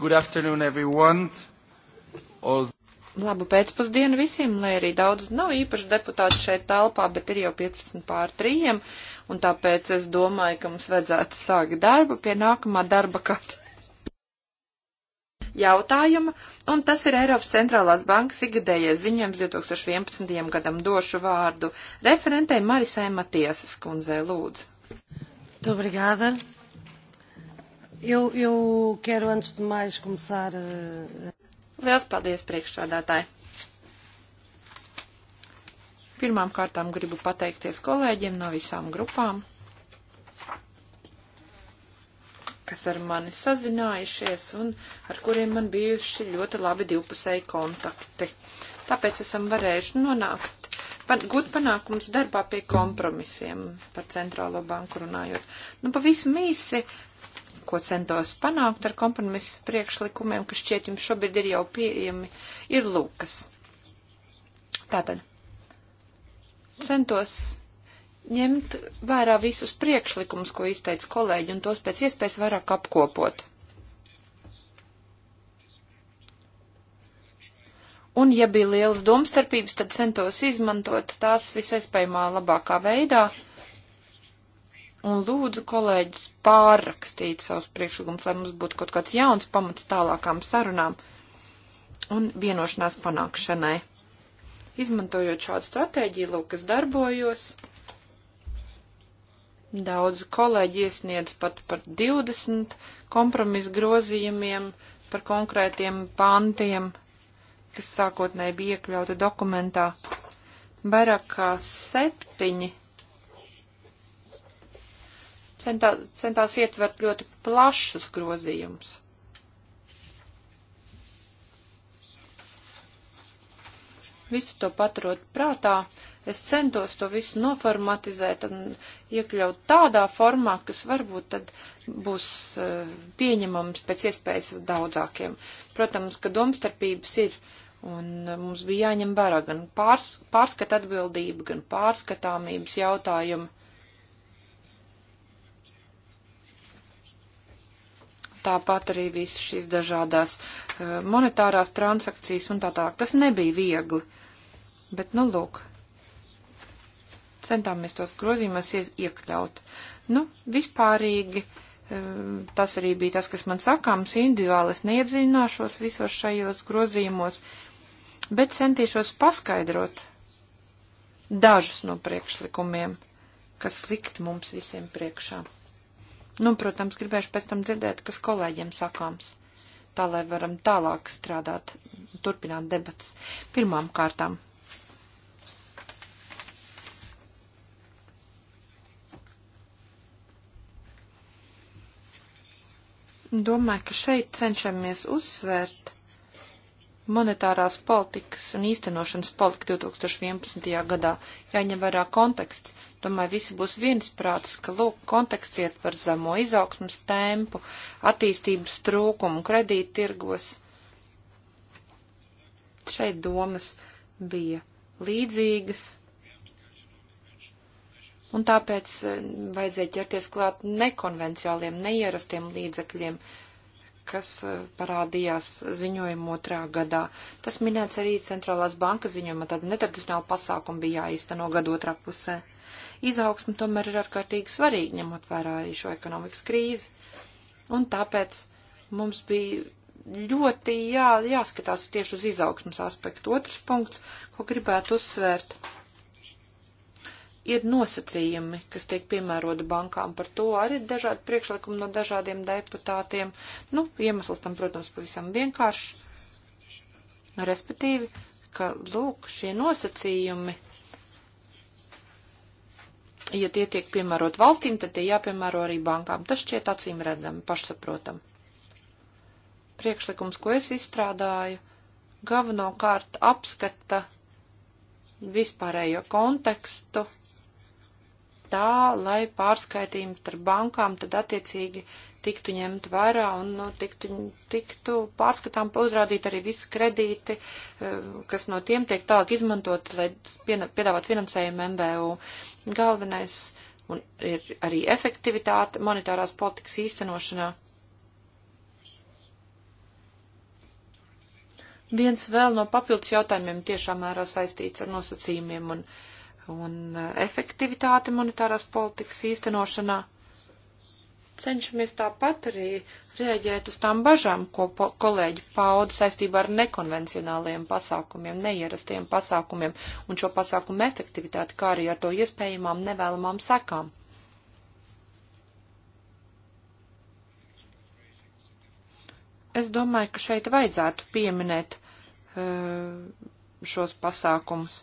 Good afternoon, everyone. All... Labu pēcpusdienu visiem, lai arī daudz nav īpaši deputāti šeit telpā, bet ir jau 15 pār 3, un tāpēc es domāju, ka mums vajadzētu sākt darbu pie nākamā darba kārta jautājuma, un tas ir Eiropas centrālās bankas ikgadējais ziņojums 2011. gadam došu vārdu referentei Marisai Matiesas kundzei lūdzu. Dobrigāda. Eu, eu quero, antes de mais, começar. Uh... Eh, Lielas paldies, priekšsādātāji! Pirmām kārtām gribu pateikties kolēģiem no visām grupām, kas ar mani sazinājušies un ar kuriem man bijuši ļoti labi divpusēji kontakti. Tāpēc esam varējuši nonākt pan, gūt panākums darbā pie kompromisiem par centrālo banku runājot. Nu, pavisam īsi ko centos panākt ar kompromisu priekšlikumiem, kas šķiet jums šobrīd ir jau pieejami, ir lūkas. Tātad centos ņemt vērā visus priekšlikumus, ko izteica kolēģi, un tos pēc iespējas vairāk apkopot. Un, ja bija lielas domstarpības, tad centos izmantot tās visaiespējamā labākā veidā, uh, un lūdzu kolēģis pārrakstīt savus priekšlikumus, lai mums būtu kaut kāds jauns pamats tālākām sarunām un vienošanās panākšanai. Izmantojot šādu stratēģiju, lūk, es darbojos. Daudz kolēģi iesniedz pat par 20 kompromisu grozījumiem par konkrētiem pantiem, kas sākotnēji bija iekļauti dokumentā. Vairāk kā septiņi centā, centās ietvert ļoti plašus grozījumus. Visu to paturot prātā, es centos to visu noformatizēt un iekļaut tādā formā, kas varbūt tad būs e, pieņemams pēc iespējas daudzākiem. Protams, ka domstarpības ir. Un e, mums bija jāņem vērā gan pārs, pārskata atbildība, gan pārskatāmības jautājumi. tāpat arī visas šīs dažādās eh, monetārās transakcijas un tā tālāk. Tas nebija viegli, bet, nu, lūk, centāmies tos grozījumus iekļaut. Nu, vispārīgi eh, tas arī bija tas, kas man sakāms, individuāli es neiedzināšos visos šajos grozījumos, bet centīšos paskaidrot dažus no priekšlikumiem, kas likt mums visiem priekšā. Nu, protams, gribēšu pēc tam dzirdēt, kas kolēģiem sakāms, tā lai varam tālāk strādāt, turpināt debatas. Pirmām kārtām. Domāju, ka šeit cenšamies uzsvērt monetārās politikas un īstenošanas politika 2011. gadā. Jāņem vērā konteksts. Domāju, visi būs viensprātis, ka, lūk, konteksts iet par zemo izaugsmas tempu, attīstības trūkumu kredīt tirgos. Šeit domas bija līdzīgas. Un tāpēc eh, vajadzēja ķerties klāt nekonvenciāliem, neierastiem līdzekļiem, uh, kas eh, parādījās ziņojuma otrā gadā. Tas minēts arī centrālās bankas ziņojumā, tāda netradicionāla pasākuma bija jāizteno gadu otrā pusē. Izaugsme tomēr ir ārkārtīgi svarīga, ņemot vērā arī šo ekonomikas krīzi. Un tāpēc mums bija ļoti jā, jāskatās tieši uz izaugsmas aspektu. Otrs punkts, ko gribētu uzsvērt ir nosacījumi, kas tiek piemēroti bankām. Par to arī ir dažādi priekšlikumi no dažādiem deputātiem. Nu, iemesls tam, protams, pavisam vienkāršs. Respektīvi, ka, lūk, šie nosacījumi, ja tie tiek piemērot valstīm, tad tie jāpiemēro arī bankām. Tas šķiet acīm redzami, pašsaprotam. Priekšlikums, ko es izstrādāju, galvenokārt apskata vispārējo kontekstu tā, lai pārskaitījumi starp bankām tad attiecīgi tiktu ņemt vērā un nu, tiktu, tiktu pārskatām uzrādīt arī visi kredīti, eh, kas no tiem tiek tālāk izmantot, lai piedāvāt finansējumu MVU. Galvenais un ir arī efektivitāte monetārās politikas īstenošanā. Viens vēl no papildus jautājumiem tiešām mērā saistīts ar nosacījumiem un uh, un eh, efektivitāti monetārās politikas īstenošanā. Cenšamies tāpat arī rēģēt uz tām bažām, ko kolēģi pauda saistībā ar nekonvencionāliem pasākumiem, neierastiem pasākumiem un šo pasākumu efektivitāti, kā arī ar to iespējamām nevēlamām sekām. Es domāju, ka šeit vajadzētu pieminēt uh, šos pasākumus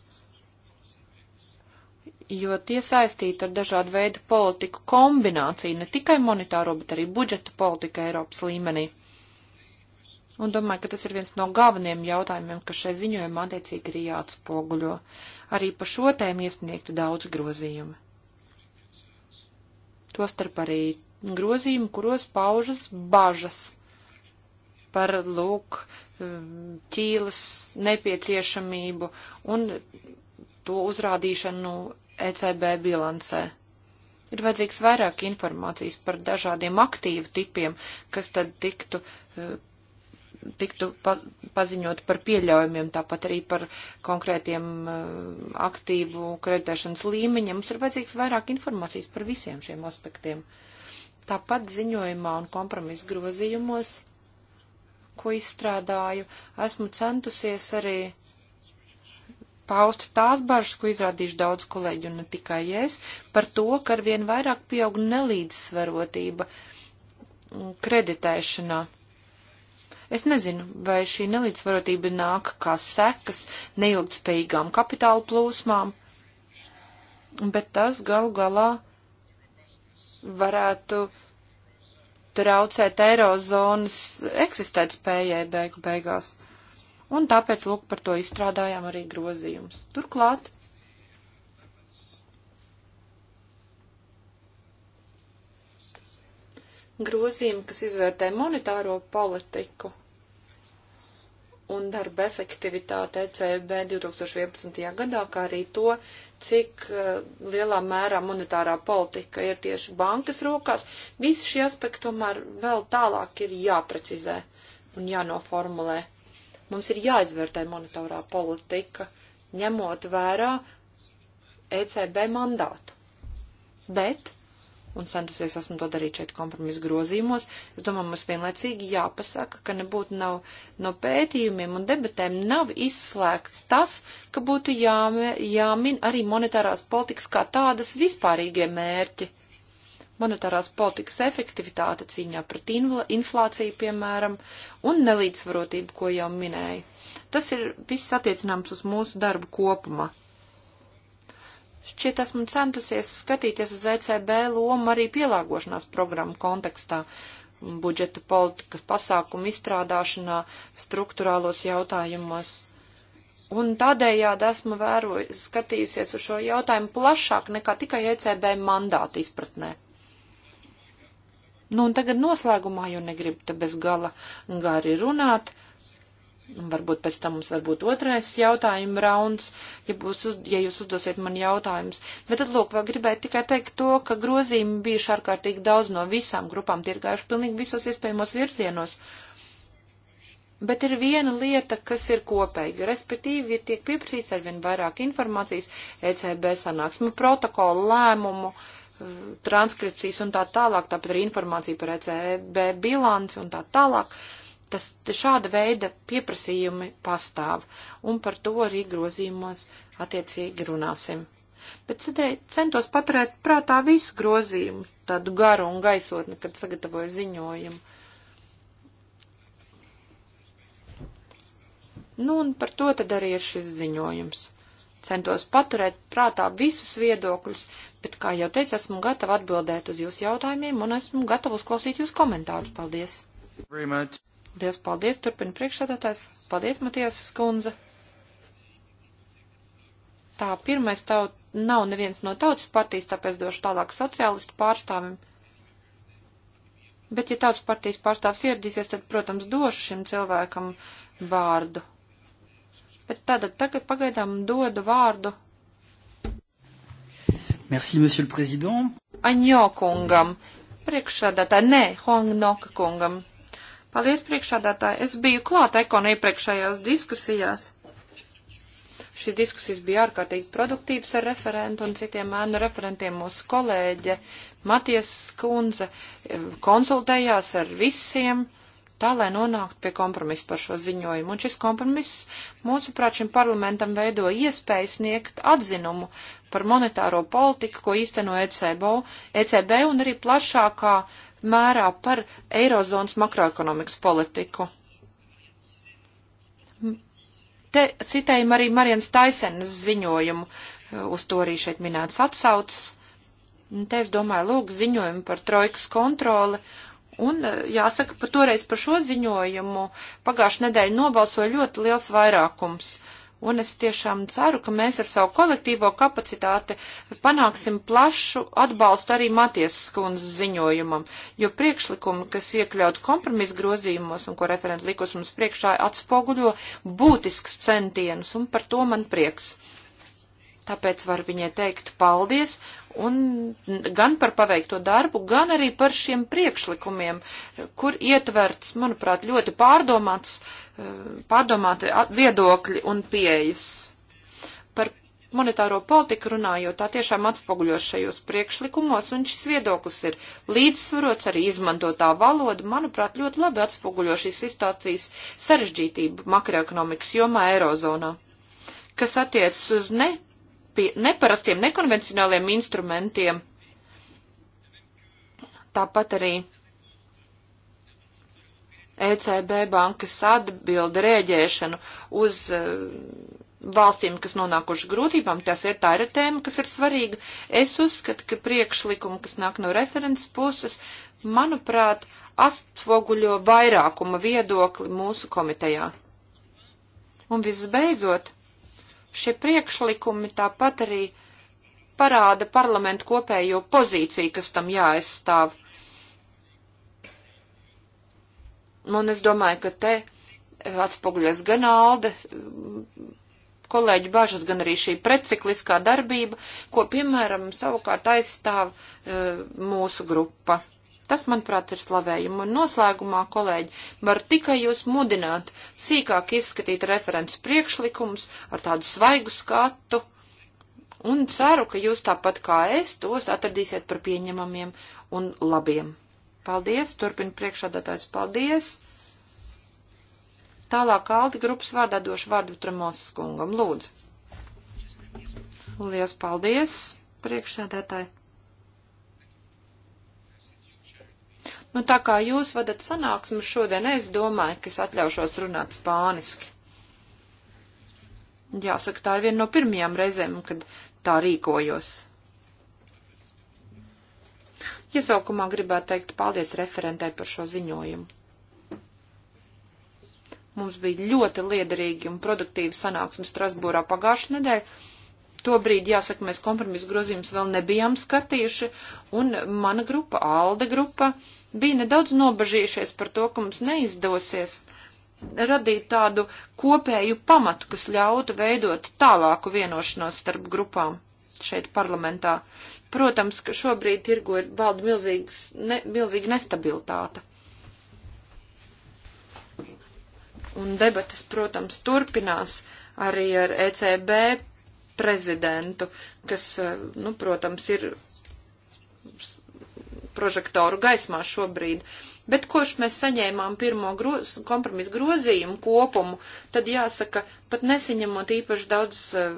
jo tie saistīti ar dažādu veidu politiku kombināciju, ne tikai monetāro, bet arī budžeta politika Eiropas līmenī. Un domāju, ka tas ir viens no galvenajiem jautājumiem, kas šai ziņojumā attiecīgi ir jāatspoguļo. Arī par šo tēmu iesniegti daudz grozījumi. Tostarp arī grozījumi, kuros paužas bažas par, lūk, ķīlas nepieciešamību un to uzrādīšanu ECB bilancē. Ir vajadzīgs vairāk informācijas par dažādiem aktīvu tipiem, kas tad tiktu, e, tiktu pa, paziņot par pieļaujumiem, tāpat arī par konkrētiem e, aktīvu kreditēšanas līmeņiem. Mums ir vajadzīgs vairāk informācijas par visiem šiem aspektiem. Tāpat ziņojumā un kompromisu grozījumos, ko izstrādāju, esmu centusies arī uh, paust tās bažas, ko izrādīšu daudz kolēģi un ne tikai es, par to, ka arvien vairāk pieaug nelīdzsvarotība kreditēšanā. Es nezinu, vai šī nelīdzsvarotība nāk kā sekas neilgtspējīgām kapitāla plūsmām, bet tas galu galā varētu traucēt eirozonas eksistēt spējai beigu beigās un tāpēc, lūk, par to izstrādājām arī grozījumus. Turklāt. Grozījumi, kas izvērtē monetāro politiku un darba efektivitāti ECB 2011. gadā, kā arī to, cik uh, lielā mērā monetārā politika ir tieši bankas rokās. Visi šie aspekti tomēr vēl tālāk ir jāprecizē un jānoformulē. Mums ir jāizvērtē monetārā politika, ņemot vērā ECB mandātu. Bet, un centusies esmu to darīt šeit kompromisu grozījumos, es domāju, mums vienlaicīgi jāpasaka, ka nebūtu nav no pētījumiem un debatēm nav izslēgts tas, ka būtu jāme, jāmin arī monetārās politikas kā tādas vispārīgie mērķi monetārās politikas efektivitāte cīņā pret inflāciju, piemēram, un nelīdzsvarotību, ko jau minēju. Tas ir viss attiecināms uz mūsu darbu kopumā. Šķiet esmu centusies skatīties uz ECB lomu arī pielāgošanās programmu kontekstā, budžeta politikas pasākumu izstrādāšanā, struktūrālos jautājumos. Un tādējādi esmu vēroju, skatījusies uz šo jautājumu plašāk nekā tikai ECB mandāta izpratnē. Nu, un tagad noslēgumā, jo negribu te bez gala gari runāt, varbūt pēc tam mums varbūt otrais jautājuma rauns, ja, būs uz, ja jūs uzdosiet man jautājumus. Bet tad, lūk, vēl gribēju tikai teikt to, ka grozījumi bija šārkārtīgi daudz no visām grupām, tie ir gājuši pilnīgi visos iespējamos virzienos. Bet ir viena lieta, kas ir kopīga, respektīvi, ja tiek pieprasīts arvien vairāk informācijas, ECB sanāksmu protokolu lēmumu, uh, transkripcijas un tā tālāk, tāpat arī informācija par ECB e bilanci un tā tālāk. Tas šāda veida pieprasījumi pastāv, un par to arī grozījumos attiecīgi runāsim. Bet centos paturēt prātā visu grozījumu, tādu garu un gaisotni, kad sagatavoju ziņojumu. Nu, un par to tad arī ir šis ziņojums centos paturēt prātā visus viedokļus, bet, kā jau teicu, esmu gatava atbildēt uz jūsu jautājumiem un esmu gatava uzklausīt jūsu komentārus. Paldies! Liels paldies, turpina priekšsēdētājs. Paldies, Matijas skundze. Tā, pirmais taut, nav neviens no tautas partijas, tāpēc došu tālāk sociālistu pārstāvim. Bet, ja tautas partijas pārstāvs ieradīsies, tad, protams, došu šim cilvēkam vārdu. Bet tātad tagad pagaidām dodu vārdu. Merci, monsieur le président. Aņo kungam, priekšādātāji, nē, Hong Noka kungam. Paldies, priekšādātāji. Es biju klāt ekona iepriekšējās diskusijās. Šīs diskusijas bija ārkārtīgi produktīvas ar referentu un citiem ēnu referentiem. Mūsu kolēģe Matijas Kunze eh, konsultējās ar visiem tā, lai nonāktu pie kompromisa par šo ziņojumu. Un šis kompromiss, mūsuprāt, šim parlamentam veido iespēju sniegt atzinumu par monetāro politiku, ko īsteno ECB, ECB un arī plašākā mērā par Eirozonas makroekonomikas politiku. Te citējam arī Marijas Taisenes ziņojumu, uz to arī šeit minēts atsaucas. Un te es domāju, lūk, ziņojumi par trojkas kontroli Un eh, jāsaka, par toreiz par šo ziņojumu pagājušajā nedēļā nobalsoja ļoti liels vairākums. Un es tiešām ceru, ka mēs ar savu kolektīvo kapacitāti panāksim plašu atbalstu arī Matiesas kundzes ziņojumam, jo priekšlikumi, kas iekļaut kompromisu grozījumos un ko referenti likus mums priekšā, atspoguļo būtiskus centienus, un par to man prieks. Tāpēc var viņai teikt paldies un gan par paveikto darbu, gan arī par šiem priekšlikumiem, kur ietverts, manuprāt, ļoti pārdomāts, eh, pārdomāti viedokļi un pieejas. Par monetāro politiku runājot, tā tiešām atspoguļos šajos priekšlikumos, un šis viedoklis ir līdzsvarots, arī izmantotā valoda, manuprāt, ļoti labi atspoguļo šīs situācijas sarežģītību makroekonomikas jomā Eirozonā. Kas attiecas uz ne pie neparastiem, nekonvencionāliem instrumentiem. Tāpat arī ECB bankas atbilda rēģēšanu uz eh, valstīm, kas nonākuši grūtībām, tas ir tā ir tēma, kas ir svarīga. Es uzskatu, ka priekšlikumi, kas nāk no referents puses, manuprāt, atspoguļo vairākuma viedokli mūsu komitejā. Un visbeidzot, Šie priekšlikumi tāpat arī parāda parlamentu kopējo pozīciju, kas tam jāaizstāv. Un es domāju, ka te atspoguļas gan Alde kolēģi bažas, gan arī šī precikliskā darbība, ko, piemēram, savukārt aizstāv e, mūsu grupa. Tas, manuprāt, ir slavējumi. Un noslēgumā, kolēģi, var tikai jūs mudināt sīkāk izskatīt referents priekšlikumus ar tādu svaigu skatu. Un ceru, ka jūs tāpat kā es tos atradīsiet par pieņemamiem un labiem. Paldies, turpina priekšādātājs, paldies. Tālāk Aldi grupas vārdā došu vārdu Tramosas kungam. Lūdzu. Lielas paldies, priekšsēdētāji. Nu, tā kā jūs vadat sanāksmi šodien, es domāju, ka es atļaušos runāt spāniski. Jāsaka, tā ir viena no pirmajām reizēm, kad tā rīkojos. Iesaukumā gribētu teikt paldies referentai par šo ziņojumu. Mums bija ļoti liederīgi un produktīvi sanāksmi Strasbūrā pagājušajā nedēļā Tobrīd, jāsaka, mēs kompromisu grozījumus vēl nebijām skatījuši, un mana grupa, ALDE grupa, bija nedaudz nobažījušies par to, ka mums neizdosies radīt tādu kopēju pamatu, kas ļautu veidot tālāku vienošanos starp grupām šeit parlamentā. Protams, ka šobrīd tirgu ir valda milzīgas, ne, milzīga nestabilitāte. Un debatas, protams, turpinās arī ar ECB prezidentu, kas, eh, nu, protams, ir prožektoru gaismā šobrīd. Bet koš mēs saņēmām pirmo groz, kompromisu grozījumu kopumu, tad jāsaka, pat nesaņemot īpaši daudz eh,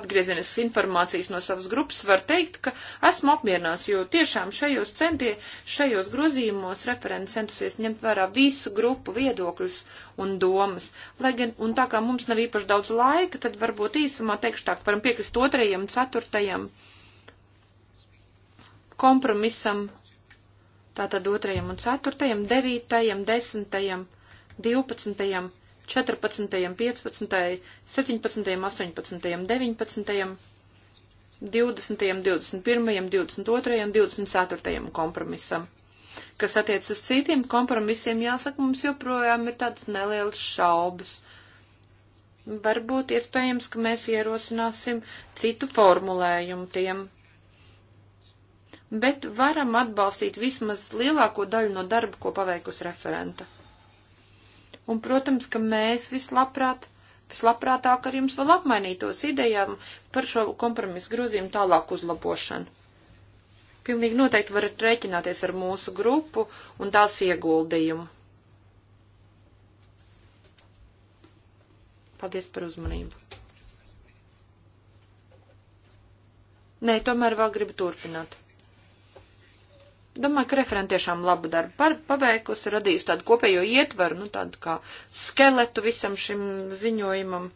atgriezienas informācijas no savas grupas, var teikt, ka esmu apmierināts, jo tiešām šajos centie, šajos grozījumos referents centusies ņemt vērā visu grupu viedokļus un domas. Lai gan, un tā kā mums nav īpaši daudz laika, tad varbūt īsumā teikšu tā, ka varam piekrist otrajam, ceturtajam kompromisam, tātad otrajam un ceturtajam, devītajam, desmitajam, divpadsmitajam, četrpadsmitajam, piecpadsmitajam, septiņpadsmitajam, astoņpadsmitajam, deviņpadsmitajam, divdesmitajam, divdesmit pirmajam, divdesmit otrajam, divdesmit ceturtajam kompromisam. Kas attiec uz citiem kompromisiem, jāsaka, mums joprojām ir tāds neliels šaubas. Varbūt iespējams, ka mēs ierosināsim citu formulējumu tiem bet varam atbalstīt vismaz lielāko daļu no darba, ko paveikusi referenta. Un, protams, ka mēs vislabprāt, vislabprātāk ar jums vēl apmainītos idejām par šo kompromisu grozījumu tālāku uzlabošanu. Pilnīgi noteikti varat rēķināties ar mūsu grupu un tās ieguldījumu. Paldies par uzmanību. Nē, tomēr vēl gribu turpināt. Domāju, ka referenti tiešām labu darbu paveikusi, radījusi tādu kopējo ietveru, nu tādu kā skeletu visam šim ziņojumam.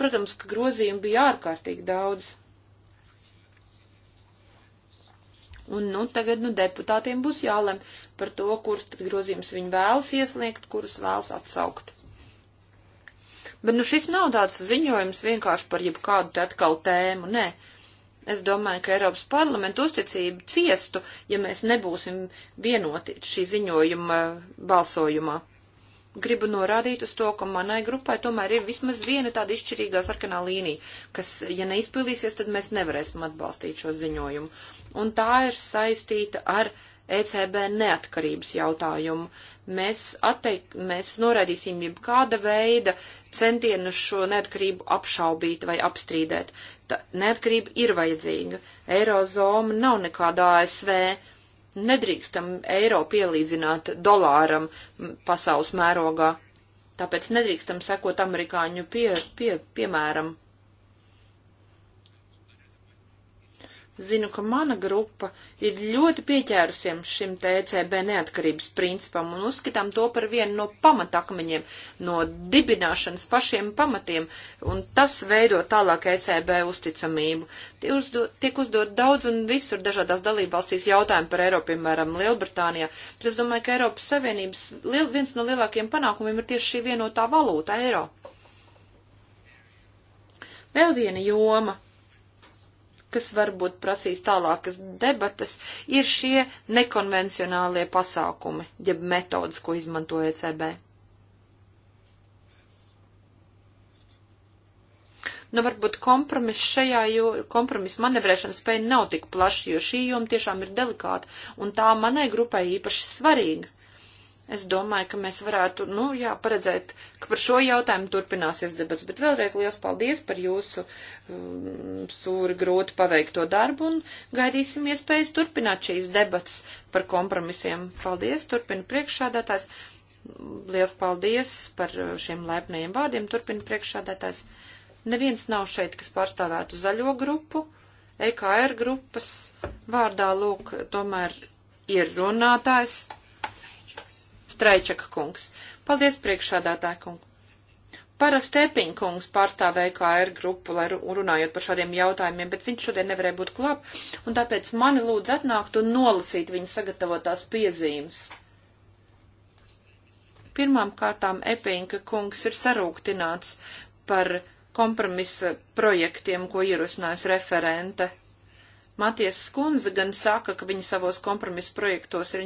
Protams, ka grozījumi bija ārkārtīgi daudz. Un, nu, tagad, nu, deputātiem būs jālem par to, kurus tad grozījums viņi vēlas iesniegt, kurus vēlas atsaukt. Bet, nu, šis nav tāds ziņojums vienkārši par jebkādu te atkal tēmu, nē. Ne Es domāju, ka Eiropas parlamenta uzticība ciestu, ja mēs nebūsim vienoti šī ziņojuma balsojumā. Gribu norādīt uz to, ka manai grupai tomēr ir vismaz viena tāda izšķirīgā sarkanā līnija, kas, ja neizpildīsies, tad mēs nevarēsim atbalstīt šo ziņojumu. Un tā ir saistīta ar ECB neatkarības jautājumu mēs, atteik, mēs noraidīsim jebkāda veida centienu šo neatkarību apšaubīt vai apstrīdēt neatkarība ir vajadzīga. Eirozoma nav nekāda ASV. Nedrīkstam eiro pielīdzināt dolāram pasaules mērogā. Tāpēc nedrīkstam sekot amerikāņu pie, pie, piemēram. Zinu, ka mana grupa ir ļoti pieķērusiem šim TCB neatkarības principam un uzskatām to par vienu no pamatakmeņiem, no dibināšanas pašiem pamatiem, un tas veido tālāk ECB uzticamību. Tie uzdo, tiek uzdot daudz un visur dažādās dalībvalstīs jautājumi par Eiropu, piemēram, Lielbritānijā, bet es domāju, ka Eiropas Savienības liel, viens no lielākajiem panākumiem ir tieši šī vienotā valūta - eiro. Vēl viena joma kas varbūt prasīs tālākas debatas, ir šie nekonvencionālie pasākumi, jeb metodas, ko izmanto ECB. Nu, varbūt kompromis šajā, jo kompromis manevrēšanas spēja nav tik plaša, jo šī joma tiešām ir delikāta, un tā manai grupai īpaši svarīga. Es domāju, ka mēs varētu, nu, jā, paredzēt, ka par šo jautājumu turpināsies debats, bet vēlreiz liels paldies par jūsu um, sūri grūti paveikto darbu un gaidīsim iespējas turpināt šīs debatas par kompromisiem. Paldies, turpina priekšādātājs. Liels paldies par šiem laipnajiem vārdiem, turpina priekšādātājs. Neviens nav šeit, kas pārstāvētu zaļo grupu, EKR grupas vārdā, lūk, tomēr ir runātājs. Straičaka kungs. Paldies priekšādātāja kungu. Parasti Epiņa kungs pārstāvēja KR grupu, lai runājot par šādiem jautājumiem, bet viņš šodien nevarēja būt klāt, un tāpēc mani lūdzu atnākt un nolasīt viņa sagatavotās piezīmes. Pirmām kārtām Epiņa kungs ir sarūktināts par kompromisa projektiem, ko ierosinājusi referente Maties Skundze gan saka, ka viņa savos kompromisu projektos ir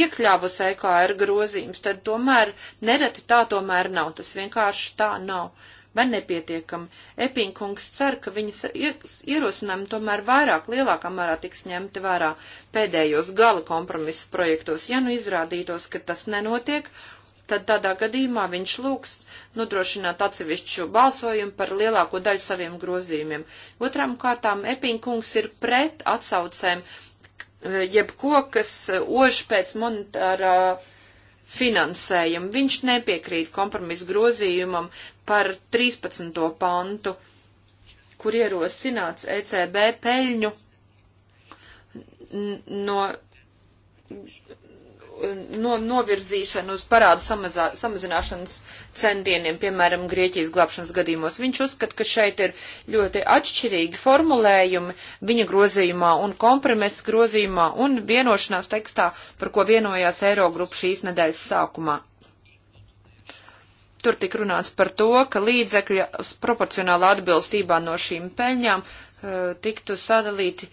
iekļāvusi EKR grozījums, tad tomēr nereti tā tomēr nav. Tas vienkārši tā nav. Vai nepietiekami? Epinkungs cer, ka viņas ierosinājumi tomēr vairāk, lielākā mērā tiks ņemti vērā pēdējos gala kompromisu projektos, ja nu izrādītos, ka tas nenotiek tad tādā gadījumā viņš lūgs nodrošināt atsevišķu balsojumu par lielāko daļu saviem grozījumiem. Otrām kārtām Epinkungs ir pret atsaucēm eh, jebko, kas eh, ož pēc monetārā finansējuma. Viņš nepiekrīt kompromisu grozījumam par 13. pantu, kur ierosināts ECB peļņu no no, novirzīšanu uz parādu samazā, samazināšanas centieniem, piemēram, Grieķijas glābšanas gadījumos. Viņš uzskata, ka šeit ir ļoti atšķirīgi formulējumi viņa grozījumā un kompromiss grozījumā un vienošanās tekstā, par ko vienojās Eirogrupa šīs nedēļas sākumā. Tur tik runāts par to, ka līdzekļi proporcionāli atbilstībā no šīm peļņām eh, tiktu sadalīti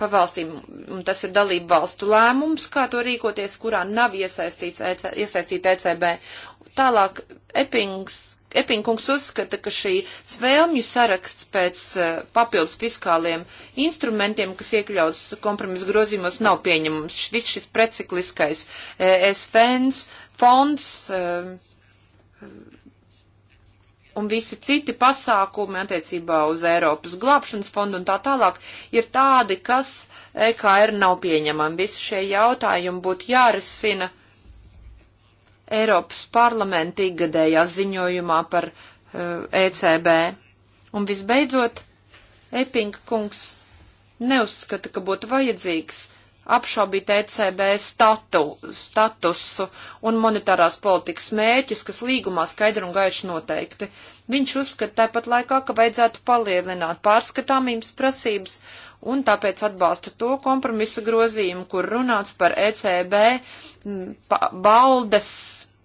pa valstīm, un tas ir dalību valstu lēmums, kā to rīkoties, kurā nav iesaistīts EC, iesaistīta ECB. Tālāk Epings, Epinkungs uzskata, ka šī svēlmju saraksts pēc uh, papildus fiskāliem instrumentiem, kas iekļauts kompromisu grozījumos, nav pieņemams. Viss šis precikliskais e, ESFNs, fonds, uh, un visi citi pasākumi attiecībā uz Eiropas glābšanas fondu un tā tālāk ir tādi, kas EKR nav pieņemami. Visi šie jautājumi būtu jārisina Eiropas parlamenta ikgadējā ziņojumā par uh, eh, ECB. Un visbeidzot, Epinga kungs neuzskata, ka būtu vajadzīgs apšaubīt ECB statu, statusu un monetārās politikas mēķus, kas līgumā skaidri un gaiši noteikti. Viņš uzskata tāpat laikā, ka vajadzētu palielināt pārskatāmības prasības un tāpēc atbalsta to kompromisa grozījumu, kur runāts par ECB baldes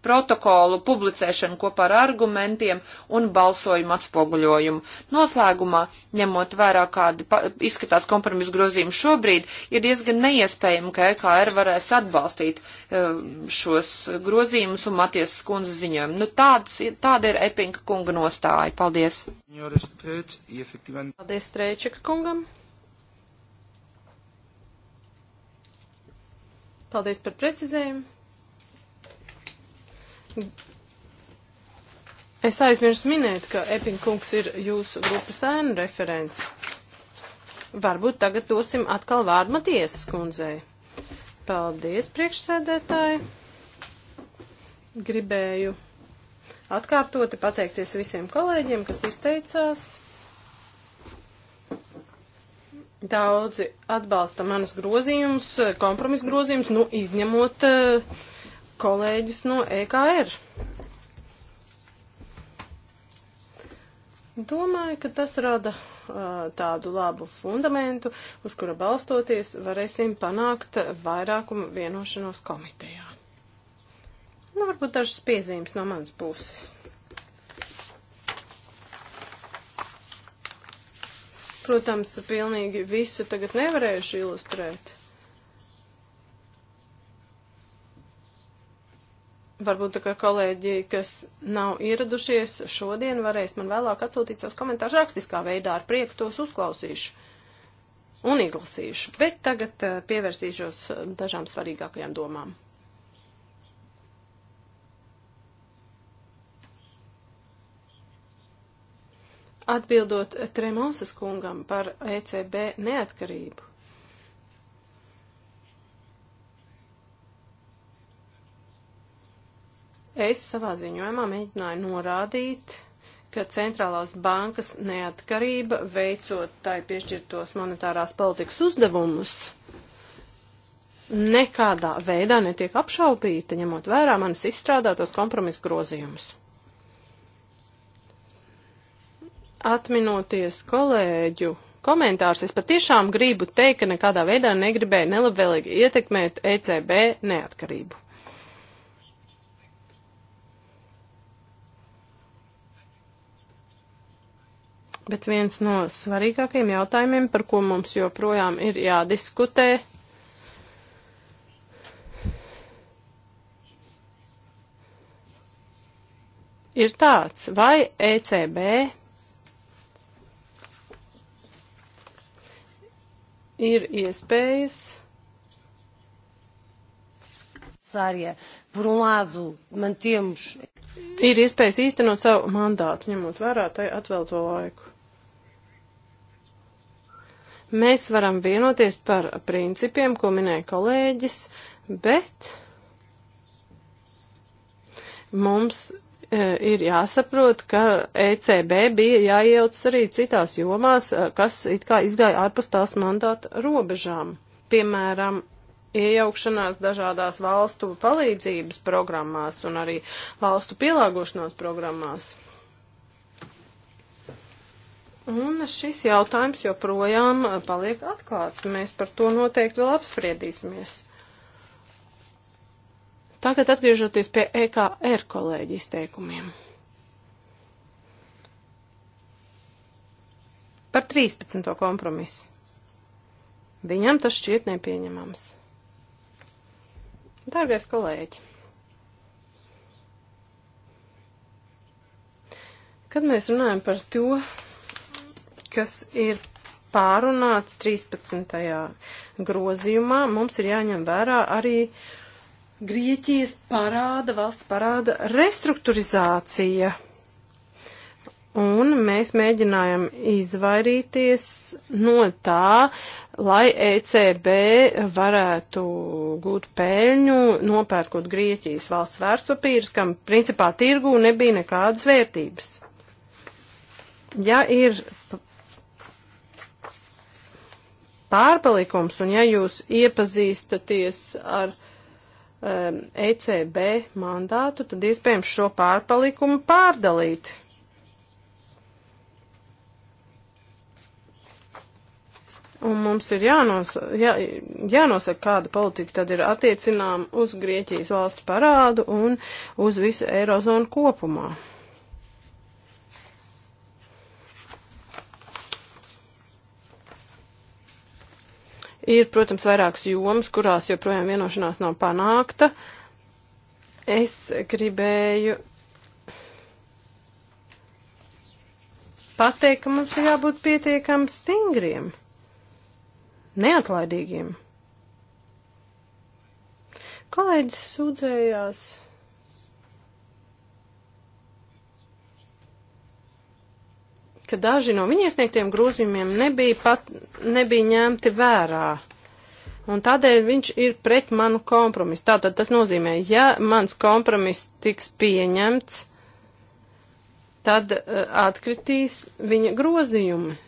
protokolu publicēšanu kopā ar argumentiem un balsojumu atspoguļojumu. Noslēgumā, ņemot vērā, kādi izskatās kompromisu grozījumi šobrīd, ir diezgan neiespējami, ka EKR varēs atbalstīt e, šos grozījumus un Maties skundzes ziņojumu. Nu, tāds, tāda ir Epinka kunga nostāja. Paldies. Paldies Strēčika kungam. Paldies par precizējumu. Es aizmirsu minēt, ka Epinkungs ir jūsu grupas ēnu referents. Varbūt tagad dosim atkal vārdu Matiesas kundzei. Paldies, priekšsēdētāji. Gribēju atkārtoti pateikties visiem kolēģiem, kas izteicās. Daudzi atbalsta manus grozījumus, kompromisu grozījumus, nu izņemot uh, kolēģis no EKR. Domāju, ka tas rada uh, tādu labu fundamentu, uz kura balstoties varēsim panākt vairākumu vienošanos komitejā. Nu, varbūt dažas piezīmes no manas puses. Protams, pilnīgi visu tagad nevarēšu ilustrēt. varbūt tā kā kolēģi, kas nav ieradušies šodien, varēs man vēlāk atsūtīt savus komentārus rakstiskā veidā. Ar prieku tos uzklausīšu un izlasīšu. Bet tagad uh, pievērsīšos eh, dažām svarīgākajām domām. Atbildot Tremonsas kungam par ECB neatkarību, Es savā ziņojumā mēģināju norādīt, ka centrālās bankas neatkarība veicot tai piešķirtos monetārās politikas uzdevumus nekādā veidā netiek apšaubīta, ņemot vērā manis izstrādātos kompromisu grozījumus. Atminoties kolēģu komentārs, es patiešām gribu teikt, ka nekādā veidā negribēju nelabvēlīgi ietekmēt ECB neatkarību. Bet viens no svarīgākajiem jautājumiem, par ko mums joprojām ir jādiskutē, ir tāds, vai ECB ir iespējas. Por um lado, mantemos. Ir iespējas īstenot savu mandātu, ņemot vērā tai atvēlto laiku. Mēs varam vienoties par principiem, ko minēja kolēģis, bet mums e, ir jāsaprot, ka ECB bija jāiejaucas arī citās jomās, e, kas it kā izgāja ārpus tās mandāta robežām. Piemēram, iejaukšanās dažādās valstu palīdzības programmās un arī valstu pielāgošanās programmās. Un šis jautājums joprojām paliek atklāts. Mēs par to noteikti vēl apspriedīsimies. Tagad atgriežoties pie EKR kolēģi izteikumiem. Par 13. kompromisu. Viņam tas šķiet nepieņemams. Dārgais kolēģi, kad mēs runājam par to, kas ir pārunāts 13. grozījumā, mums ir jāņem vērā arī Grieķijas parāda, valsts parāda restruktūrizācija. Un mēs mēģinājam izvairīties no tā, lai ECB varētu gūt peļņu, nopērkot Grieķijas valsts vērtspapīrus, kam principā tirgū nebija nekādas vērtības. Ja ir pārpalikums, un ja jūs iepazīstaties ar um, ECB mandātu, tad iespējams šo pārpalikumu pārdalīt. Un mums ir jānosa, jā, jānosaka, kāda politika tad ir attiecinām uz Grieķijas valsts parādu un uz visu Eirozonu kopumā. Ir, protams, vairākas jomas, kurās joprojām vienošanās nav panākta. Es gribēju pateikt, ka mums ir jābūt pietiekami stingriem, neatlaidīgiem. Kolēģis sūdzējās. ka daži no viņa iesniegtiem grozījumiem nebija pat nebija ņemti vērā. Un tādēļ viņš ir pret manu kompromisu. Tātad tas nozīmē, ja mans kompromiss tiks pieņemts, tad uh, atkritīs viņa grozījumi.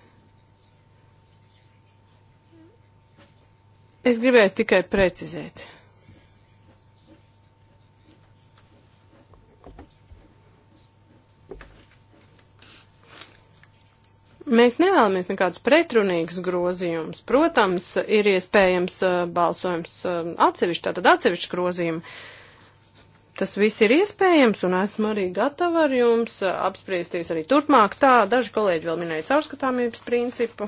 Es gribēju tikai precizēt. Mēs nevēlamies nekādus pretrunīgus grozījumus. Protams, ir iespējams uh, balsojums uh, atsevišķi, tātad atsevišķi grozījumi. Tas viss ir iespējams, un esmu arī gatava ar jums uh, apspriesties arī turpmāk. Tā, daži kolēģi vēl minēja caurskatāmības principu.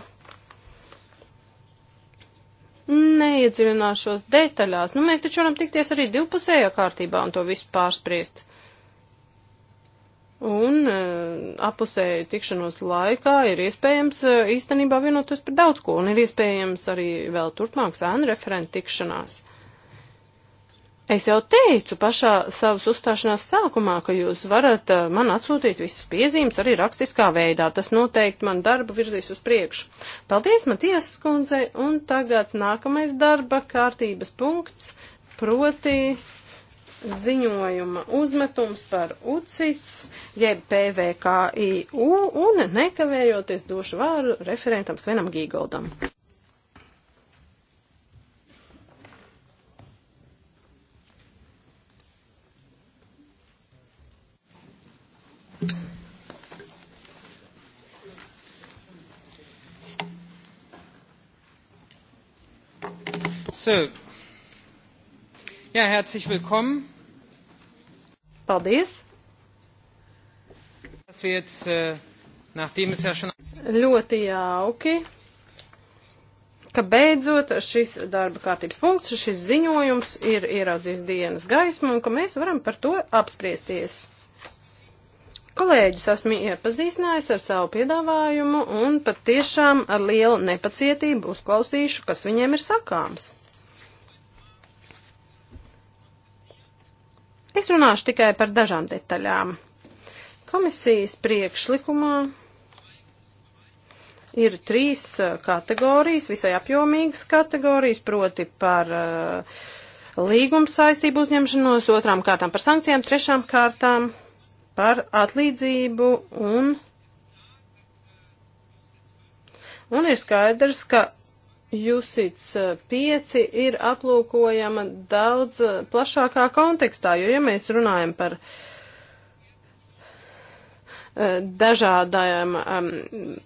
Neiedziļināšos detaļās. Nu, mēs taču varam tikties arī divpusējā kārtībā un to visu pārspriest. Un e, apusēju tikšanos laikā ir iespējams e, īstenībā vienoties par daudz ko, un ir iespējams arī vēl turpmāk sēnu referentu tikšanās. Es jau teicu pašā savas uzstāšanās sākumā, ka jūs varat e, man atsūtīt visas piezīmes arī rakstiskā veidā. Tas noteikti man darbu virzīs uz priekšu. Paldies, Matias skundzei, un tagad nākamais darba kārtības punkts, proti ziņojuma uzmetums par UCITS, jeb PVKIU, un nekavējoties došu vāru referentam Svenam Gīgoldam. So, ja, herzlich willkommen. Paldies! Eh, Ļoti jauki, ka beidzot šis darba kārtības punkts, šis ziņojums ir ieraudzījis dienas gaismu un ka mēs varam par to apspriesties. Kolēģis esmu iepazīstinājis ar savu piedāvājumu un pat tiešām ar lielu nepacietību uzklausīšu, kas viņiem ir sakāms. Es runāšu tikai par dažām detaļām. Komisijas priekšlikumā ir trīs uh, kategorijas, visai apjomīgas kategorijas, proti par uh, līgumu saistību uzņemšanos, otrām kārtām par sankcijām, trešām kārtām par atlīdzību un. Un ir skaidrs, ka Jusits 5 eh, ir aplūkojama daudz eh, plašākā kontekstā, jo ja mēs runājam par uh, dažādiem um,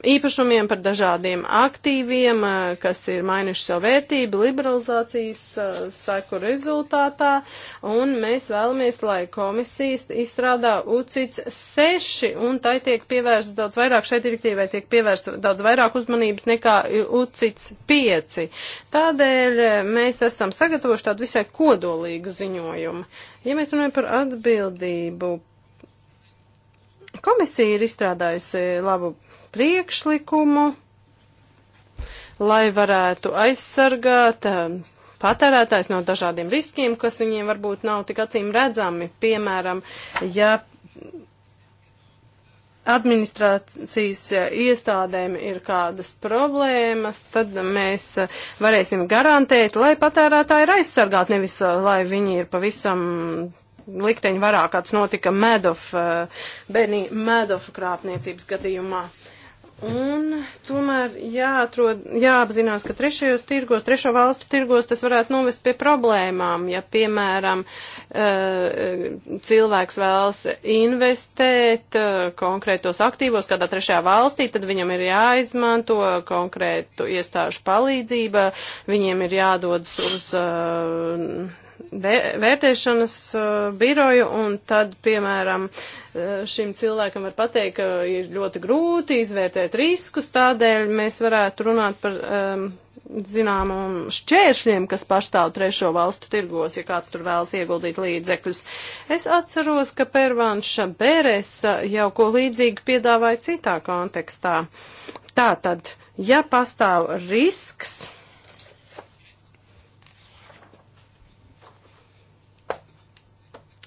īpašumiem, par dažādiem aktīviem, uh, kas ir mainījuši savu vērtību liberalizācijas uh, seku rezultātā, un mēs vēlamies, lai komisijas izstrādā UCITS 6, un tai tiek pievērsts daudz vairāk, šeit direktīvai tiek pievērsts daudz vairāk uzmanības nekā UCITS 5. Tādēļ uh, mēs esam sagatavojuši tādu visai kodolīgu ziņojumu. Ja mēs runājam par atbildību, Komisija ir izstrādājusi labu priekšlikumu, lai varētu aizsargāt ehm, patērētājs no dažādiem riskiem, kas viņiem varbūt nav tik acīm redzami. Piemēram, ja administrācijas eh, iestādēm ir kādas problēmas, tad mēs eh, varēsim garantēt, lai patērētāji ir aizsargāti, nevis eh, lai viņi ir pavisam likteņu varā, kāds notika Medov, eh, Benī Medov krāpniecības gadījumā. Un tomēr jāatrod, jāapzinās, ka trešajos tirgos, trešo valstu tirgos tas varētu novest pie problēmām. Ja, piemēram, eh, cilvēks vēlas investēt eh, konkrētos aktīvos kādā trešajā valstī, tad viņam ir jāizmanto konkrētu iestāžu palīdzība, viņiem ir jādodas uz vērtēšanas uh, biroju, un tad, piemēram, uh, šim cilvēkam var pateikt, ka ir ļoti grūti izvērtēt riskus, tādēļ mēs varētu runāt par um, zināmu šķēršļiem, kas pastāv trešo valstu tirgos, ja kāds tur vēlas ieguldīt līdzekļus. Es atceros, ka Pervanša Bērēsa jau ko līdzīgu piedāvāja citā kontekstā. Tātad, ja pastāv risks,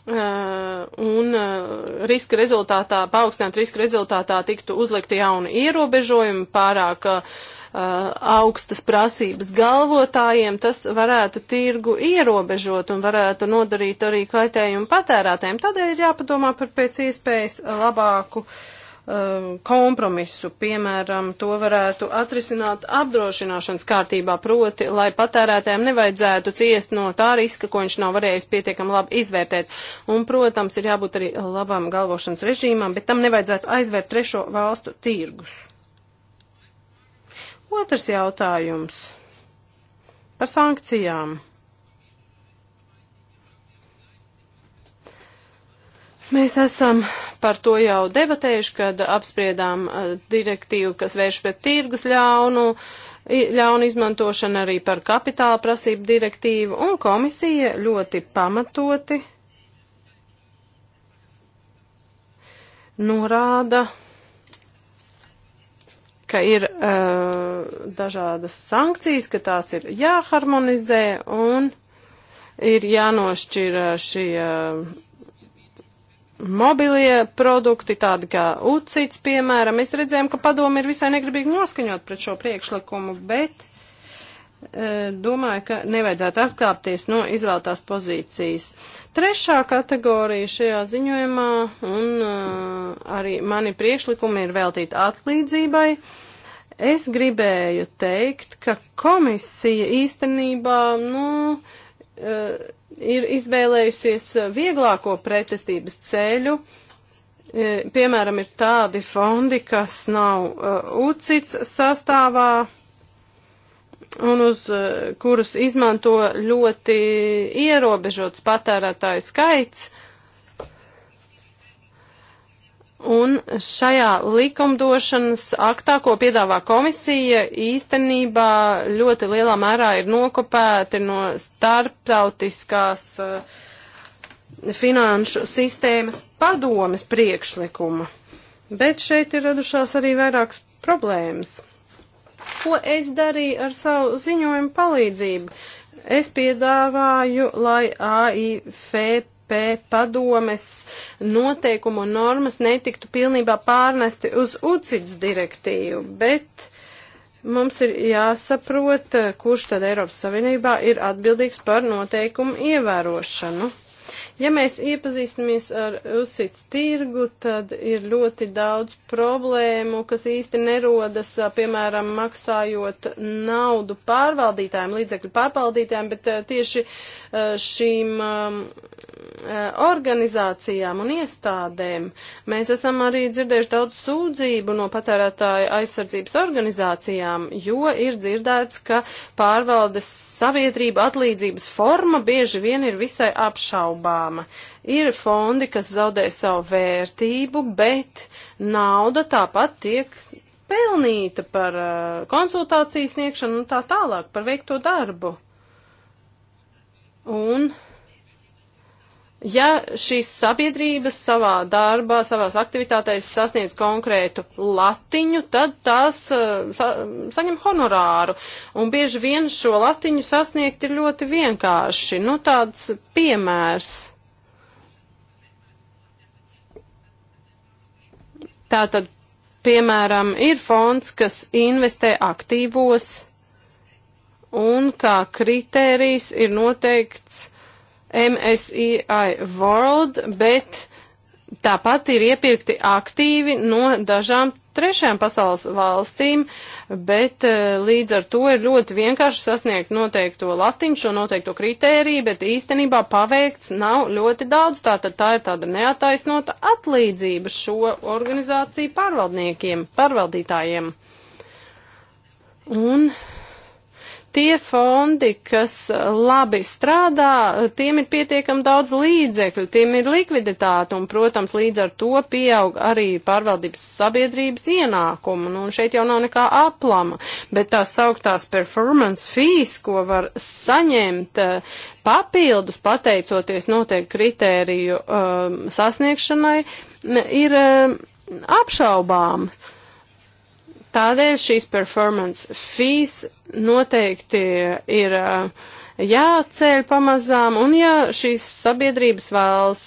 Uh, un uh, riska rezultātā, paaugstināt riska rezultātā tiktu uzlikti jauni ierobežojumi pārāk uh, augstas prasības galvotājiem, tas varētu tirgu ierobežot un varētu nodarīt arī kaitējumu patērētājiem. Tādēļ ir jāpadomā par pēc iespējas labāku uh, Um, kompromisu. Piemēram, to varētu atrisināt apdrošināšanas kārtībā, proti, lai patērētājiem nevajadzētu ciest no tā riska, ko viņš nav varējis pietiekami labi izvērtēt. Un, protams, ir jābūt arī labam galvošanas režīmam, bet tam nevajadzētu aizvērt trešo valstu tirgus. Otrs jautājums par sankcijām. Mēs esam par to jau debatējuši, kad apspriedām uh, direktīvu, kas vērš pret tirgus ļaunu, ļaunu izmantošanu arī par kapitāla prasību direktīvu, un komisija ļoti pamatoti norāda, ka ir uh, dažādas sankcijas, ka tās ir jāharmonizē un ir jānošķir uh, šie. Uh, mobilie produkti, tādi kā ucits, piemēram. Mēs redzējām, ka padomi ir visai negribīgi noskaņot pret šo priekšlikumu, bet e, domāju, ka nevajadzētu atkāpties no izvēltās pozīcijas. Trešā kategorija šajā ziņojumā un uh, arī mani priekšlikumi ir veltīti atlīdzībai. Es gribēju teikt, ka komisija īstenībā, nu, uh, ir izvēlējusies vieglāko pretestības ceļu. E, piemēram, ir tādi fondi, kas nav uh, UCITS sastāvā un uz uh, kurus izmanto ļoti ierobežots patērētāju skaits. Uh, Un šajā likumdošanas aktā, ko piedāvā komisija, īstenībā ļoti lielā mērā ir nokopēti no starptautiskās eh, finanšu sistēmas padomes priekšlikuma. Bet šeit ir radušās arī vairākas problēmas. Ko es darīju ar savu ziņojumu palīdzību? Es piedāvāju, lai AIFP KLP padomes noteikumu un normas netiktu pilnībā pārnesti uz UCITS direktīvu, bet mums ir jāsaprot, kurš tad Eiropas Savienībā ir atbildīgs par noteikumu ievērošanu. Ja mēs iepazīstamies ar uzsits tirgu, tad ir ļoti daudz problēmu, kas īsti nerodas, piemēram, maksājot naudu pārvaldītājiem, līdzekļu pārvaldītājiem, bet tieši šīm organizācijām un iestādēm. Mēs esam arī dzirdējuši daudz sūdzību no patērētāju aizsardzības organizācijām, jo ir dzirdēts, ka pārvaldes sabiedrība atlīdzības forma bieži vien ir visai apšaubām reklāma. Ir fondi, kas zaudē savu vērtību, bet nauda tāpat tiek pelnīta par uh, konsultāciju sniegšanu un tā tālāk, par veikto darbu. Un, ja šīs sabiedrības savā darbā, savās aktivitātēs sasniedz konkrētu latiņu, tad tās uh, sa saņem honorāru. Un bieži vien šo latiņu sasniegt ir ļoti vienkārši. Nu, tāds piemērs. Tātad, piemēram, ir fonds, kas investē aktīvos un kā kritērijs ir noteikts MSCI World, bet Tāpat ir iepirkti aktīvi no dažām trešajām pasaules valstīm, bet eh, līdz ar to ir ļoti vienkārši sasniegt noteikto latiņu, šo noteikto kritēriju, bet īstenībā paveikts nav ļoti daudz. Tātad tā ir tāda neataisnota atlīdzība šo organizāciju pārvaldniekiem, pārvaldītājiem. Un Tie fondi, kas uh, labi strādā, uh, tiem ir pietiekam daudz līdzekļu, tiem ir likviditāte un, protams, līdz ar to pieaug arī pārvaldības sabiedrības ienākumu. Nu, un šeit jau nav nekā aplama, bet tās sauktās performance fees, ko var saņemt uh, papildus, pateicoties noteikti kritēriju um, sasniegšanai, ir um, apšaubāms. Tādēļ šīs performance fees noteikti ir jāceļ pamazām, un ja šīs sabiedrības vēlas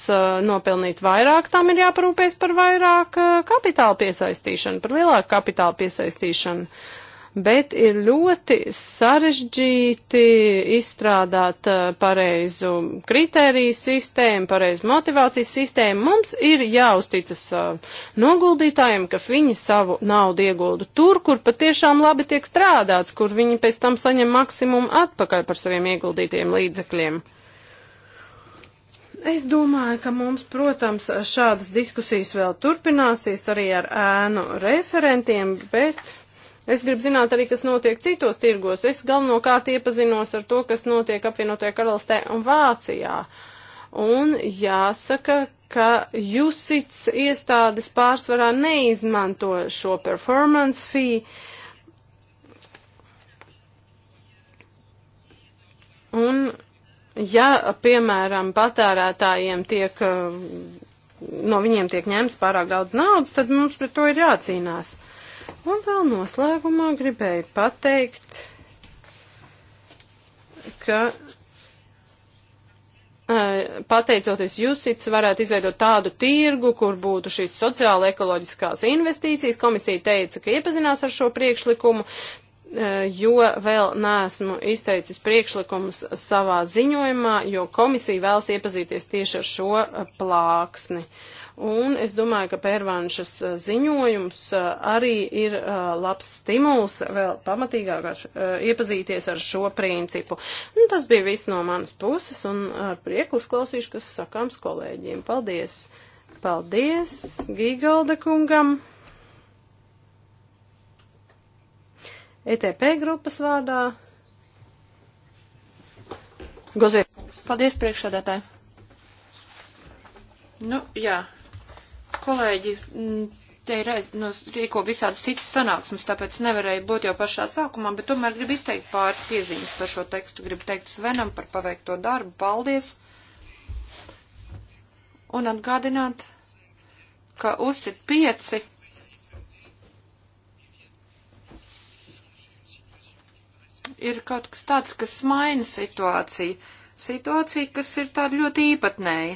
nopelnīt vairāk, tam ir jāparūpēs par vairāk kapitāla piesaistīšanu, par lielāku kapitāla piesaistīšanu. Uh, bet ir ļoti sarežģīti izstrādāt eh, pareizu kritēriju sistēmu, pareizu motivācijas sistēmu. Mums ir jāuzticas eh, noguldītājiem, ka viņi savu naudu iegulda tur, kur patiešām labi tiek strādāts, kur viņi pēc tam saņem maksimumu atpakaļ par saviem ieguldītiem līdzekļiem. Es domāju, ka mums, protams, šādas diskusijas vēl turpināsies arī ar ēnu referentiem, bet Es gribu zināt arī, kas notiek citos tirgos. Es galvenokārt iepazinos ar to, kas notiek apvienotajā karalistē un Vācijā. Un jāsaka, ka jūsits iestādes pārsvarā neizmanto šo performance fee. Un, ja, piemēram, patērētājiem tiek, eh, no viņiem tiek ņemts pārāk daudz naudas, tad mums pret to ir jācīnās. Uh, Un vēl noslēgumā gribēju pateikt, ka e, pateicoties Jusits, varētu izveidot tādu tirgu, kur būtu šīs sociāla ekoloģiskās investīcijas. Komisija teica, ka iepazinās ar šo priekšlikumu, e, jo vēl neesmu izteicis priekšlikumus savā ziņojumā, jo komisija vēlas iepazīties tieši ar šo e, plāksni. Uh, Un es domāju, ka Pērvanšas eh, ziņojums eh, arī ir eh, labs stimuls vēl pamatīgāk ar, iepazīties ar šo principu. Un nu, tas bija viss no manas puses un ar prieku uzklausīšu, kas sakāms kolēģiem. Paldies! Paldies Gigalda kungam! ETP grupas vārdā. Gozie. Paldies priekšsādātāji. Nu, jā, kolēģi mm, te ir nu, rīko visādas citas sanāksmes, tāpēc nevarēju būt jau pašā sākumā, bet tomēr gribu izteikt pāris piezīmes par šo tekstu. Gribu teikt Svenam par paveikto darbu, paldies! Un atgādināt, ka uzcit pieci. Ir kaut kas tāds, kas maina situāciju. Situācija, kas ir tāda ļoti īpatnēja.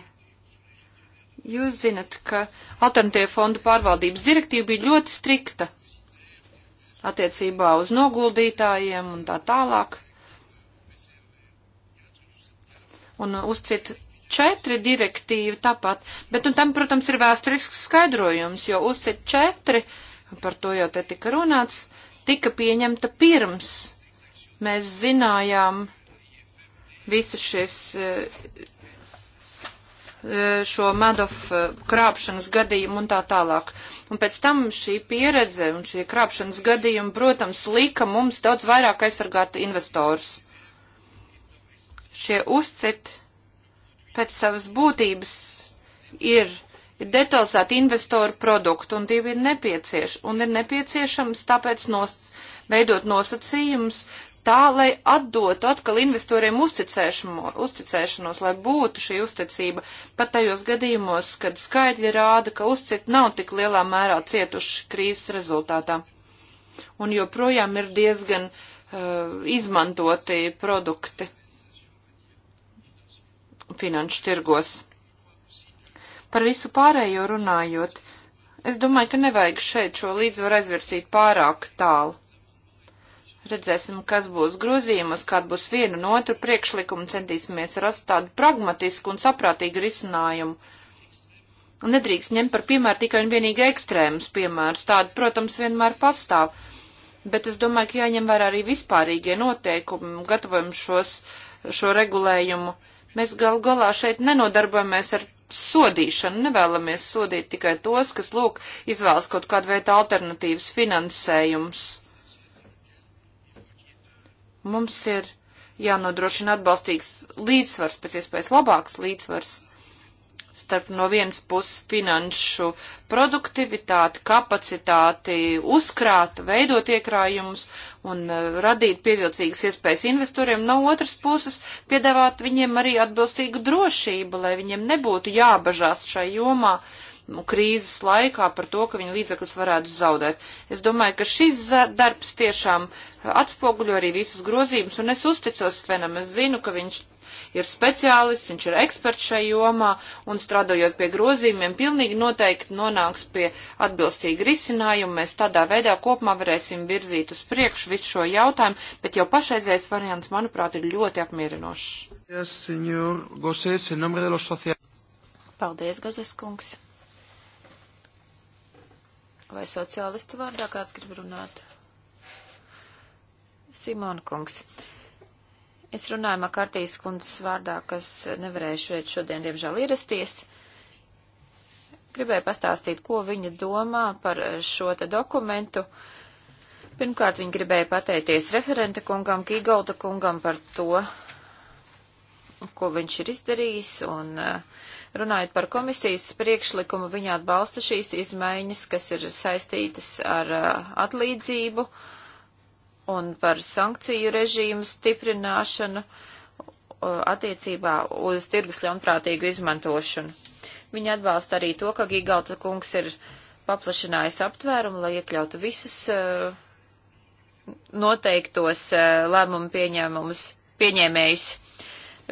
Jūs zinat, ka alternatīva fondu pārvaldības direktīva bija ļoti strikta attiecībā uz noguldītājiem un tā tālāk. Un uzcit četri direktīvi tāpat, bet un nu, tam, protams, ir vēsturisks skaidrojums, jo uzcit četri, par to jau te tika runāts, tika pieņemta pirms mēs zinājām visas šīs eh, E, šo Madoff e, krāpšanas gadījumu un tā tālāk. Un pēc tam šī pieredze un šie krāpšanas gadījumi, protams, lika mums daudz vairāk aizsargāt investors. Šie uzcit pēc savas būtības ir, ir detalizēti investoru produktu un tie ir nepieciešami. Un ir nepieciešams tāpēc nos, veidot nosacījumus, tā, lai atdotu atkal investoriem uzticēšanos, lai būtu šī uzticība, pat tajos gadījumos, kad skaidri rāda, ka uzcit nav tik lielā mērā cietuši krīzes rezultātā. Un joprojām ir diezgan uh, izmantoti produkti finanšu tirgos. Par visu pārējo runājot, es domāju, ka nevajag šeit šo līdzvaru aizvirsīt pārāk tālu Redzēsim, kas būs grozījumus, kāda būs viena un otru priekšlikumu, centīsimies rast tādu pragmatisku un saprātīgu risinājumu. Un nedrīkst ņemt par piemēru tikai un vienīgi ekstrēmus piemērus. Tādi, protams, vienmēr pastāv. Bet es domāju, ka jāņem vērā arī vispārīgie noteikumi, gatavojam šos, šo regulējumu. Mēs gal galā šeit nenodarbojamies ar sodīšanu, nevēlamies sodīt tikai tos, kas, lūk, izvēlas kaut kādu veidu alternatīvas finansējums Mums ir jānodrošina atbalstīgs līdzsvars, pēc iespējas labāks līdzsvars starp no vienas puses finanšu produktivitāti, kapacitāti, uzkrāt, veidot iekrājumus un eh, radīt pievilcīgas iespējas investoriem, no otras puses piedāvāt viņiem arī atbilstīgu drošību, lai viņiem nebūtu jābažās šai jomā, uh, nu, krīzes laikā par to, ka viņa līdzekļus varētu zaudēt. Es domāju, ka šis darbs tiešām atspoguļo arī visus grozījumus, un es uzticos Svenam, es zinu, ka viņš ir speciālists, viņš ir eksperts šai jomā, un strādājot pie grozījumiem, pilnīgi noteikti nonāks pie atbilstīga risinājuma. Mēs tādā veidā kopumā varēsim virzīt uz priekšu visu šo jautājumu, bet jau pašreizējais variants, manuprāt, ir ļoti apmierinošs. Paldies, Gozes kungs. Vai sociālistu vārdā kāds grib runāt? Simona kungs. Es runāju Makartīs kundzes vārdā, kas nevarēja šeit šodien, diemžēl, ierasties. Gribēju pastāstīt, ko viņa domā par šo te dokumentu. Pirmkārt, viņa gribēja pateikties referenta kungam, Gigolda kungam par to, ko viņš ir izdarījis, un uh, Runājot par komisijas priekšlikumu, viņa atbalsta šīs izmaiņas, kas ir saistītas ar uh, atlīdzību un par sankciju režīmu stiprināšanu uh, attiecībā uz tirgus ļaunprātīgu izmantošanu. Viņa atbalsta arī to, ka Gigalta kungs ir paplašinājis aptvērumu, lai iekļautu visus uh, noteiktos uh, lēmumu pieņēmumus, pieņēmējus.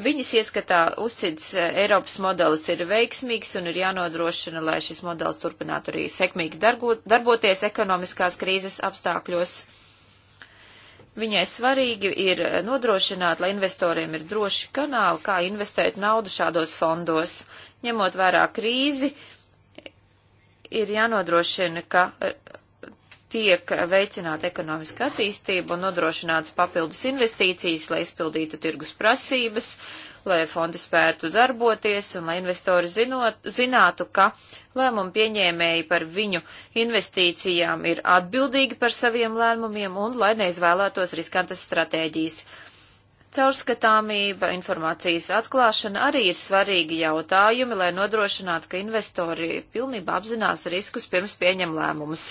Viņas ieskatā uzcīts eh, Eiropas modelis ir veiksmīgs un ir jānodrošina, lai šis modelis turpinātu arī sekmīgi darboties ekonomiskās krīzes apstākļos. Viņai svarīgi ir eh, nodrošināt, lai investoriem ir droši kanāli, kā investēt naudu šādos fondos. Ņemot vērā krīzi, ir jānodrošina, ka eh, tiek veicināta ekonomiska attīstība un nodrošināts papildus investīcijas, lai izpildītu tirgus prasības, lai fondi spētu darboties un lai investori zinot, zinātu, ka lēmumu pieņēmēji par viņu investīcijām ir atbildīgi par saviem lēmumiem un lai neizvēlētos riskantas stratēģijas. Caurskatāmība, informācijas atklāšana arī ir svarīgi jautājumi, lai nodrošinātu, ka investori pilnībā apzinās riskus pirms pieņem lēmumus.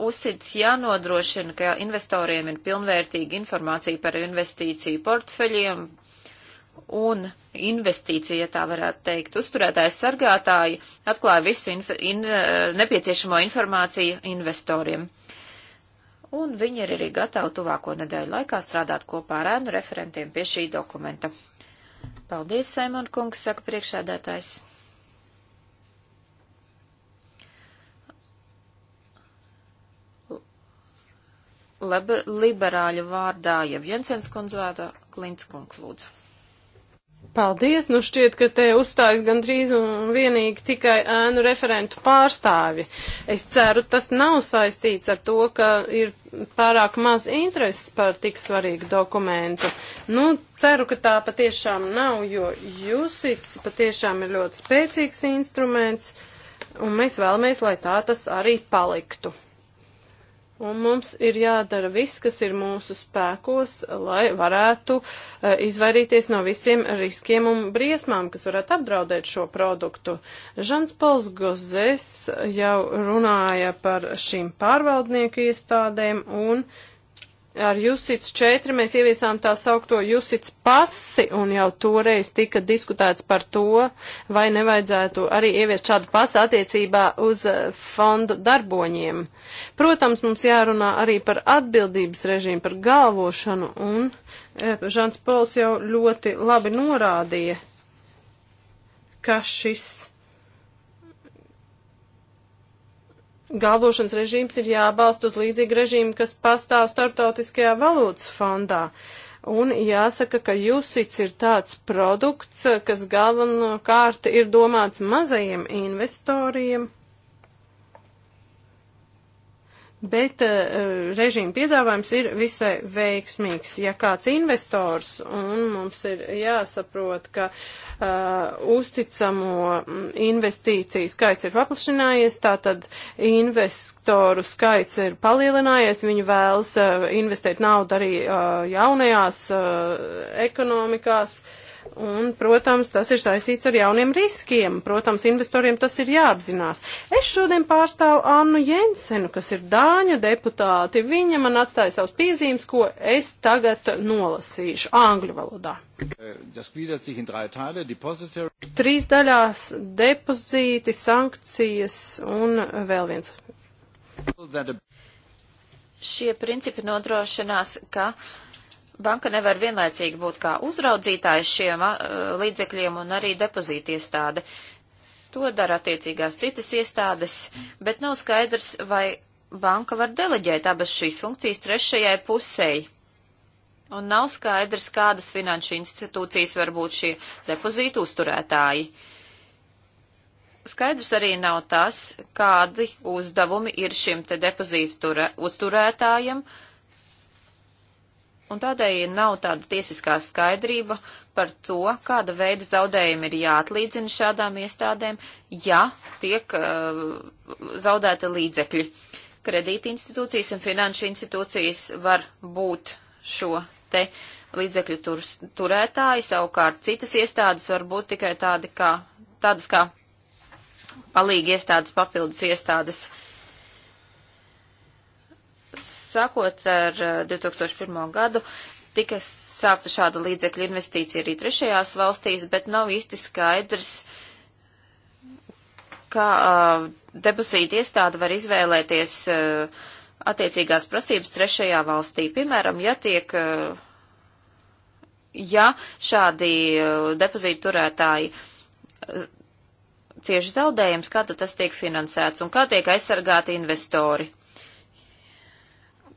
USIDS jānodrošina, ka investoriem ir pilnvērtīga informācija par investīciju portfeļiem un investīciju, ja tā varētu teikt. Uzturētājs sargātāji atklāja visu inf in nepieciešamo informāciju investoriem. Un viņi ir arī gatavi tuvāko nedēļu laikā strādāt kopā ar ēnu referentiem pie šī dokumenta. Paldies, Saimon Kungs, saka priekšsēdētājs. liber, liberāļu vārdā, ja Jensens kundz vārdā, Klints kungs lūdzu. Paldies, nu šķiet, ka te uzstājas gandrīz un vienīgi tikai ēnu referentu pārstāvi. Es ceru, tas nav saistīts ar to, ka ir pārāk maz intereses par tik svarīgu dokumentu. Nu, ceru, ka tā patiešām nav, jo jūsits patiešām ir ļoti spēcīgs instruments, un mēs vēlamies, lai tā tas arī paliktu. Un mums ir jādara viss, kas ir mūsu spēkos, lai varētu uh, izvairīties no visiem riskiem un briesmām, kas varētu apdraudēt šo produktu. Žans Pols Gozes jau runāja par šīm pārvaldnieku iestādēm un uh, ar Jusits 4 mēs ieviesām tā saukto Jusits pasi, un jau toreiz tika diskutēts par to, vai nevajadzētu arī ieviest šādu pasi attiecībā uz eh, fondu darboņiem. Protams, mums jārunā arī par atbildības režīmu, par galvošanu, un eh, Žants Pols jau ļoti labi norādīja, ka šis galvošanas režīms ir jābalst uz līdzīgu režīmu, kas pastāv starptautiskajā valūtas fondā. Un jāsaka, ka jūsits ir tāds produkts, kas galvenokārt ir domāts mazajiem investoriem. Bet uh, režīma piedāvājums ir visai veiksmīgs. Ja kāds investors, un mums ir jāsaprot, ka uh, uzticamo mm, investīciju skaits ir paplašinājies, tātad investoru skaits ir palielinājies, viņi vēlas uh, investēt naudu arī uh, jaunajās uh, ekonomikās. Uh, Un, protams, tas ir saistīts ar jauniem riskiem. Protams, investoriem tas ir jāapzinās. Es šodien pārstāvu Annu Jensenu, kas ir Dāņu deputāti. Viņa man atstāja savus piezīmes, ko es tagad nolasīšu angļu valodā. Trīs daļās depozīti, sankcijas un vēl viens šie principi nodrošinās, ka banka nevar vienlaicīgi būt kā uzraudzītājs šiem uh, līdzekļiem un arī depozīti iestāde. To dara attiecīgās citas iestādes, bet nav skaidrs, vai banka var deleģēt abas šīs funkcijas trešajai pusēji. Un nav skaidrs, kādas finanšu institūcijas var būt šie depozītu uzturētāji. Skaidrs arī nav tas, kādi uzdevumi ir šim te depozītu uzturētājam. Uh, un tādēļ nav tāda tiesiskā skaidrība par to, kāda veida zaudējumi ir jāatlīdzina šādām iestādēm, ja tiek uh, zaudēta līdzekļi. Kredīti institūcijas un finanšu institūcijas var būt šo te līdzekļu tur, turētāji, savukārt citas iestādes var būt tikai tādi kā, tādas kā palīgi iestādes, papildus iestādes. Uh, Sākot ar 2001. Eh, gadu, tika sākta šāda līdzekļa investīcija arī trešajās valstīs, bet nav īsti skaidrs, kā uh, debusīta iestāde var izvēlēties uh, attiecīgās prasības trešajā valstī. Piemēram, ja tiek. Uh, Ja šādi depozītu turētāji cieši zaudējums, kā tad tas tiek finansēts un kā tiek aizsargāti investori?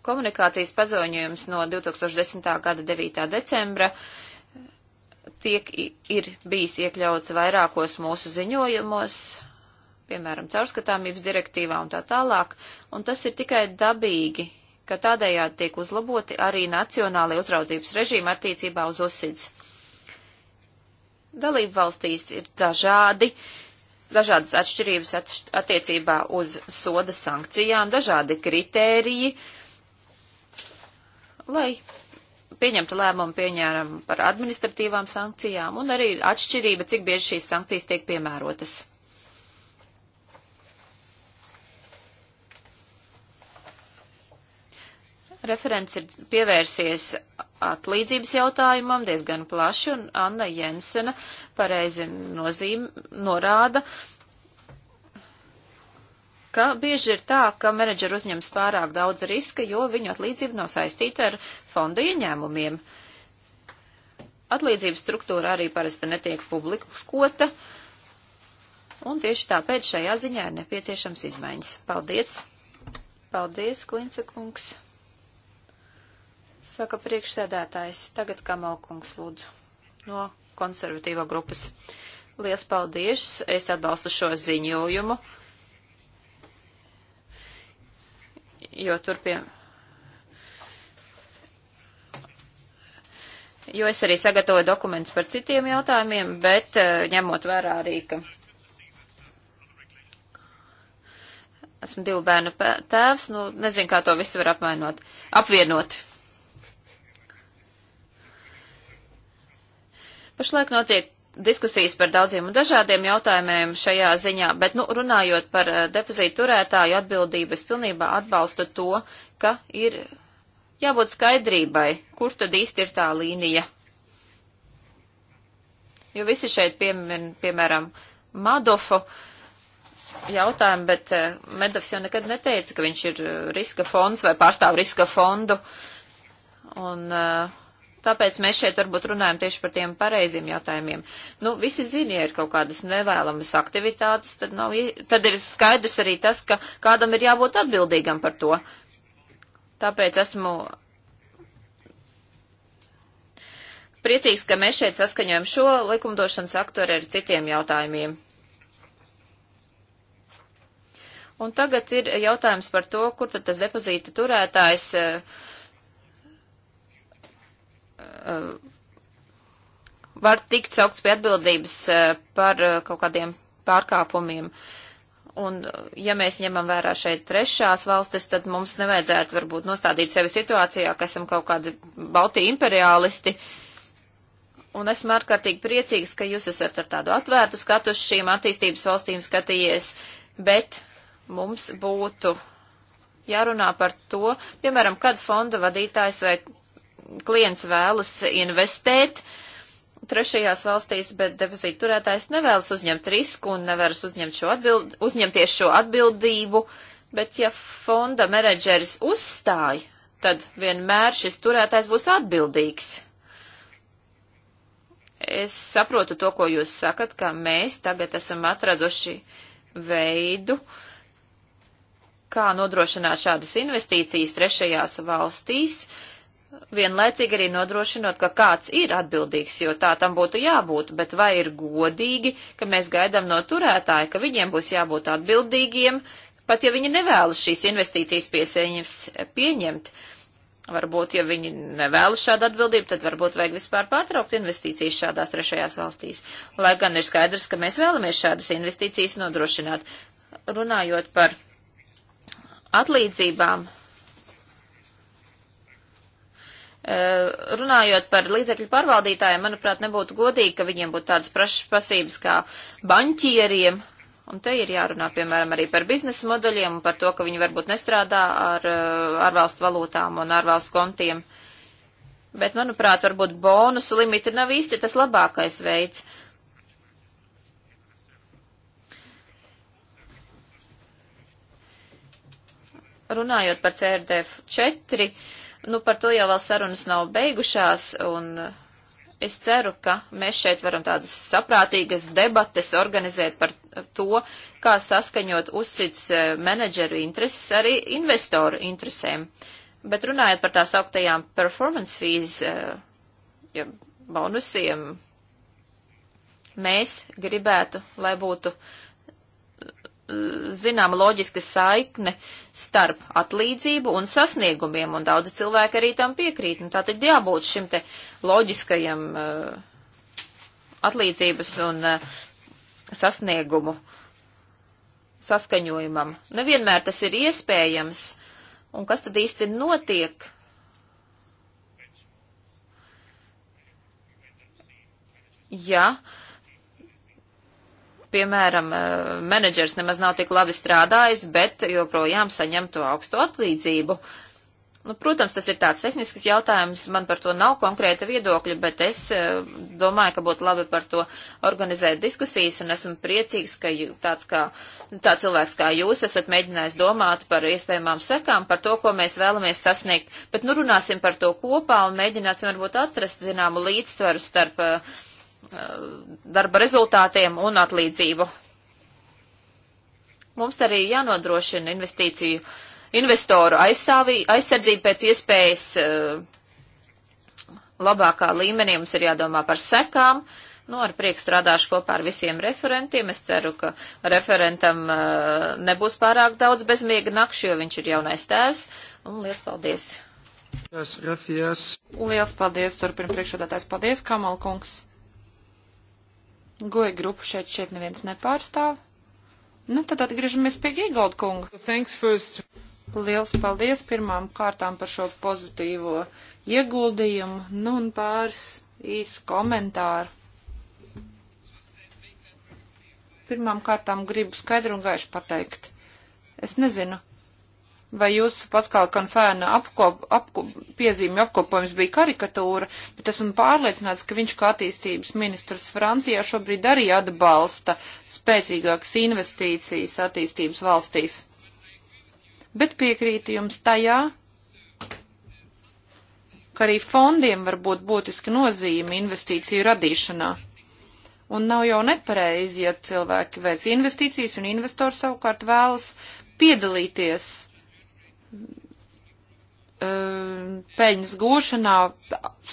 Komunikācijas paziņojums no 2010. gada 9. decembra tiek ir bijis iekļauts vairākos mūsu ziņojumos, piemēram, caurskatāmības direktīvā un tā tālāk, un tas ir tikai dabīgi, ka tādējādi tiek uzlaboti arī nacionālai uzraudzības režīmi attiecībā uz uzsids. Dalību valstīs ir dažādi, dažādas atšķirības atšķ attiecībā uz soda sankcijām, dažādi kritēriji, uh, lai pieņemtu lēmumu pieņēmumu par administratīvām sankcijām un arī atšķirība, cik bieži šīs sankcijas tiek piemērotas. Referents ir pievērsies atlīdzības jautājumam diezgan plaši, un Anna Jensena pareizi nozīm, norāda, uh, ka bieži ir tā, ka menedžeri uzņems pārāk daudz riska, jo viņu atlīdzība nav saistīta ar fonda ieņēmumiem. Atlīdzības struktūra arī parasti netiek publiskota, un tieši tāpēc šajā ziņā ir nepieciešams izmaiņas. Paldies! Paldies, Klinca kungs! Saka priekšsēdētājs, tagad Kamalkungs lūdzu no konservatīvo grupas. Liels paldies! Es atbalstu šo ziņojumu. jo tur pie. Jo es arī sagatavoju dokumentus par citiem jautājumiem, bet eh, ņemot vērā arī, ka esmu divu bērnu tēvs, nu nezinu, kā to visu var apvainot, apvienot. Pašlaik notiek diskusijas par daudziem un dažādiem jautājumiem šajā ziņā, bet, nu, runājot par eh, depozītu turētāju atbildību, es pilnībā atbalstu to, ka ir jābūt skaidrībai, kur tad īsti ir tā līnija. Jo visi šeit piemin, piemēram, Madofu jautājumu, bet eh, Medovs jau nekad neteica, ka viņš ir eh, riska fonds vai pārstāv riska fondu. Un uh, Tāpēc mēs šeit varbūt runājam tieši par tiem pareiziem jautājumiem. Nu, visi zina, ja ir kaut kādas nevēlamas aktivitātes, tad, nav, tad ir skaidrs arī tas, ka kādam ir jābūt atbildīgam par to. Tāpēc esmu priecīgs, ka mēs šeit saskaņojam šo likumdošanas aktu ar citiem jautājumiem. Un tagad ir jautājums par to, kur tad tas depozīta turētājs uh, Uh, var tikt saukts pie atbildības uh, par uh, kaut kādiem pārkāpumiem. Un, ja mēs ņemam vērā šeit trešās valstis, tad mums nevajadzētu varbūt nostādīt sevi situācijā, ka esam kaut kādi balti imperialisti. Un esmu ārkārtīgi priecīgs, ka jūs esat ar tādu atvērtu skatu uz šīm attīstības valstīm skatījies, bet mums būtu jārunā par to, piemēram, kad fonda vadītājs vai klients vēlas investēt trešajās valstīs, bet depozīta turētājs nevēlas uzņemt risku un nevēlas uzņemt šo atbild, uzņemties šo atbildību, bet ja fonda menedžeris uzstāj, tad vienmēr šis turētājs būs atbildīgs. Es saprotu to, ko jūs sakat, ka mēs tagad esam atraduši veidu, kā nodrošināt šādas investīcijas trešajās valstīs, uh, vienlaicīgi arī nodrošinot, ka kāds ir atbildīgs, jo tā tam būtu jābūt, bet vai ir godīgi, ka mēs gaidām no turētāja, ka viņiem būs jābūt atbildīgiem, pat ja viņi nevēlas šīs investīcijas piesieņas pieņemt. Varbūt, ja viņi nevēlas šādu atbildību, tad varbūt vajag vispār pārtraukt investīcijas šādās trešajās valstīs. Lai gan ir skaidrs, ka mēs vēlamies šādas investīcijas nodrošināt. Runājot par atlīdzībām, Eh, runājot par līdzekļu pārvaldītājiem, manuprāt, nebūtu godīgi, ka viņiem būtu tādas prašas pasības kā baņķieriem. Un te ir jārunā, piemēram, arī par biznesa modeļiem un par to, ka viņi varbūt nestrādā ar eh, ārvalstu valūtām un ārvalstu kontiem. Bet, manuprāt, varbūt bonusu limiti nav īsti tas labākais veids. Runājot par CRDF 4, Nu, par to jau vēl sarunas nav beigušās, un es ceru, ka mēs šeit varam tādas saprātīgas debates organizēt par to, kā saskaņot uzcits e, menedžeru intereses arī investoru interesēm. Bet runājot par tās augtajām performance fees e, ja, bonusiem, mēs gribētu, lai būtu uh, zināma loģiska saikne starp atlīdzību un sasniegumiem, un daudzi cilvēki arī tam piekrīt. Un nu, tā tad jābūt šim te loģiskajam uh, atlīdzības un uh, sasniegumu saskaņojumam. Nevienmēr tas ir iespējams, un kas tad īsti notiek? Ja, uh, piemēram, eh, menedžers nemaz nav tik labi strādājis, bet joprojām saņem to augstu atlīdzību. Nu, protams, tas ir tāds tehnisks jautājums, man par to nav konkrēta viedokļa, bet es eh, domāju, ka būtu labi par to organizēt diskusijas, un esmu priecīgs, ka jū, tāds, kā, nu, tāds cilvēks kā jūs esat mēģinājis domāt par iespējamām sekām, par to, ko mēs vēlamies sasniegt, bet nu runāsim par to kopā un mēģināsim varbūt atrast zināmu līdzsvaru starp uh, Eh, darba rezultātiem un atlīdzību. Mums arī jānodrošina investīciju investoru aizstāvī, aizsardzību pēc iespējas eh, labākā līmenī. Mums ir jādomā par sekām. Nu, ar prieku strādāšu kopā ar visiem referentiem. Es ceru, ka referentam eh, nebūs pārāk daudz bezmiega nakšu, jo viņš ir jaunais tēvs. Un liels paldies! Yes, yes. Liels paldies, turpina priekšādātājs. Paldies, Kamalkungs! Goja grupu šeit šeit neviens nepārstāv. Nu, tad atgriežamies pie Gigolda kunga. Liels paldies pirmām kārtām par šo pozitīvo ieguldījumu, nu un pāris īsu komentāru. Pirmām kārtām gribu skaidru un gaišu pateikt. Es nezinu, vai jūsu Paskala konfēna apkop, apkop, piezīmju apkopojums bija karikatūra, bet esmu pārliecināts, ka viņš kā attīstības ministrs Francijā šobrīd arī atbalsta spēcīgākas investīcijas attīstības valstīs. Bet piekrītu jums tajā, ka arī fondiem var būt būtiska nozīme investīciju radīšanā. Un nav jau nepareizi, ja cilvēki veic investīcijas un investori savukārt vēlas piedalīties Eh, peļņas gūšanā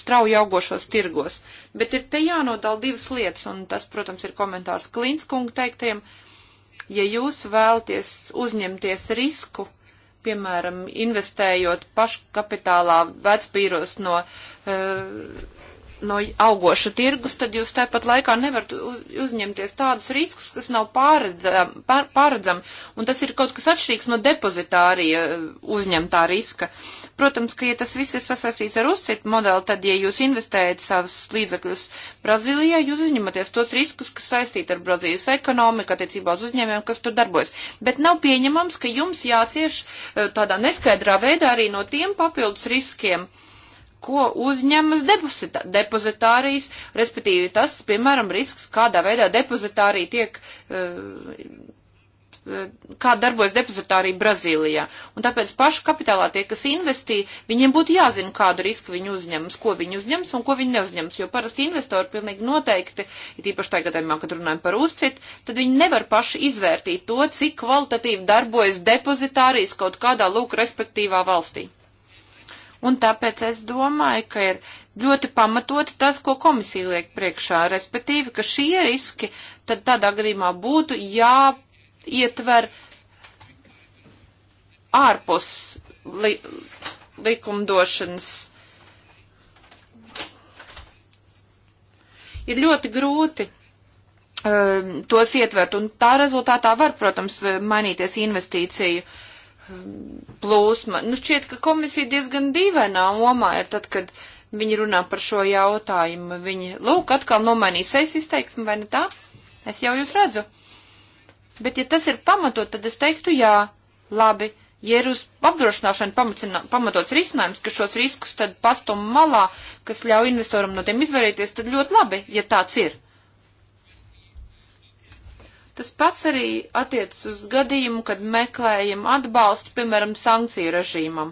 strauji augošos tirgos. Bet ir te jānodala divas lietas, un tas, protams, ir komentārs Klinskunga teiktiem. Ja jūs vēlaties uzņemties risku, piemēram, investējot paškapitālā vecpīros no uh, no augoša tirgus, tad jūs tāpat laikā nevarat uzņemties tādus riskus, kas nav pāredzami, pār, pāredzam, un tas ir kaut kas atšķirīgs no depozitārija uh, uzņemtā riska. Protams, ka, ja tas viss ir sasaistīts ar uzcitu modeli, tad, ja jūs investējat savus līdzekļus Brazīlijā, jūs uzņematies tos riskus, kas saistīti ar Brazīlijas ekonomiku, attiecībā uz uzņēmiem, kas tur darbojas. Bet nav pieņemams, ka jums jācieš uh, tādā neskaidrā veidā arī no tiem papildus riskiem ko uzņemas depozitā, depozitārijas, respektīvi tas, piemēram, risks, kādā veidā depozitārija tiek, eh, eh, kā darbojas depozitārija Brazīlijā. Un tāpēc pašu kapitālā tie, kas investī, viņiem būtu jāzina, kādu risku viņi uzņemas, ko viņi uzņemas un ko viņi neuzņemas, jo parasti investori pilnīgi noteikti, it īpaši tagad, kad runājam par uzcit, tad viņi nevar paši izvērtīt to, cik kvalitatīvi darbojas depozitārijas kaut kādā lūk respektīvā valstī. Un tāpēc es domāju, ka ir ļoti pamatoti tas, ko komisija liek priekšā, respektīvi, ka šie riski tad tādā gadījumā būtu jāietver ārpus li likumdošanas. Ir ļoti grūti um, tos ietvert, un tā rezultātā var, protams, mainīties investīciju uh, plūsma. Nu, šķiet, ka komisija diezgan dīvainā omā ir tad, kad viņi runā par šo jautājumu. Viņi, lūk, atkal nomainīsies izteiksmi, vai ne tā? Es jau jūs redzu. Bet, ja tas ir pamatot, tad es teiktu, jā, labi, ja ir uz apdrošināšanu pamatots risinājums, ka šos riskus tad pastum malā, kas ļauj investoram no tiem izvairīties, tad ļoti labi, ja tāds ir. Tas pats arī attiecas uz gadījumu, kad meklējam atbalstu, piemēram, sankciju režīmam.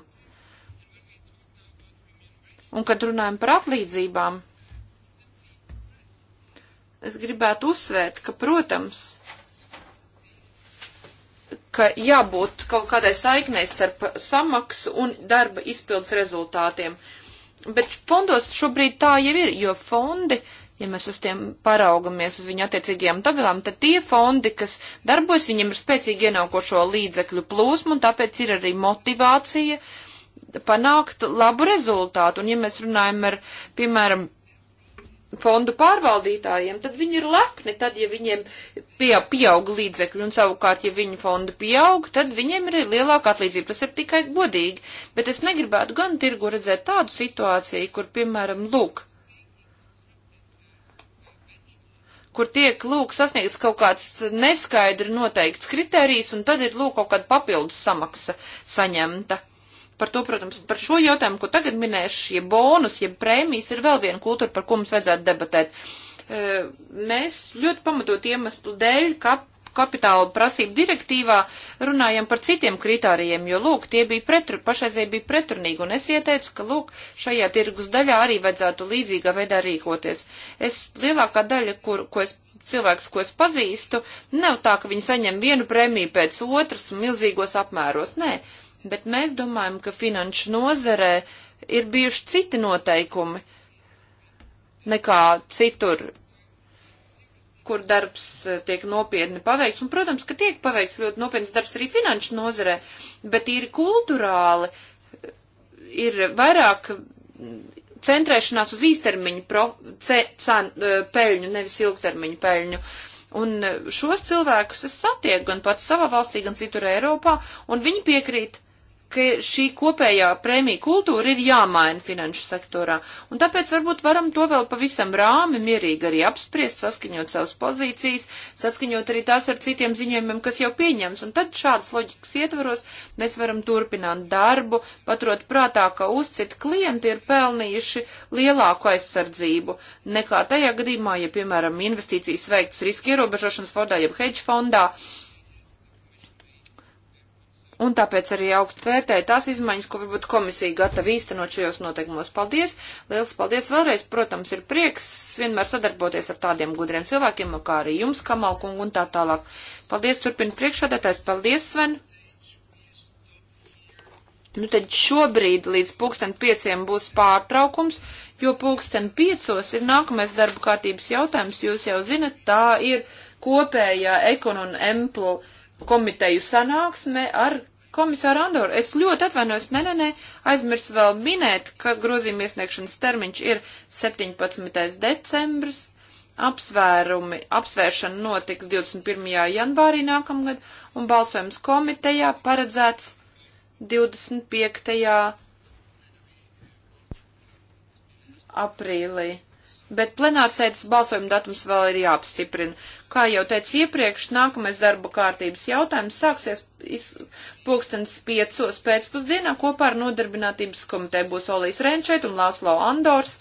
Un, kad runājam par atlīdzībām, es gribētu uzsvērt, ka, protams, ka jābūt kaut kādai saiknei starp samaksu un darba izpildes rezultātiem. Bet fondos šobrīd tā jau ir, jo fondi ja mēs uz tiem paraugamies uz viņu attiecīgajām tabelām, tad tie fondi, kas darbojas, viņiem ir spēcīgi ienākošo līdzekļu plūsmu, un tāpēc ir arī motivācija panākt labu rezultātu. Un ja mēs runājam ar, piemēram, fondu pārvaldītājiem, tad viņi ir lepni, tad, ja viņiem pie, pieaug līdzekļi, un savukārt, ja viņu fondu pieaug, tad viņiem ir lielāka atlīdzība. Tas ir tikai godīgi. Bet es negribētu gan tirgu redzēt tādu situāciju, kur, piemēram, lūk, kur tiek, lūk, sasniegts kaut kāds neskaidri noteikts kriterijs, un tad ir, lūk, kaut kāda papildus samaksa saņemta. Par to, protams, par šo jautājumu, ko tagad minēšu, ja bonus, ja prēmijas ir vēl viena kultūra, par ko mums vajadzētu debatēt. Mēs ļoti pamatot iemeslu dēļ, ka kapitāla prasību direktīvā runājam par citiem kritārijiem, jo, lūk, tie bija pretru, pašreizie bija pretrunīgi, un es ieteicu, ka, lūk, šajā tirgus daļā arī vajadzētu līdzīgā veidā rīkoties. Es lielākā daļa, kur, ko es cilvēks, ko es pazīstu, nav tā, ka viņi saņem vienu prēmiju pēc otras un milzīgos apmēros, nē, bet mēs domājam, ka finanšu nozarē ir bijuši citi noteikumi nekā citur kur darbs eh, tiek nopietni paveikts, un, protams, ka tiek paveikts ļoti nopietns darbs arī finanšu nozarē, bet ir kulturāli, eh, ir vairāk mm, centrēšanās uz īstermiņu pro, ce, can, eh, peļņu, nevis ilgtermiņu peļņu. Un šos cilvēkus es satieku gan pats savā valstī, gan citur Eiropā, un viņi piekrīt, ka šī kopējā prēmija kultūra ir jāmaina finanšu sektorā. Un tāpēc varbūt varam to vēl pavisam rāmi mierīgi arī apspriest, saskaņot savas pozīcijas, saskaņot arī tās ar citiem ziņojumiem, kas jau pieņems. Un tad šādas loģikas ietvaros mēs varam turpināt darbu, paturot prātā, ka uzcita klienti ir pelnījuši lielāku aizsardzību nekā tajā gadījumā, ja, piemēram, investīcijas veikts riski ierobežošanas fondā jeb hedge fondā. Uh, un tāpēc arī augstu vērtēju tās izmaiņas, ko varbūt komisija gatava īstenot šajos noteikumos. Paldies! Liels paldies vēlreiz! Protams, ir prieks vienmēr sadarboties ar tādiem gudriem cilvēkiem, kā arī jums, Kamalkungu un tā tālāk. Paldies, turpina priekšādātājs! Paldies, Sven! Nu tad šobrīd līdz pulksten pieciem būs pārtraukums, jo pulksten piecos ir nākamais darba kārtības jautājums, jūs jau zinat, tā ir kopējā ekon un emplu komiteju sanāksme ar komisāru Andoru. Es ļoti atvainojos, nē, nē, nē, aizmirs vēl minēt, ka grozījuma iesniegšanas termiņš ir 17. decembris, apsvērumi, apsvēršana notiks 21. janvārī nākamgad, un balsojums komitejā paredzēts 25. aprīlī. Bet plenārsēdes balsojuma datums vēl ir jāapstiprina. Kā jau teicu iepriekš, nākamais darba kārtības jautājums sāksies pulkstens piecos pēcpusdienā kopā ar nodarbinātības komiteju būs Olijas Renčeit un Lāslo Andors.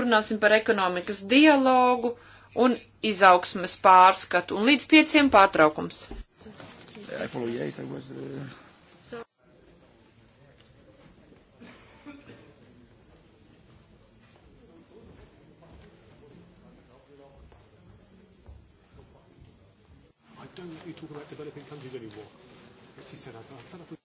Runāsim par ekonomikas dialogu un izaugsmes pārskatu un līdz pieciem pārtraukums. Yeah, I follow, yes, I was, uh... time you talk about developing countries anymore. She said, I, I fell off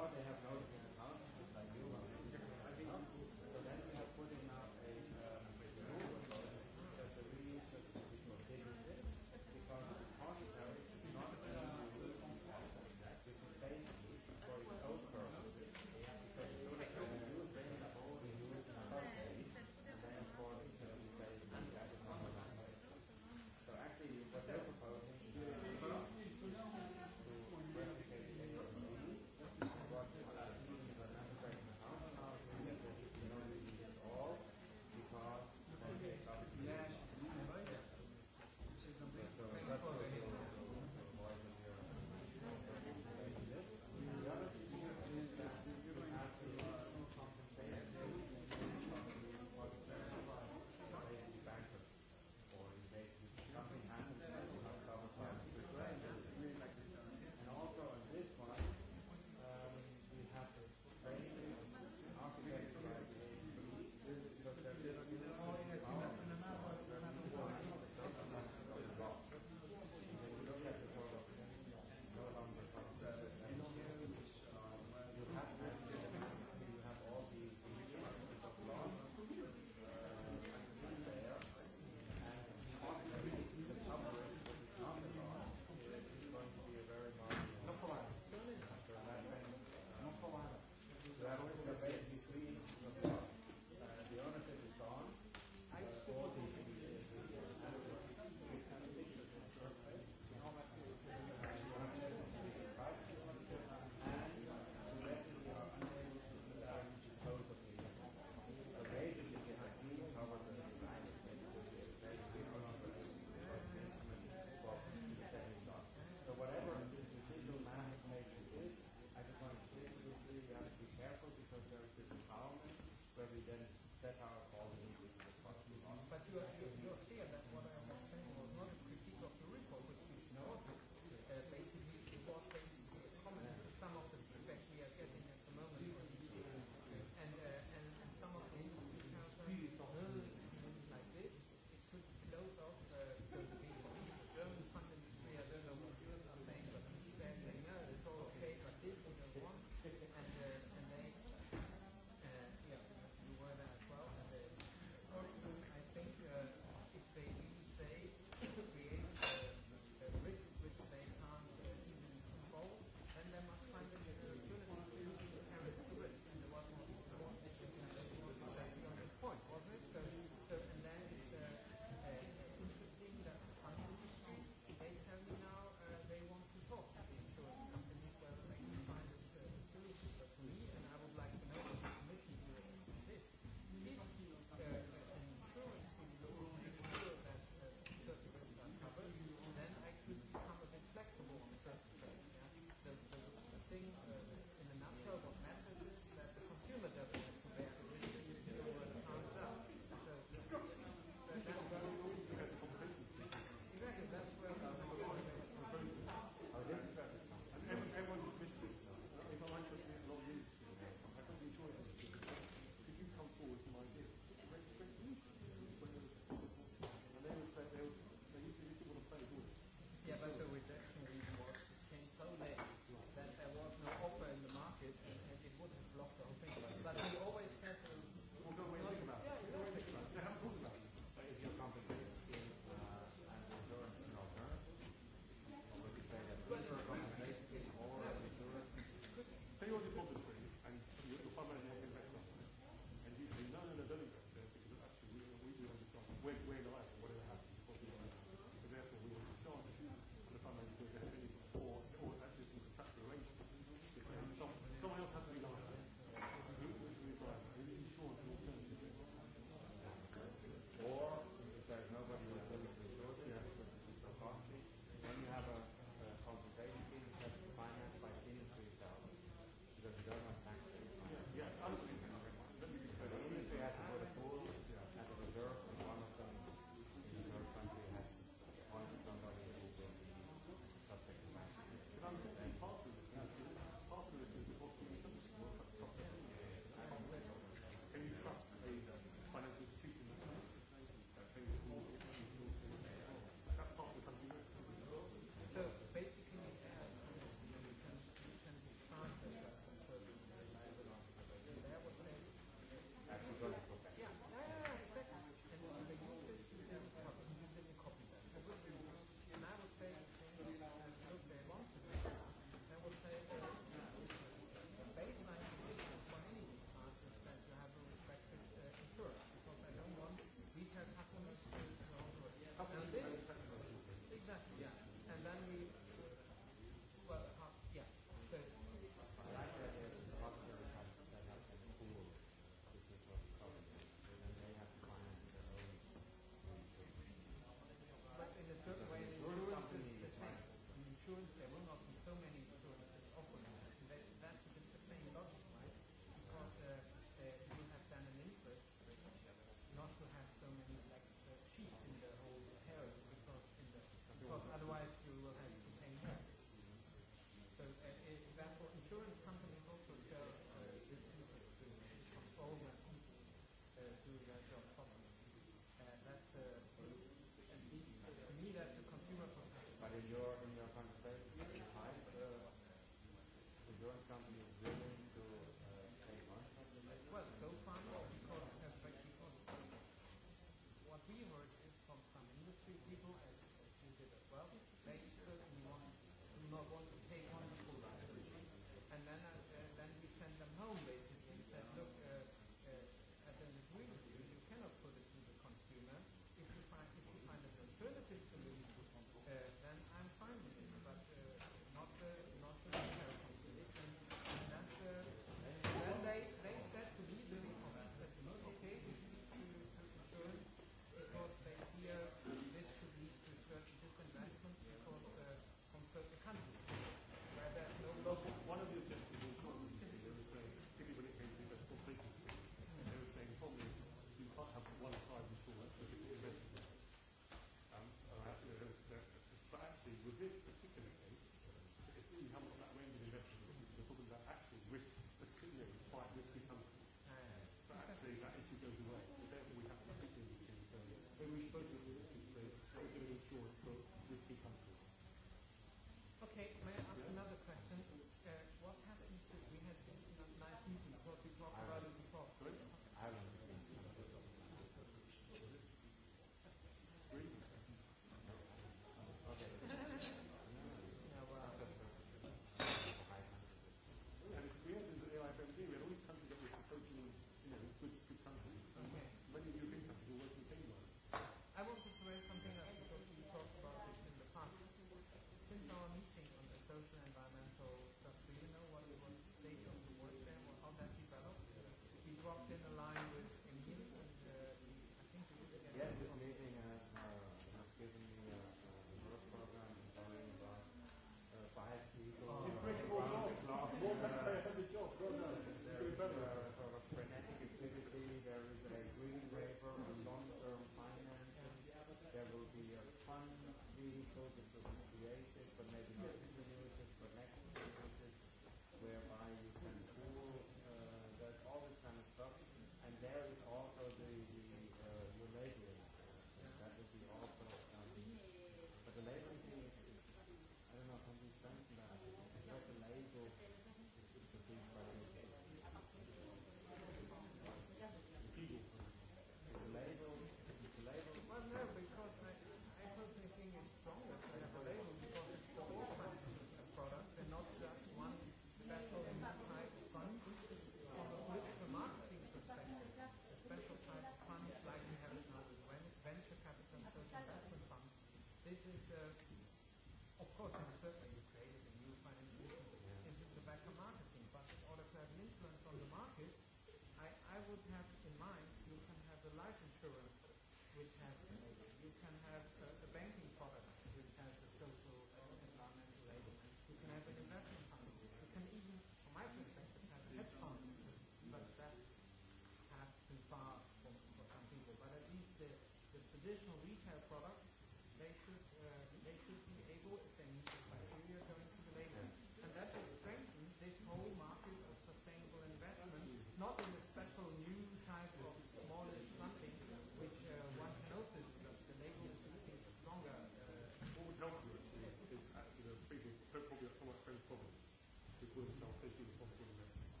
doing some official responsible investigation.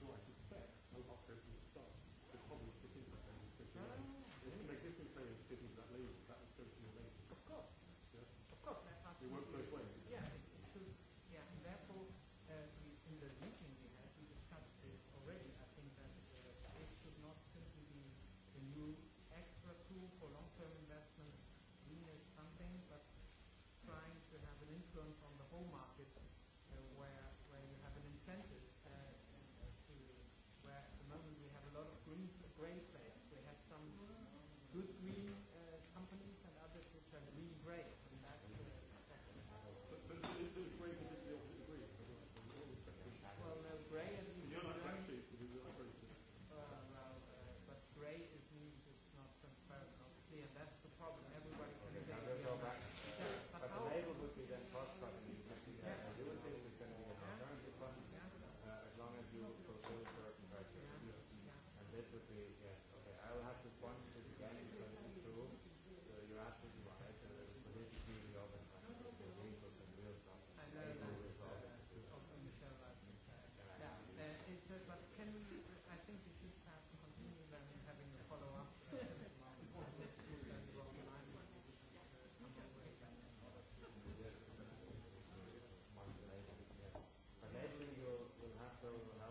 So I suspect no operation will start. The problem is sitting that label sitting there. Ah. If an existing player is sitting that label, that is going to be a label. Of course. Yeah. Of course. That has it to works both ways. Yeah. So, yeah. And therefore, uh, we, in the meeting we had, we discussed this already. I think that uh, this should not simply be the new extra tool for long-term investment, green is something, but trying to have an influence on the whole market sent it uh, to where at the moment we have a lot of green grey would be yes. Okay, I will have to point to the end because it's true. So you're absolutely right. Uh, politically, we often have to do wrinkles and real problems. I know that's uh, also Michelle last time. Yeah, yeah. Uh, it's, uh, but can we? I think we should perhaps continue then having a follow up. But later you'll, you'll have to. Uh,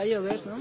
Va a llover, ¿no?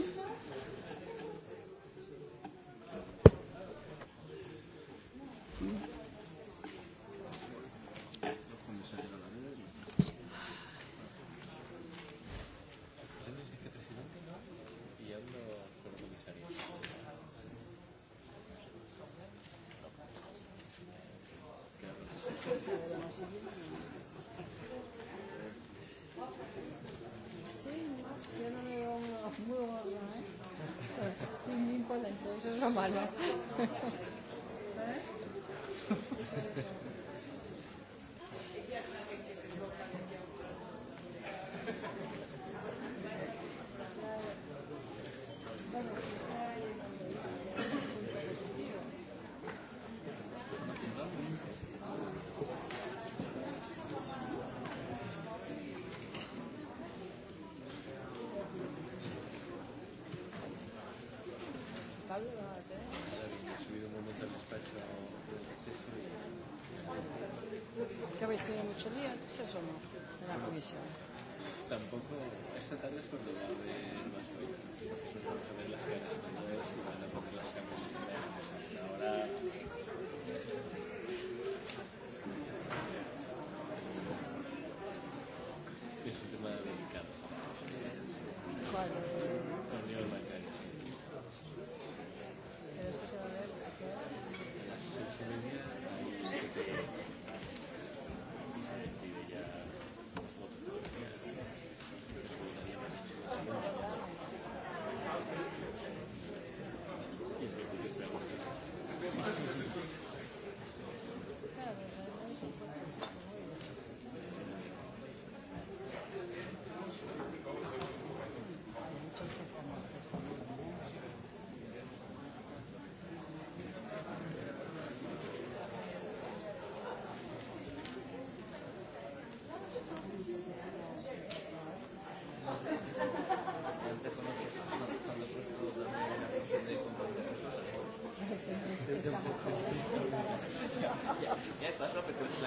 debe tener mucho lío, entonces, ¿o no? En la comisión. Tampoco, esta tarde es cuando va a haber más ruido, porque nos vamos a ver las caras.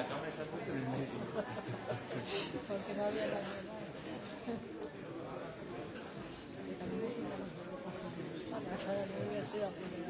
la cámara está puesta en el medio. Porque no había nadie más. También es una cosa que pasa. Ojalá no hubiera sido a poner.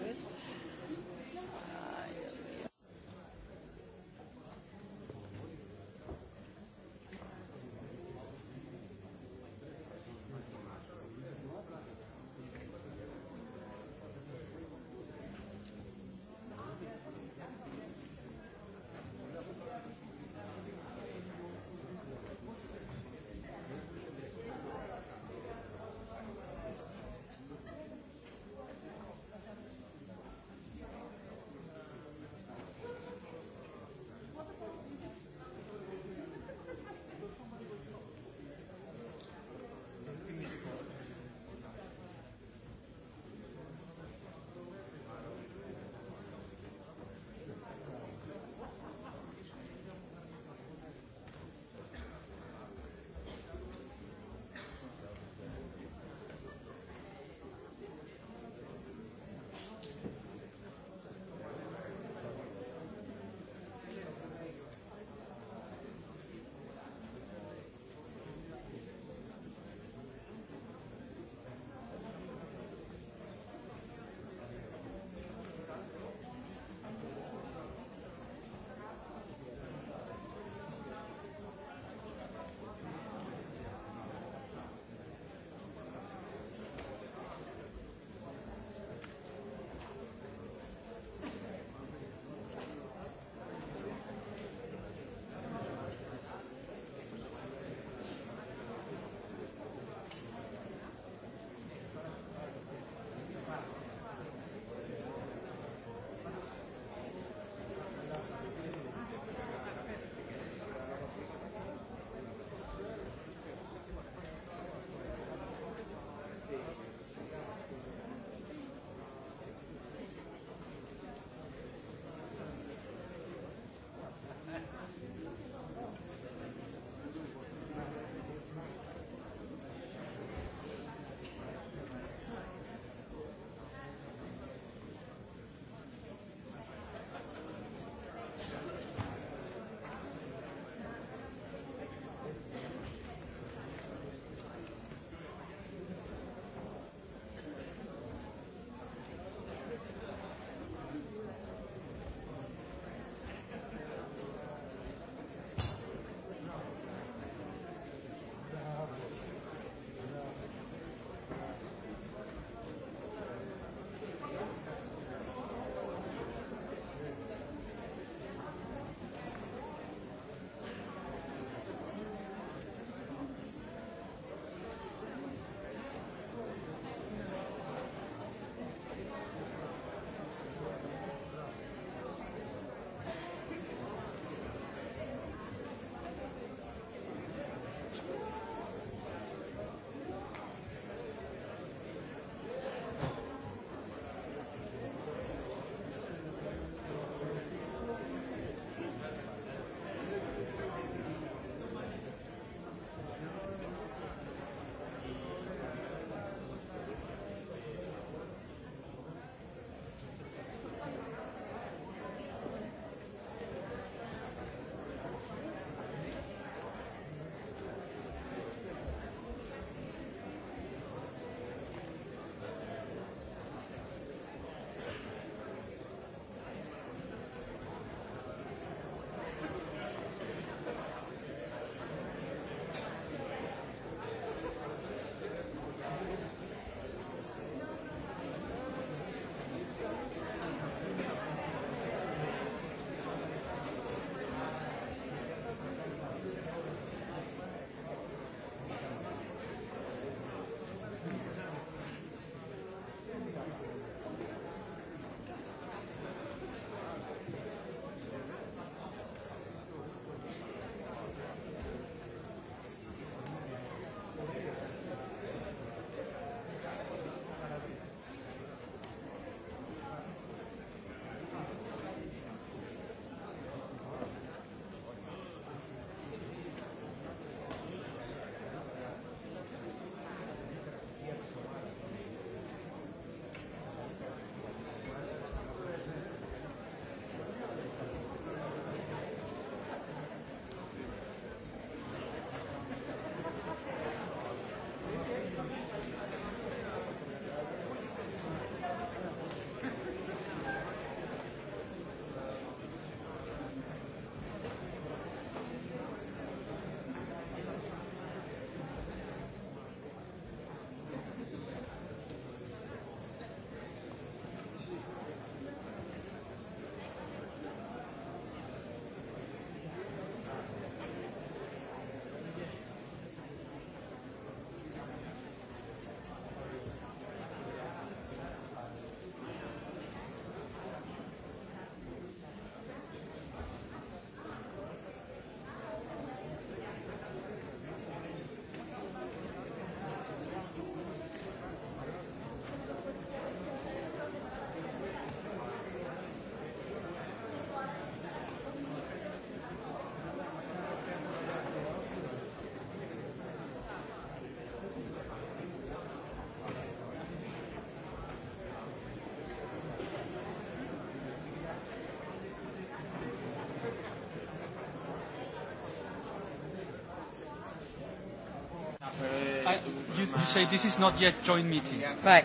you, you say this is not yet joint meeting. Right.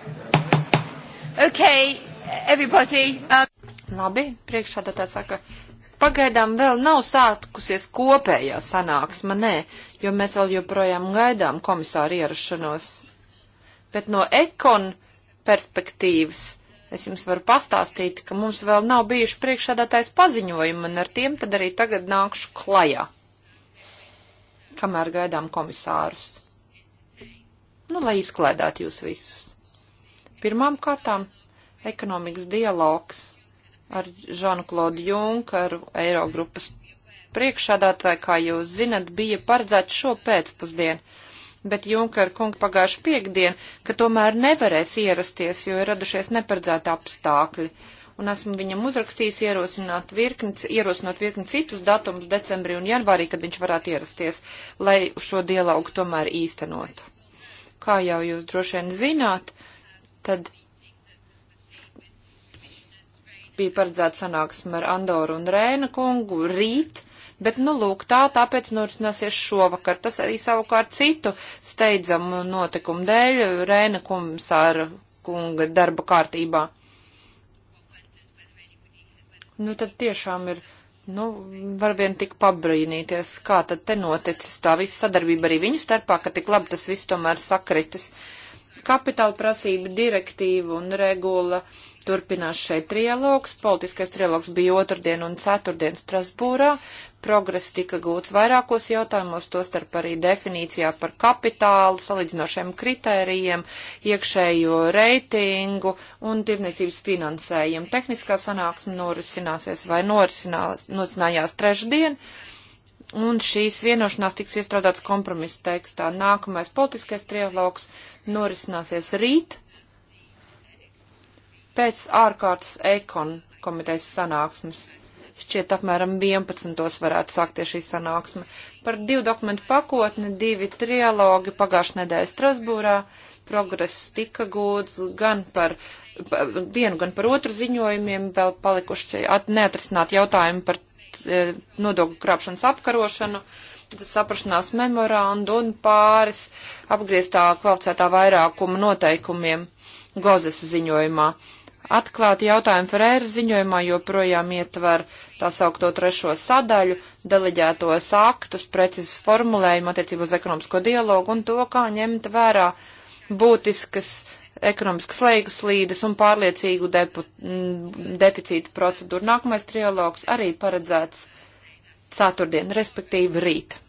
Okay, everybody. Um... Labi, priekšādātā saka, pagaidām vēl nav sākusies kopējā sanāksma, nē, jo mēs vēl joprojām gaidām komisāru ierašanos. Bet no ekon perspektīvas es jums varu pastāstīt, ka mums vēl nav bijuši priekšādātājs paziņojumi, un ar tiem tad arī tagad nākšu klajā, kamēr gaidām komisārus nu, lai izklaidētu jūs visus. Pirmām kārtām ekonomikas dialogs ar Žanu-Klodu Junkaru, Eirogrupas priekšādātāju, kā jūs zinat, bija paredzēts šo pēcpusdienu, bet Junkara kunga pagājuši piekdien, ka tomēr nevarēs ierasties, jo ir radušies neparedzēti apstākļi. Un esmu viņam uzrakstījis ierosināt virkni, ierosinot virkni citus datumus decembrī un janvārī, kad viņš varētu ierasties, lai šo dialogu tomēr īstenotu. Kā jau jūs droši vien zināt, tad bija paredzēta sanāksme ar Andoru un Rēna kungu rīt, bet, nu, lūk, tā tāpēc norisināsies šovakar. Tas arī savukārt citu steidzamu notikumu dēļ Rēna komisāra kunga darba kārtībā. Nu, tad tiešām ir Nu, var vien tik pabrīnīties, kā tad te noticis tā visa sadarbība arī viņu starpā, ka tik labi tas viss tomēr sakritis. Kapitāla prasība direktīva un regula turpinās šeit trialogs. Politiskais trialogs bija otrdien un ceturtdien Strasbūrā. Progress tika gūts vairākos jautājumos, tostarp arī definīcijā par kapitālu, salīdzinošiem kritērijiem, iekšējo reitingu un tirniecības finansējumu. Tehniskā sanāksme norisināsies vai norisinājās trešdien un šīs vienošanās tiks iestrādāts kompromisa tekstā. Nākamais politiskais trialogs norisināsies rīt pēc ārkārtas ekon komitejas sanāksmes. Šķiet, apmēram 11. varētu sākties šī sanāksme. Par divu dokumentu pakotni, divi trialogi pagājušajā nedēļā Strasbūrā. Progress tika gūts gan par vienu, gan par otru ziņojumiem. Vēl palikuši neatrisināt jautājumu par e, nodokļu krāpšanas apkarošanu saprašanās memorandu un pāris apgrieztā kvalificētā vairākuma noteikumiem Gozes ziņojumā. Atklāti jautājumi Ferēra ziņojumā joprojām ietver tā saukto trešo sadaļu, deleģētos aktus, precīzes formulējumu attiecību uz ekonomisko dialogu un to, kā ņemt vērā būtiskas ekonomiskas leigas līdes un pārliecīgu depu, mm, deficītu procedūru. Nākamais trialogs arī paredzēts ceturtdien, respektīvi rīt.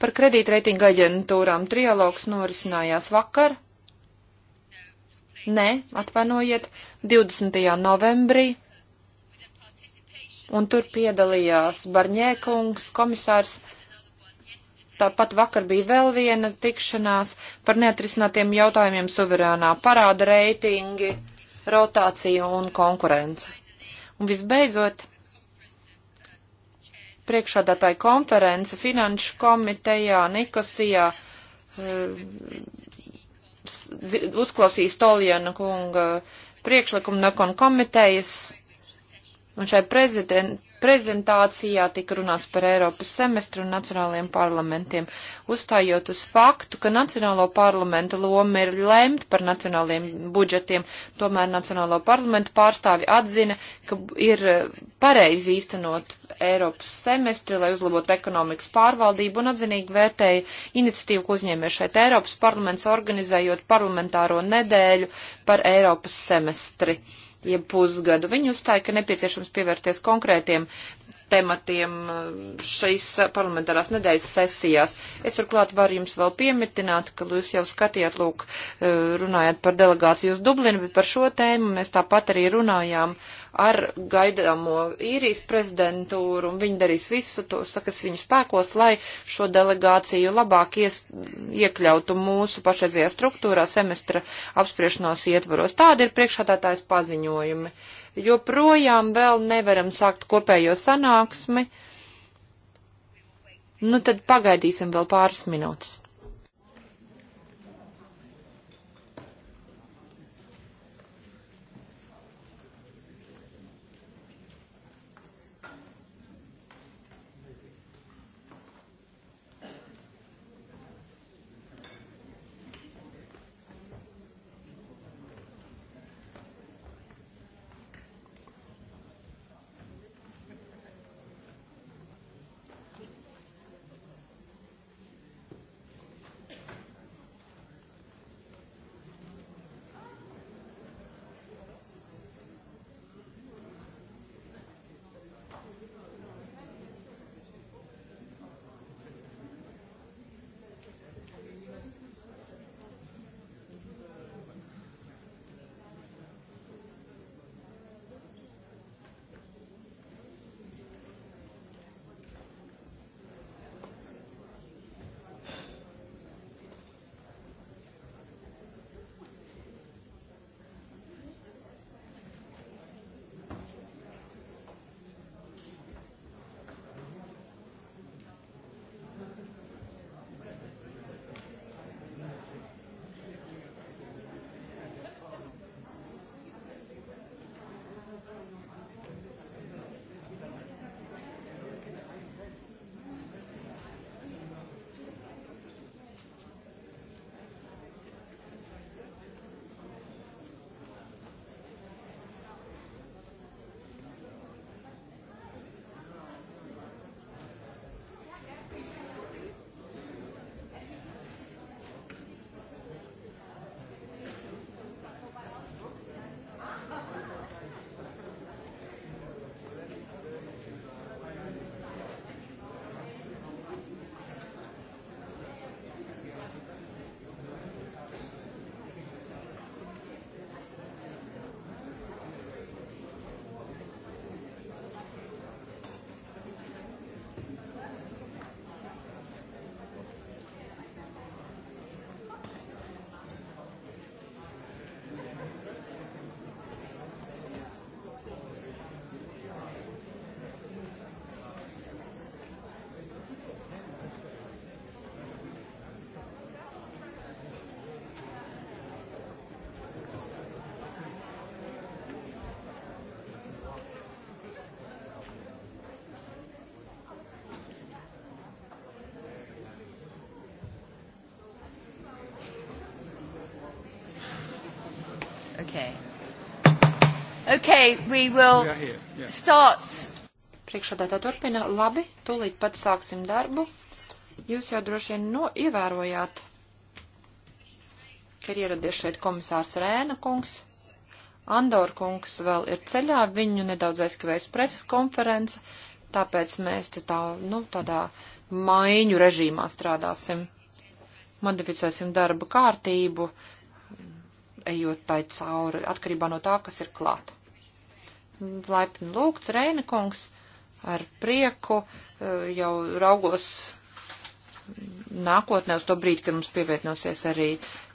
Par kredītreitinga aģentūrām trialogs norisinājās vakar. Nē, atvainojiet, 20. novembrī. Un tur piedalījās Barņēkungs, komisārs. Tāpat vakar bija vēl viena tikšanās par neatrisinātiem jautājumiem suverēnā parāda reitingi, rotācija un konkurence. Un visbeidzot, priekšādātāja konference Finanšu komitejā Nikosijā eh, uzklausīs Toljana kunga priekšlikumu no konkomitejas, un šai prezident, prezentācijā tika runāts par Eiropas semestru un nacionālajiem parlamentiem, uzstājot uz faktu, ka nacionālo parlamentu loma ir lemt par nacionālajiem budžetiem. Tomēr nacionālo parlamentu pārstāvi atzina, ka ir eh, pareizi īstenot Eiropas semestri, lai uzlabotu ekonomikas pārvaldību un atzinīgi vērtēja iniciatīvu, ko uzņēmē šeit Eiropas parlaments, organizējot parlamentāro nedēļu par Eiropas semestri jeb pusgadu. Viņi uzstāja, ka nepieciešams pievērties konkrētiem tematiem eh, šīs eh, parlamentārās nedēļas sesijās. Es turklāt varu jums vēl piemitināt, ka jūs jau skatījāt, lūk, eh, runājāt par delegāciju uz Dublinu, bet par šo tēmu mēs tāpat arī runājām ar gaidāmo īrijas prezidentūru, un viņi darīs visu to, sakas viņu spēkos, lai šo delegāciju labāk ies, iekļautu mūsu pašreizajā struktūrā semestra apspriešanās ietvaros. Tādi ir priekšādātājs paziņojumi. Uh, jo projām vēl nevaram sākt kopējo sanāksmi. Nu tad pagaidīsim vēl pāris minūtes. Okay, we will yeah. start. Priekšādātā turpina. Labi, tūlīt pat sāksim darbu. Jūs jau droši vien no ievērojāt, ka ir ieradies šeit komisārs Rēna kungs. Andor kungs vēl ir ceļā, viņu nedaudz aizkavējas preses konference, tāpēc mēs te tā, nu, tādā maiņu režīmā strādāsim. Modificēsim darba kārtību, ejot tai cauri, atkarībā no tā, kas ir klāt laipni lūgts, Reina kungs, ar prieku e, jau raugos nākotnē uz to brīdi, kad mums pievienosies arī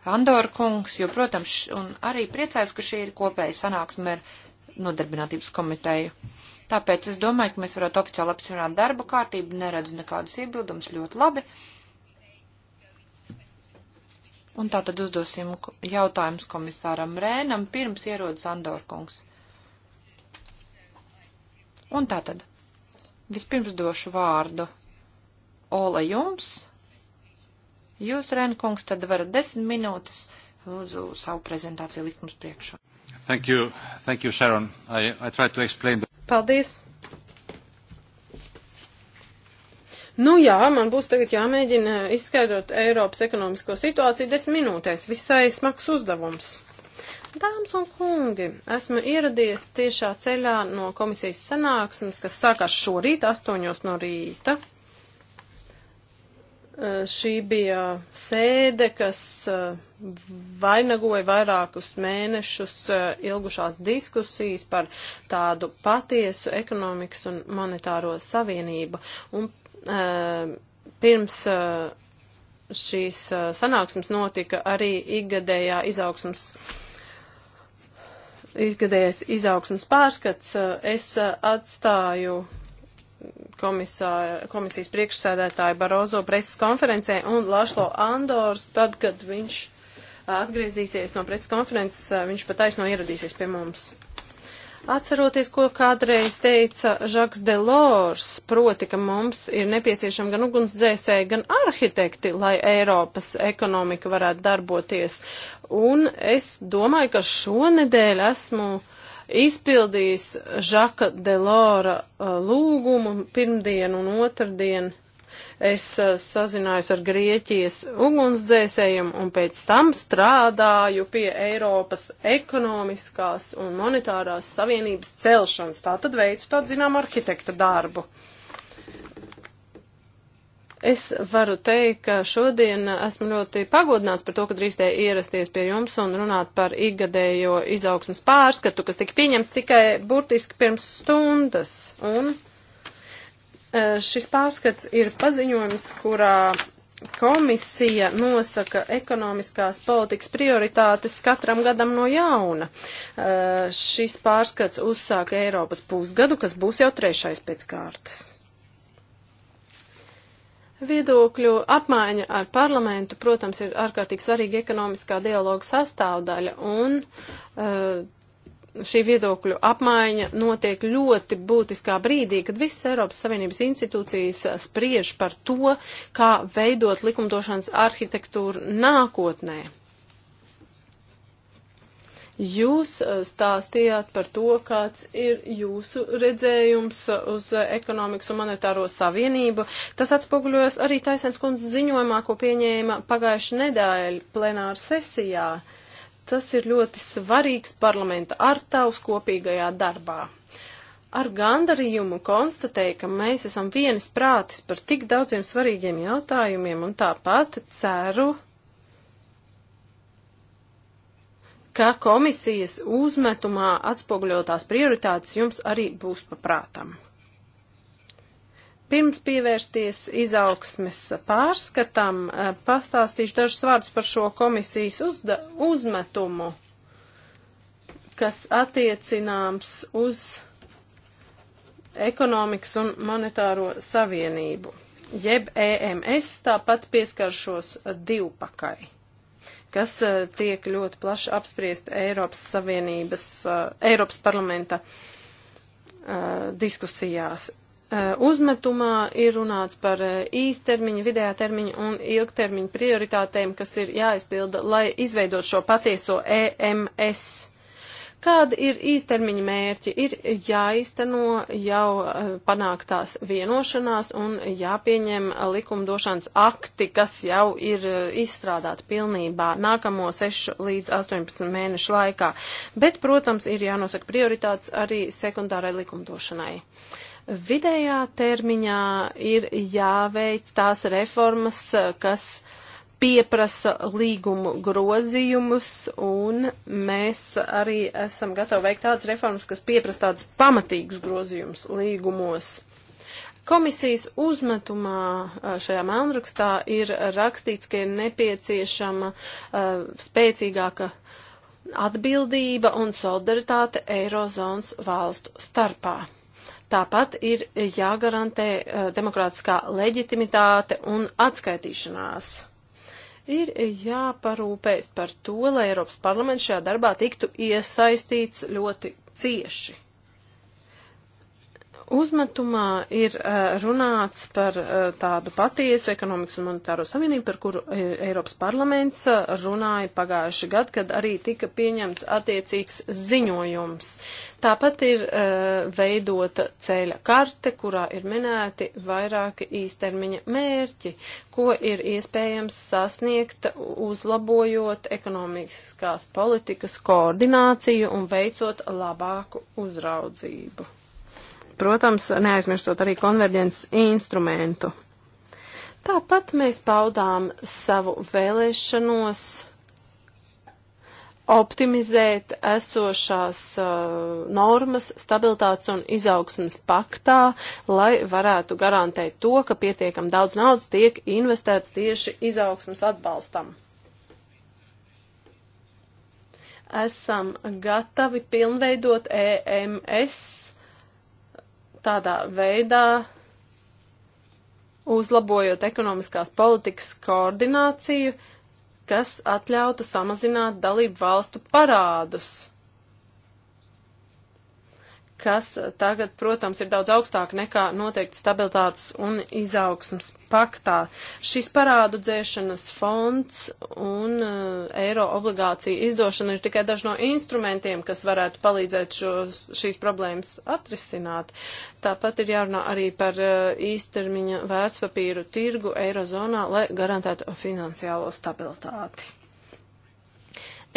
Andor kungs, jo, protams, un arī priecājos, ka šī ir kopēja sanāksme ar nodarbinātības komiteju. Tāpēc es domāju, ka mēs varētu oficiāli apstiprināt darba kārtību, neredzu nekādus iebildumus, ļoti labi. Un tā tad uzdosim jautājumus komisāram Rēnam, pirms ierodas Andor kungs. Un tātad, vispirms došu vārdu Ola jums. Jūs, Renkungs, tad varat desmit minūtes lūdzu savu prezentāciju likt mums priekšā. Thank you, thank you, Sharon. I, I tried to explain. The... Paldies. Nu jā, man būs tagad jāmēģina izskaidrot Eiropas ekonomisko situāciju desmit minūtēs. Visai smags uzdevums. Dāmas un kungi, esmu ieradies tiešā ceļā no komisijas sanāksmes, kas sākās šorīt, 8 no rīta. Eh, šī bija sēde, kas eh, vainagoja vairākus mēnešus eh, ilgušās diskusijas par tādu patiesu ekonomikas un monetāro savienību. Un, pirms šīs sanāksmes notika arī ikgadējā izaugsmas izgadējies izaugsmas pārskats, es eh, atstāju komisā, komisijas priekšsēdētāju Barozo preses konferencē un Lašlo Andors, tad, kad viņš eh, atgriezīsies no preses konferences, eh, viņš pataisno ieradīsies pie mums. Atceroties, ko kādreiz teica Žaks Delors, proti, ka mums ir nepieciešama gan ugunsdzēsēji, gan arhitekti, lai Eiropas ekonomika varētu darboties. Un es domāju, ka šonedēļ esmu izpildījis Žaka Delora uh, lūgumu pirmdien un otrdien. Es eh, sazinājos ar Grieķijas ugunsdzēsējiem un pēc tam strādāju pie Eiropas ekonomiskās un monetārās savienības celšanas. Tā tad veicu tādu, zinām, arhitekta darbu. Es varu teikt, ka šodien esmu ļoti pagodināts par to, ka drīkstēju ierasties pie jums un runāt par ikgadējo izaugsmas pārskatu, kas tika pieņemts tikai burtiski pirms stundas. Un Šis pārskats ir paziņojums, kurā komisija nosaka ekonomiskās politikas prioritātes katram gadam no jauna. Šis pārskats uzsāka Eiropas pusgadu, kas būs jau trešais pēc kārtas. Viedokļu apmaiņa ar parlamentu, protams, ir ārkārtīgi svarīga ekonomiskā dialoga sastāvdaļa, un uh, šī viedokļu apmaiņa notiek ļoti būtiskā brīdī, kad visas Eiropas Savienības institūcijas spriež par to, kā veidot likumdošanas arhitektūru nākotnē. Jūs uh, stāstījāt par to, kāds ir jūsu redzējums uz ekonomikas un monetāro savienību. Tas atspoguļojas arī Taisens kundzes ziņojumā, ko pieņēma pagājuši nedēļa plenāra sesijā. Uh, Tas ir ļoti svarīgs parlamenta ar tavs kopīgajā darbā. Ar gandarījumu konstatēju, ka mēs esam vienas prātis par tik daudziem svarīgiem jautājumiem un tāpat ceru, ka komisijas uzmetumā atspoguļotās prioritātes jums arī būs paprātam. Pirms pievērsties izaugsmes pārskatam, eh, pastāstīšu dažus vārdus par šo komisijas uzda, uzmetumu, kas attiecināms uz ekonomikas un monetāro savienību, jeb EMS, tāpat pieskaršos divpakai, kas eh, tiek ļoti plaši apspriest Eiropas Savienības, eh, Eiropas parlamenta diskusijās. Eh, uzmetumā ir runāts par eh, īstermiņa, vidējā termiņa un ilgtermiņa prioritātēm, kas ir jāizpilda, lai izveidot šo patieso EMS. Kādi ir īstermiņa mērķi? Ir jāizteno jau eh, panāktās vienošanās un jāpieņem likumdošanas akti, kas jau ir izstrādāti pilnībā nākamo 6 līdz 18 mēnešu laikā. Bet, protams, ir jānosaka prioritātes arī sekundārai likumdošanai. Uh, Vidējā termiņā ir jāveic tās reformas, kas pieprasa līgumu grozījumus, un mēs arī esam gatavi veikt tādas reformas, kas pieprasa tādus pamatīgus grozījumus līgumos. Komisijas uzmetumā šajā mēlnrakstā ir rakstīts, ka ir nepieciešama uh, spēcīgāka atbildība un solidaritāte Eirozonas valstu starpā. Tāpat ir jāgarantē eh, demokrātiskā leģitimitāte un atskaitīšanās. Ir jāparūpēs par to, lai Eiropas parlaments šajā darbā tiktu iesaistīts ļoti cieši. Uzmetumā ir uh, runāts par uh, tādu patiesu ekonomikas un monetāro savienību, par kuru uh, Eiropas parlaments uh, runāja pagājuši gadu, kad arī tika pieņemts attiecīgs ziņojums. Tāpat ir uh, veidota ceļa karte, kurā ir minēti vairāki īstermiņa mērķi, ko ir iespējams sasniegt, uzlabojot ekonomiskās politikas koordināciju un veicot labāku uzraudzību protams, neaizmirstot arī konverģences instrumentu. Tāpat mēs paudām savu vēlēšanos optimizēt esošās uh, normas stabilitātes un izaugsmas paktā, lai varētu garantēt to, ka pietiekam daudz naudas tiek investēts tieši izaugsmas atbalstam. Esam gatavi pilnveidot EMS tādā veidā uzlabojot ekonomiskās politikas koordināciju, kas atļautu samazināt dalību valstu parādus kas tagad, protams, ir daudz augstāk nekā noteikti stabilitātes un izaugsmas paktā. Šis parādu dzēšanas fonds un uh, eiro obligācija izdošana ir tikai daži no instrumentiem, kas varētu palīdzēt šos, šīs problēmas atrisināt. Tāpat ir jārunā arī par uh, īstermiņa vērtspapīru tirgu eirozonā, lai garantētu finansiālo stabilitāti.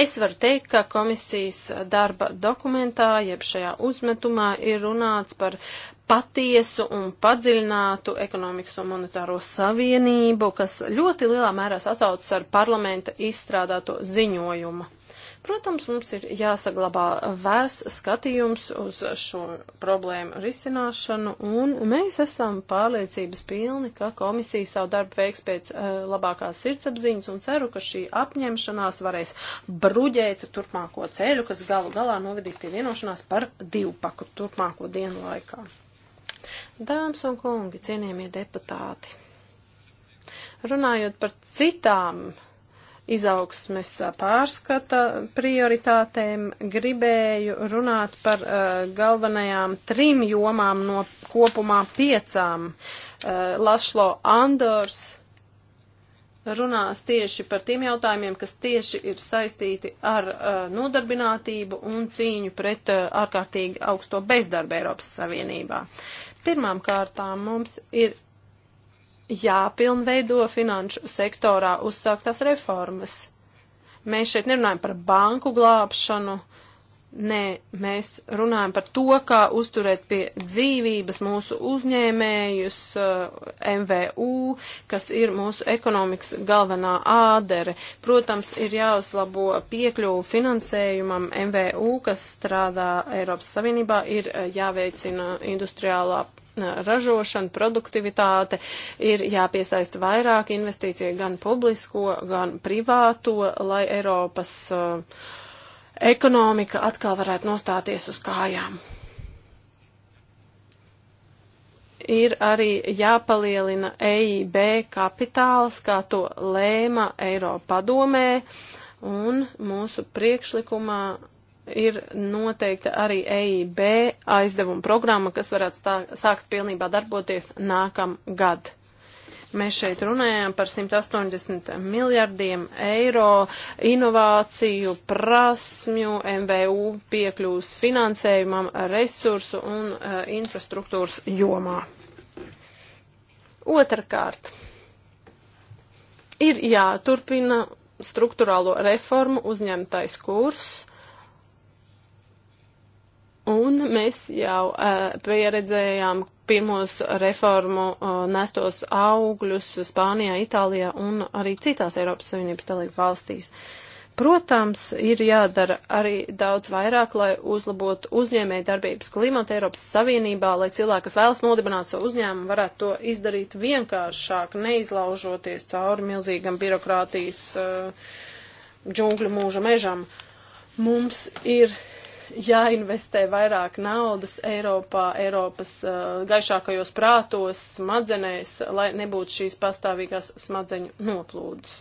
Es varu teikt, ka komisijas darba dokumentā, jeb šajā uzmetumā, ir runāts par patiesu un padziļinātu ekonomikas un monetāro savienību, kas ļoti lielā mērā sataucas ar parlamenta izstrādāto ziņojumu. Protams, mums ir jāsaglabā vēs skatījums uz šo problēmu risināšanu, un mēs esam pārliecības pilni, ka komisija savu darbu veiks pēc uh, labākās sirdsapziņas, un ceru, ka šī apņemšanās varēs bruģēt turpmāko ceļu, kas galu galā novedīs pie vienošanās par divpaku turpmāko dienu laikā. Dāmas un kungi, cienījamie deputāti! Runājot par citām izaugsmes pārskata prioritātēm gribēju runāt par uh, galvenajām trim jomām no kopumā piecām. Uh, Lašlo Andors runās tieši par tiem jautājumiem, kas tieši ir saistīti ar uh, nodarbinātību un cīņu pret uh, ārkārtīgi augsto bezdarbu Eiropas Savienībā. Pirmām kārtām mums ir jāpilnveido finanšu sektorā uzsāktās reformas. Mēs šeit nerunājam par banku glābšanu, nē, mēs runājam par to, kā uzturēt pie dzīvības mūsu uzņēmējus, eh, MVU, kas ir mūsu ekonomikas galvenā ādere. Protams, ir jāuzlabo piekļuvu finansējumam MVU, kas strādā Eiropas Savienībā, ir eh, jāveicina industriālā ražošana, produktivitāte, ir jāpiesaista vairāk investīciju gan publisko, gan privāto, lai Eiropas uh, ekonomika atkal varētu nostāties uz kājām. ir arī jāpalielina EIB kapitāls, kā to lēma Eiropadomē, un mūsu priekšlikumā ir noteikta arī EIB aizdevuma programma, kas varētu stā, sākt pilnībā darboties nākam gadu. Mēs šeit runājām par 180 miljardiem eiro inovāciju, prasmju, MVU piekļūs finansējumam, resursu un uh, infrastruktūras jomā. Otrakārt, ir jāturpina struktūrālo reformu uzņemtais kurs, Un mēs jau uh, pieredzējām pirmos reformu uh, nestos augļus Spānijā, Itālijā un arī citās Eiropas Savienības dalību valstīs. Protams, ir jādara arī daudz vairāk, lai uzlabotu uzņēmēju darbības klimatu Eiropas Savienībā, lai cilvēki, kas vēlas nodibināt savu uzņēmumu, varētu to izdarīt vienkāršāk, neizlaužoties cauri milzīgam birokrātijas uh, džungļu mūža mežam. Mums ir jāinvestē vairāk naudas Eiropā, Eiropas uh, gaišākajos prātos, smadzenēs, lai nebūtu šīs pastāvīgās smadzeņu noplūdes.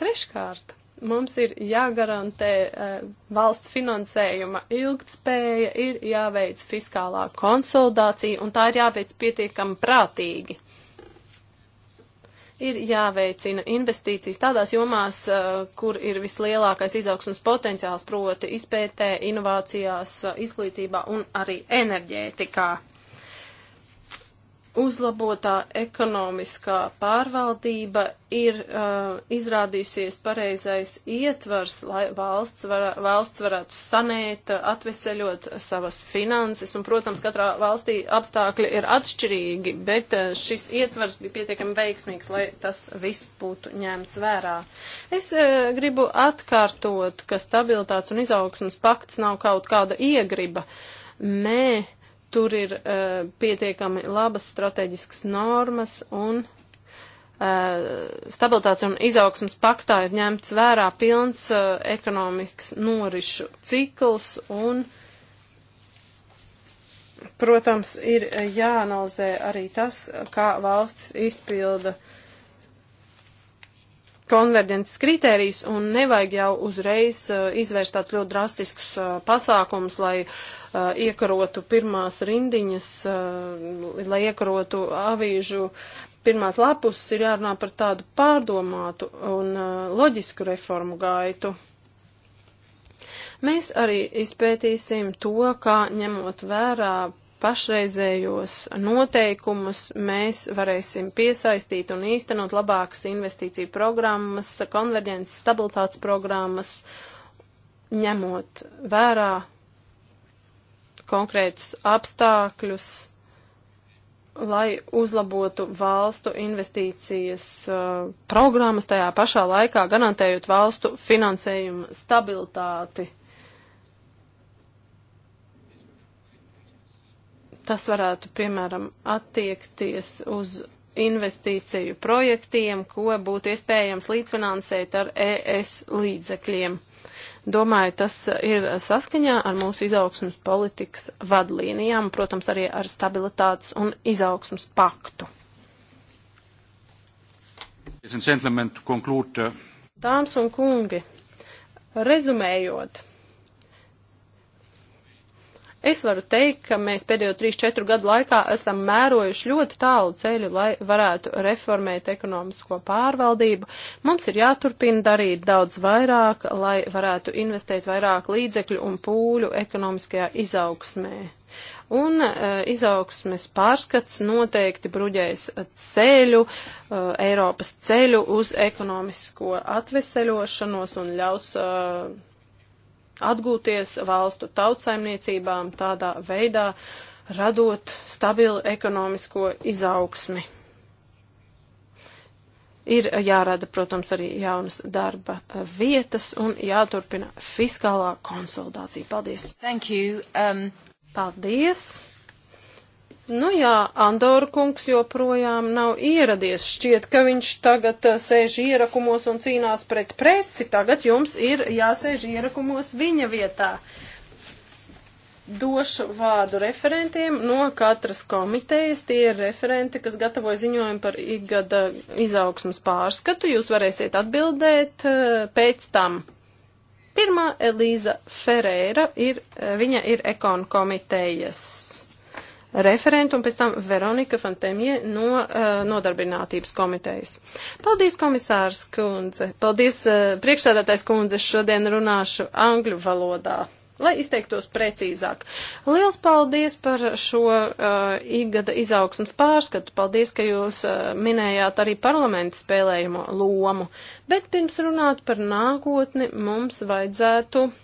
Treškārt, mums ir jāgarantē uh, valsts finansējuma ilgtspēja, ir jāveic fiskālā konsolidācija, un tā ir jāveic pietiekami prātīgi ir jāveicina investīcijas tādās jomās, eh, kur ir vislielākais izaugsmas potenciāls, proti izpētē, inovācijās, eh, izglītībā un arī enerģētikā uzlabotā ekonomiskā pārvaldība ir uh, izrādījusies pareizais ietvars, lai valsts, var, valsts varētu sanēt, atveseļot savas finanses. Un, protams, katrā valstī apstākļi ir atšķirīgi, bet uh, šis ietvars bija pietiekami veiksmīgs, lai tas viss būtu ņemts vērā. Es uh, gribu atkārtot, ka stabilitātes un izaugsmas pakts nav kaut kāda iegriba. Nē. Nee Tur ir uh, pietiekami labas strateģiskas normas un eh, stabilitātes un izaugsmas paktā ir ņemts vērā pilns uh, ekonomikas norišu cikls un, protams, ir jāanalizē arī tas, kā valstis izpilda konverģences kritērijas un nevajag jau uzreiz uh, izvērst tādus ļoti drastiskus uh, pasākumus, lai uh, uh, iekarotu pirmās rindiņas, uh, lai iekarotu avīžu pirmās lapus, ir jārunā par tādu pārdomātu un uh, loģisku reformu gaitu. Mēs arī izpētīsim to, kā ņemot vērā pašreizējos noteikumus mēs varēsim piesaistīt un īstenot labākas investīciju programmas, konverģences stabilitātes programmas, ņemot vērā konkrētus apstākļus, lai uzlabotu valstu investīcijas uh, programmas, tajā pašā laikā garantējot valstu finansējumu stabilitāti. Tas varētu, piemēram, attiekties uz investīciju projektiem, ko būtu iespējams līdzfinansēt ar ES līdzekļiem. Domāju, tas ir saskaņā ar mūsu izaugsmas politikas vadlīnijām, protams, arī ar stabilitātes un izaugsmas paktu. Uh, Dāmas un kungi, rezumējot. Es varu teikt, ka mēs pēdējo 3-4 gadu laikā esam mērojuši ļoti tālu ceļu, lai varētu reformēt ekonomisko pārvaldību. Mums ir jāturpina darīt daudz vairāk, lai varētu investēt vairāk līdzekļu un pūļu ekonomiskajā izaugsmē. Un uh, izaugsmes pārskats noteikti bruģēs ceļu, uh, Eiropas ceļu uz ekonomisko atveseļošanos un ļaus. Uh, atgūties valstu tautsaimniecībām tādā veidā, radot stabilu ekonomisko izaugsmi. Ir jārada, protams, arī jaunas darba vietas un jāturpina fiskālā konsolidācija. Paldies! Thank you. Um... Paldies! Nu jā, Andor kungs joprojām nav ieradies. Šķiet, ka viņš tagad eh, sēž ierakumos un cīnās pret presi. Tagad jums ir jāsēž ierakumos viņa vietā. Došu vārdu referentiem no katras komitejas. Tie ir referenti, kas gatavoja ziņojumu par ikgada izaugsmas pārskatu. Jūs varēsiet atbildēt eh, pēc tam. Pirmā Elīza Ferēra ir, eh, viņa ir ekon komitejas referentu un pēc tam Veronika Fantemie no uh, nodarbinātības komitejas. Paldies, komisārs kundze. Paldies, uh, priekšsēdētājs kundze. Šodien runāšu angļu valodā. Lai izteiktos precīzāk. Liels paldies par šo uh, eh, ikgada izaugsmas pārskatu. Paldies, ka jūs uh, minējāt arī parlamentu spēlējumu lomu. Bet pirms runāt par nākotni, mums vajadzētu uh,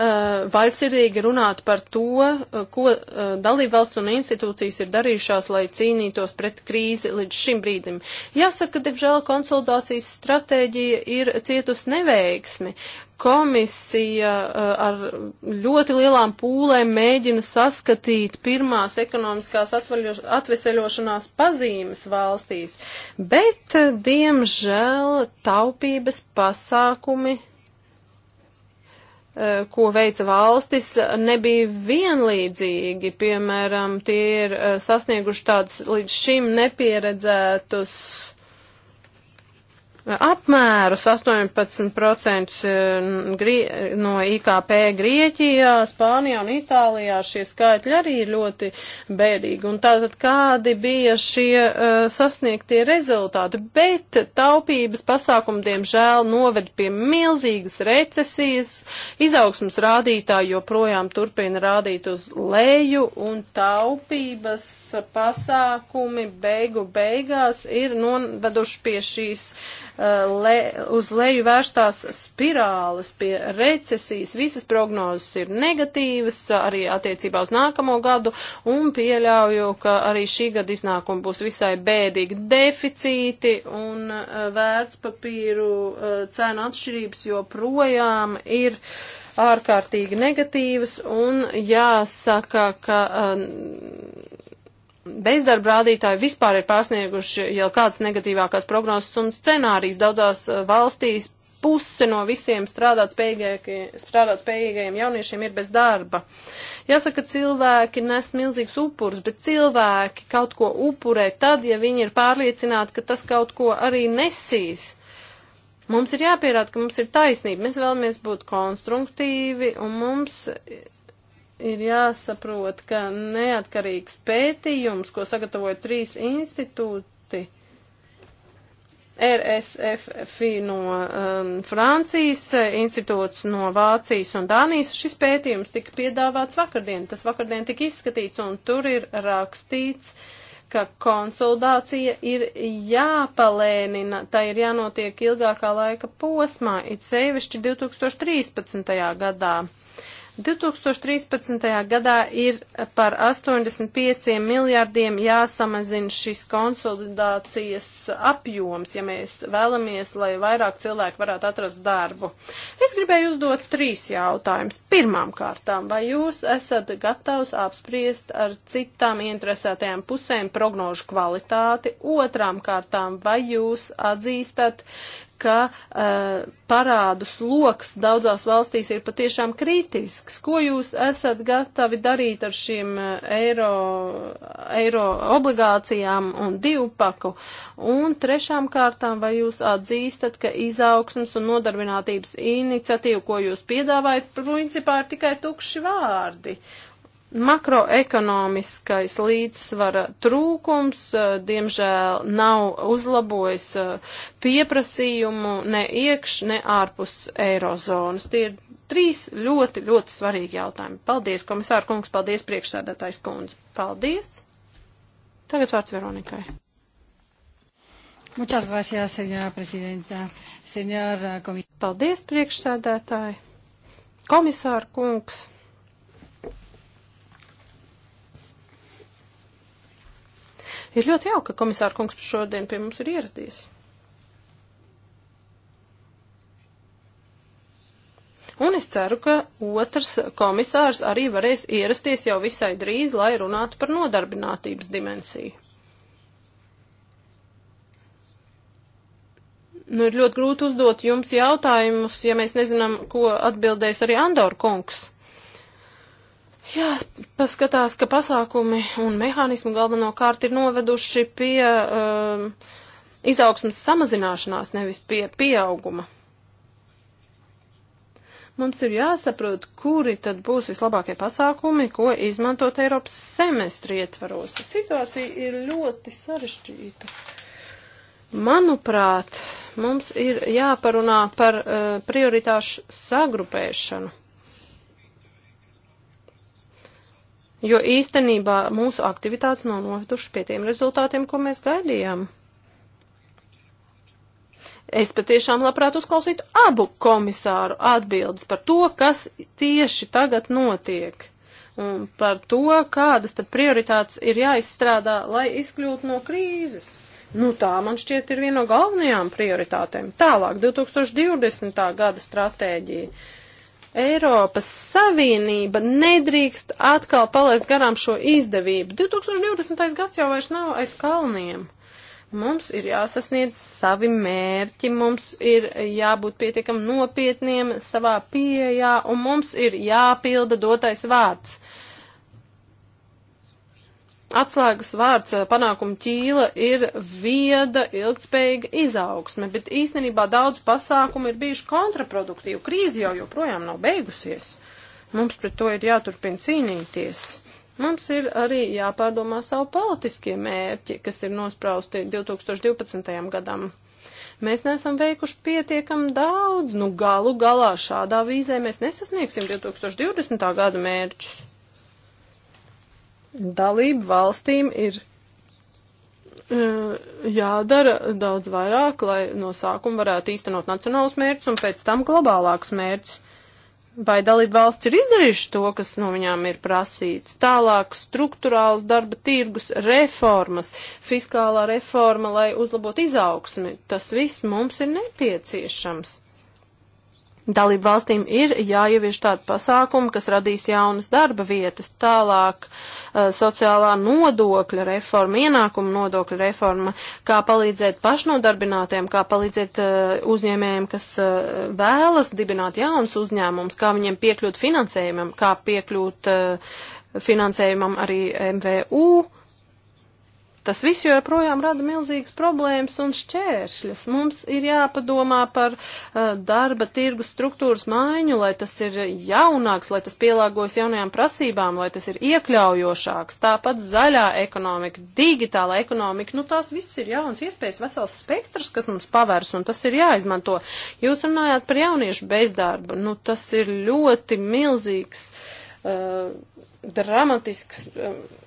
Eh, vaļsirdīgi runāt par to, eh, ko eh, dalībvalsts un institūcijas ir darījušās, lai cīnītos pret krīzi līdz šim brīdim. Jāsaka, diemžēl konsultācijas stratēģija ir cietusi neveiksmi komisija ar ļoti lielām pūlēm mēģina saskatīt pirmās ekonomiskās atveseļošanās pazīmes valstīs, bet, diemžēl, taupības pasākumi Eh, ko veica valstis, nebija vienlīdzīgi. Piemēram, tie ir eh, sasnieguši tādus līdz šim nepieredzētus apmērus 18% eh, no IKP Grieķijā, Spānijā un Itālijā šie skaitļi arī ir ļoti bēdīgi. Un tātad kādi bija šie uh, sasniegtie rezultāti, bet taupības pasākumi diemžēl noved pie milzīgas recesijas, izaugsmas rādītāji joprojām turpina rādīt uz leju un taupības pasākumi beigu beigās ir noveduši pie šīs uh, Eh, le, uz leju vērstās spirāles pie recesijas. Visas prognozes ir negatīvas, arī attiecībā uz nākamo gadu, un pieļauju, ka arī šī gada iznākuma būs visai bēdīgi deficīti un eh, vērtspapīru eh, cēnu atšķirības joprojām ir ārkārtīgi negatīvas, un jāsaka, ka. Uh, bezdarba rādītāji vispār ir pārsnieguši jau kādas negatīvākās prognozes un scenārijas daudzās uh, valstīs. Puse no visiem strādāt spējīgajiem jauniešiem ir bez darba. Jāsaka, cilvēki nes milzīgs upurs, bet cilvēki kaut ko upurē tad, ja viņi ir pārliecināti, ka tas kaut ko arī nesīs. Mums ir jāpierāda, ka mums ir taisnība, mēs vēlamies būt konstruktīvi un mums ir jāsaprot, ka neatkarīgs pētījums, ko sagatavoja trīs institūti, RSFFI no um, Francijas, institūts no Vācijas un Dānijas, šis pētījums tika piedāvāts vakardien. Tas vakardien tika izskatīts, un tur ir rakstīts, ka konsultācija ir jāpalēnina, tā ir jānotiek ilgākā laika posmā, it sevišķi 2013. gadā. 2013. gadā ir par 85 miljārdiem jāsamazina šis konsolidācijas apjoms, ja mēs vēlamies, lai vairāk cilvēku varētu atrast darbu. Es gribēju uzdot trīs jautājumus. Pirmām kārtām, vai jūs esat gatavs apspriest ar citām interesētajām pusēm prognožu kvalitāti? Otrām kārtām, vai jūs atzīstat, ka uh, parādu sloks daudzās valstīs ir patiešām kritisks. Ko jūs esat gatavi darīt ar šiem eh, eiro, eiro obligācijām un divpaku? Un trešām kārtām, vai jūs atzīstat, ka izaugsmas un nodarbinātības iniciatīva, ko jūs piedāvājat, principā ir tikai tukši vārdi? Makroekonomiskais līdzsvara trūkums, eh, diemžēl, nav uzlabojis eh, pieprasījumu ne iekš, ne ārpus eirozonas. Tie ir trīs ļoti, ļoti svarīgi jautājumi. Paldies, komisāra kungs, paldies, priekšsēdētājs kundze. Paldies. Tagad vārds Veronikai. Muchas gracias, señora presidenta. Señora Paldies, priekšsēdētāji. Komisāra kungs. Ir ļoti jauka, ka komisāra kungs šodien pie mums ir ieradies. Un es ceru, ka otrs komisārs arī varēs ierasties jau visai drīz, lai runātu par nodarbinātības dimensiju. Nu, ir ļoti grūti uzdot jums jautājumus, ja mēs nezinām, ko atbildēs arī Andor kungs. Jā, paskatās, ka pasākumi un mehānismi galvenokārt ir noveduši pie um, izaugsmas samazināšanās, nevis pie pieauguma. Mums ir jāsaprot, kuri tad būs vislabākie pasākumi, ko izmantot Eiropas semestri ietvaros. Situācija ir ļoti sarežģīta. Manuprāt, mums ir jāparunā par uh, prioritāšu sagrupēšanu. jo īstenībā mūsu aktivitātes nav novedušas pie tiem rezultātiem, ko mēs gaidījām. Es patiešām labprāt uzklausītu abu komisāru atbildes par to, kas tieši tagad notiek un par to, kādas tad prioritātes ir jāizstrādā, lai izkļūtu no krīzes. Nu, tā man šķiet ir viena no galvenajām prioritātēm. Tālāk, 2020. gada stratēģija. Uh, Eiropas Savienība nedrīkst atkal palaist garām šo izdevību. 2020. gads jau vairs nav aiz kalniem. Mums ir jāsasniedz savi mērķi, mums ir jābūt pietiekam nopietniem savā pieejā un mums ir jāpilda dotais vārds. Atslēgas vārds eh, panākuma ķīla ir vieda, ilgtspējīga izaugsme, bet īstenībā daudz pasākumu ir bijuši kontraproduktīvi. Krīze jau joprojām nav beigusies. Mums pret to ir jāturpina cīnīties. Mums ir arī jāpārdomā savu politiskie mērķi, kas ir nosprausti 2012. gadam mēs neesam veikuši pietiekam daudz. Nu, galu galā šādā vīzē mēs nesasniegsim 2020. gada mērķus dalību valstīm ir e, jādara daudz vairāk, lai no sākuma varētu īstenot nacionālus mērķus un pēc tam globālākus mērķus. Vai dalību valsts ir izdarījuši to, kas no viņām ir prasīts? Tālāk struktūrāls darba tirgus reformas, fiskālā reforma, lai uzlabotu izaugsmi. Tas viss mums ir nepieciešams. Dalību valstīm ir jāievieš tādi pasākumi, kas radīs jaunas darba vietas, tālāk eh, sociālā nodokļa reforma, ienākuma nodokļa reforma, kā palīdzēt pašnodarbinātiem, kā palīdzēt eh, uzņēmējiem, kas eh, vēlas dibināt jaunas uzņēmumus, kā viņiem piekļūt finansējumam, kā piekļūt finansējumam arī MVU Tas viss joprojām rada milzīgas problēmas un šķēršļas. Mums ir jāpadomā par uh, darba tirgus struktūras maiņu, lai tas ir jaunāks, lai tas pielāgojas jaunajām prasībām, lai tas ir iekļaujošāks. Tāpat zaļā ekonomika, digitāla ekonomika, nu tās viss ir jauns iespējas, vesels spektrs, kas mums pavērs un tas ir jāizmanto. Jūs runājāt par jauniešu bezdarbu, nu tas ir ļoti milzīgs, uh, dramatisks. Uh,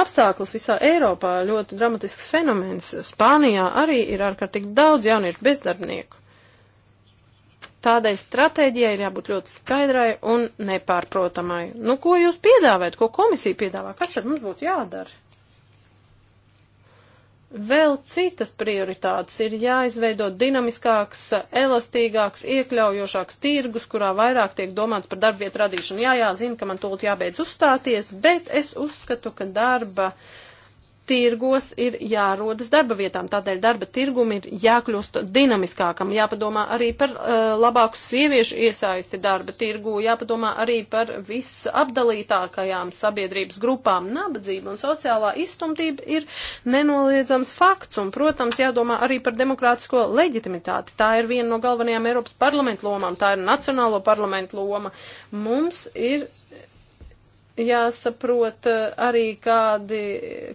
apstākļus visā Eiropā ļoti dramatisks fenomens. Spānijā arī ir ārkārtīgi daudz jauniešu bezdarbnieku. Tādai stratēģijai ir jābūt ļoti skaidrai un nepārprotamai. Nu, ko jūs piedāvājat, ko komisija piedāvā, kas tad mums būtu jādara? vēl citas prioritātes ir jāizveido dinamiskāks, elastīgāks, iekļaujošāks tirgus, kurā vairāk tiek domāts par darbvietu radīšanu. Jā, jā, zinu, ka man tūlīt jābeidz uzstāties, bet es uzskatu, ka darba uh, tirgos ir jārodas darba vietām. Tādēļ darba tirgumi ir jākļūst dinamiskākam, jāpadomā arī par uh, labāku sieviešu iesaisti darba tirgu, jāpadomā arī par visapdalītākajām sabiedrības grupām. Nabadzība un sociālā izstumtība ir nenoliedzams fakts, un, protams, jādomā arī par demokrātisko leģitimitāti. Tā ir viena no galvenajām Eiropas parlamentu lomām, tā ir nacionālo parlamentu loma. Mums ir jāsaprot eh, arī, kādi,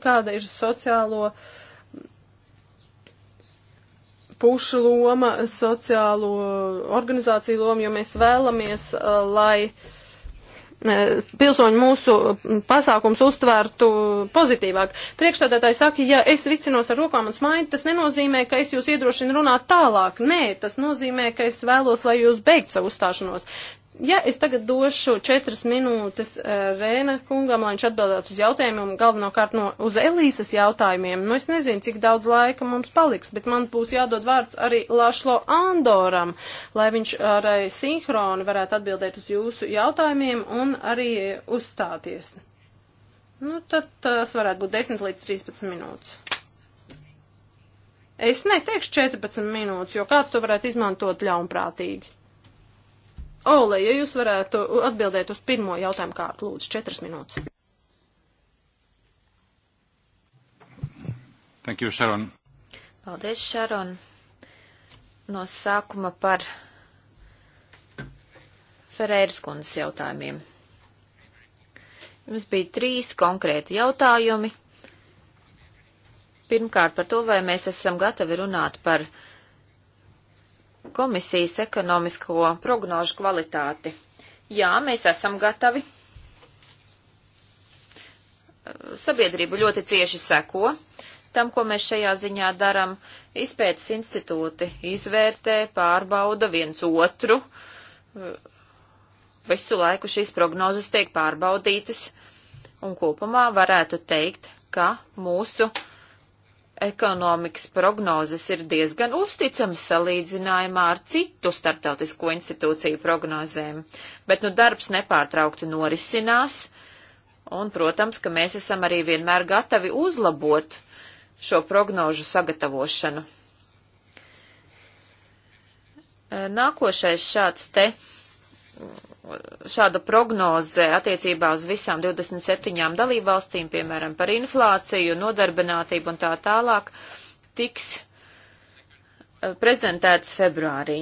kāda ir sociālo pušu loma, sociālo organizāciju loma, jo mēs vēlamies, eh, lai eh, pilsoņi mūsu pasākums uztvērtu pozitīvāk. Priekšstādātāji saka, ja es vicinos ar rokām un smaidu, tas nenozīmē, ka es jūs iedrošinu runāt tālāk. Nē, tas nozīmē, ka es vēlos, lai jūs beigt savu uzstāšanos ja es tagad došu četras minūtes uh, Rēna kungam, lai viņš atbildētu uz jautājumiem, galvenokārt no, uz Elīsas jautājumiem, nu es nezinu, cik daudz laika mums paliks, bet man būs jādod vārds arī Lašlo Andoram, lai viņš arī sinhroni varētu atbildēt uz jūsu jautājumiem un arī uzstāties. Nu, tad tas varētu būt 10 līdz 13 minūtes. Es neteikšu 14 minūtes, jo kāds to varētu izmantot ļaunprātīgi. Ole, ja jūs varētu atbildēt uz pirmo jautājumu kārtu, lūdzu, četras minūtes. Thank you, Sharon. Paldies, Sharon. No sākuma par Ferēras kundas jautājumiem. Jums bija trīs konkrēti jautājumi. Pirmkārt par to, vai mēs esam gatavi runāt par komisijas ekonomisko prognožu kvalitāti. Jā, mēs esam gatavi. Sabiedrība ļoti cieši seko tam, ko mēs šajā ziņā daram. Izpētes institūti izvērtē, pārbauda viens otru. Visu laiku šīs prognozes tiek pārbaudītas, un kopumā varētu teikt, ka mūsu uh, ekonomikas prognozes ir diezgan uzticamas salīdzinājumā ar citu starptautisko institūciju prognozēm, bet nu darbs nepārtraukti norisinās, un, protams, ka mēs esam arī vienmēr gatavi uzlabot šo prognožu sagatavošanu. Nākošais šāds te šāda prognoze attiecībā uz visām 27 dalībvalstīm, piemēram, par inflāciju, nodarbinātību un tā tālāk, tiks eh, prezentēts februārī.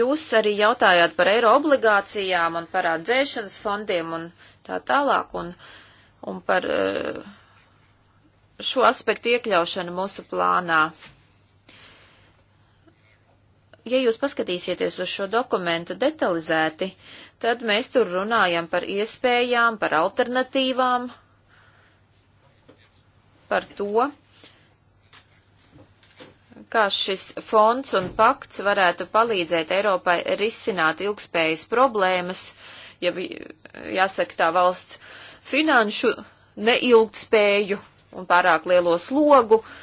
Jūs arī jautājāt par eiro obligācijām un par atdzēšanas fondiem un tā tālāk un, un par eh, šo aspektu iekļaušanu mūsu plānā ja jūs paskatīsieties uz šo dokumentu detalizēti, tad mēs tur runājam par iespējām, par alternatīvām, par to, kā šis fonds un pakts varētu palīdzēt Eiropai risināt ilgspējas problēmas, ja jāsaka tā valsts finanšu neilgtspēju un pārāk lielo slogu, uh,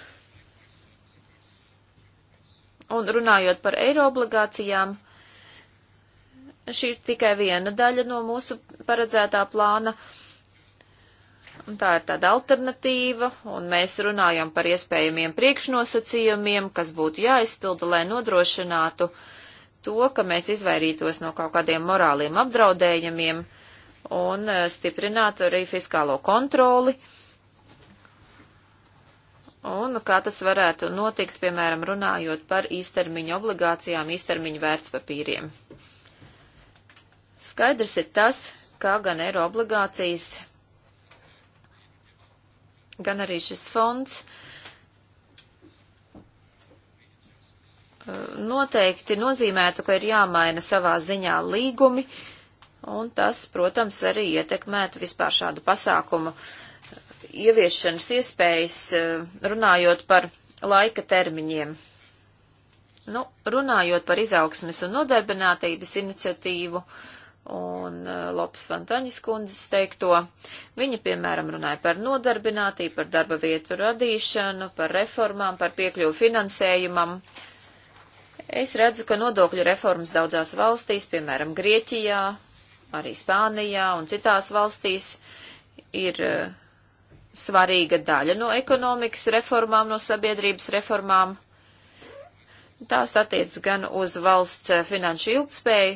Un runājot par eiro obligācijām, šī ir tikai viena daļa no mūsu paredzētā plāna. Un tā ir tāda alternatīva, un mēs runājam par iespējamiem priekšnosacījumiem, kas būtu jāizpilda, lai nodrošinātu to, ka mēs izvairītos no kaut kādiem morāliem apdraudējumiem un eh, stiprinātu arī fiskālo kontroli. Uh, Un kā tas varētu notikt, piemēram, runājot par īstermiņu obligācijām, īstermiņu vērtspapīriem. Skaidrs ir tas, kā gan eiro obligācijas, gan arī šis fonds eh, noteikti nozīmētu, ka ir jāmaina savā ziņā līgumi, un tas, protams, arī ietekmētu vispār šādu pasākumu uh, ieviešanas iespējas, eh, runājot par laika termiņiem. Nu, runājot par izaugsmes un nodarbinātības iniciatīvu un eh, Lopes Fantaņas kundzes teikto, viņa, piemēram, runāja par nodarbinātību, par darba vietu radīšanu, par reformām, par piekļuvu finansējumam. Es redzu, ka nodokļu reformas daudzās valstīs, piemēram, Grieķijā, arī Spānijā un citās valstīs, ir uh, svarīga daļa no ekonomikas reformām, no sabiedrības reformām. Tās attiec gan uz valsts finanšu ilgspēju,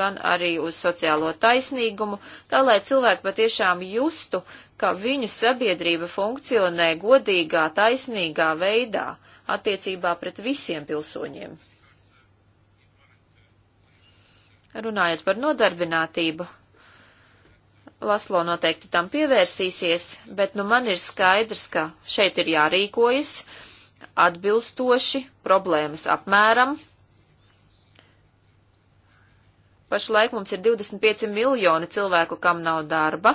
gan arī uz sociālo taisnīgumu, tā lai cilvēki patiešām justu, ka viņu sabiedrība funkcionē godīgā, taisnīgā veidā attiecībā pret visiem pilsoņiem. Runājot par nodarbinātību, Laslo noteikti tam pievērsīsies, bet nu man ir skaidrs, ka šeit ir jārīkojas atbilstoši problēmas apmēram. Pašlaik mums ir 25 miljoni cilvēku, kam nav darba,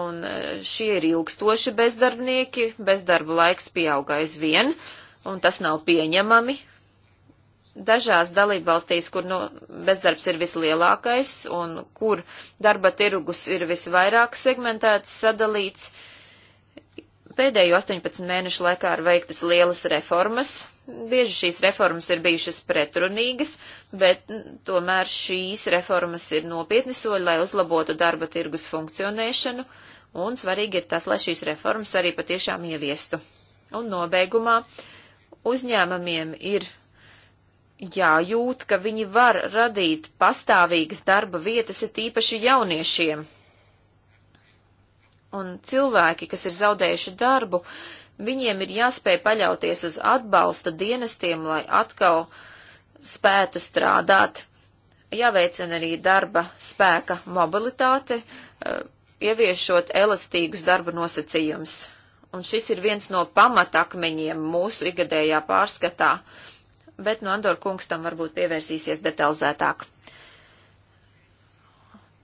un e, šie ir ilgstoši bezdarbnieki, bezdarba laiks pieauga aizvien, un tas nav pieņemami, Dažās dalībvalstīs, kur nu, bezdarbs ir vislielākais un kur darba tirgus ir visvairāk segmentēts, sadalīts, pēdējo 18 mēnešu laikā ir veiktas lielas reformas. Bieži šīs reformas ir bijušas pretrunīgas, bet tomēr šīs reformas ir nopietni soļi, lai uzlabotu darba tirgus funkcionēšanu, un svarīgi ir tas, lai šīs reformas arī patiešām ieviestu. Un nobeigumā uzņēmumiem ir jājūt, ka viņi var radīt pastāvīgas darba vietas, ir tīpaši jauniešiem. Un cilvēki, kas ir zaudējuši darbu, viņiem ir jāspēj paļauties uz atbalsta dienestiem, lai atkal spētu strādāt. Jāveicina arī darba spēka mobilitāte, eh, ieviešot elastīgus darba nosacījumus. Un šis ir viens no pamatakmeņiem mūsu igadējā pārskatā. Uh, bet nu Andor kungs tam varbūt pievērsīsies detalizētāk.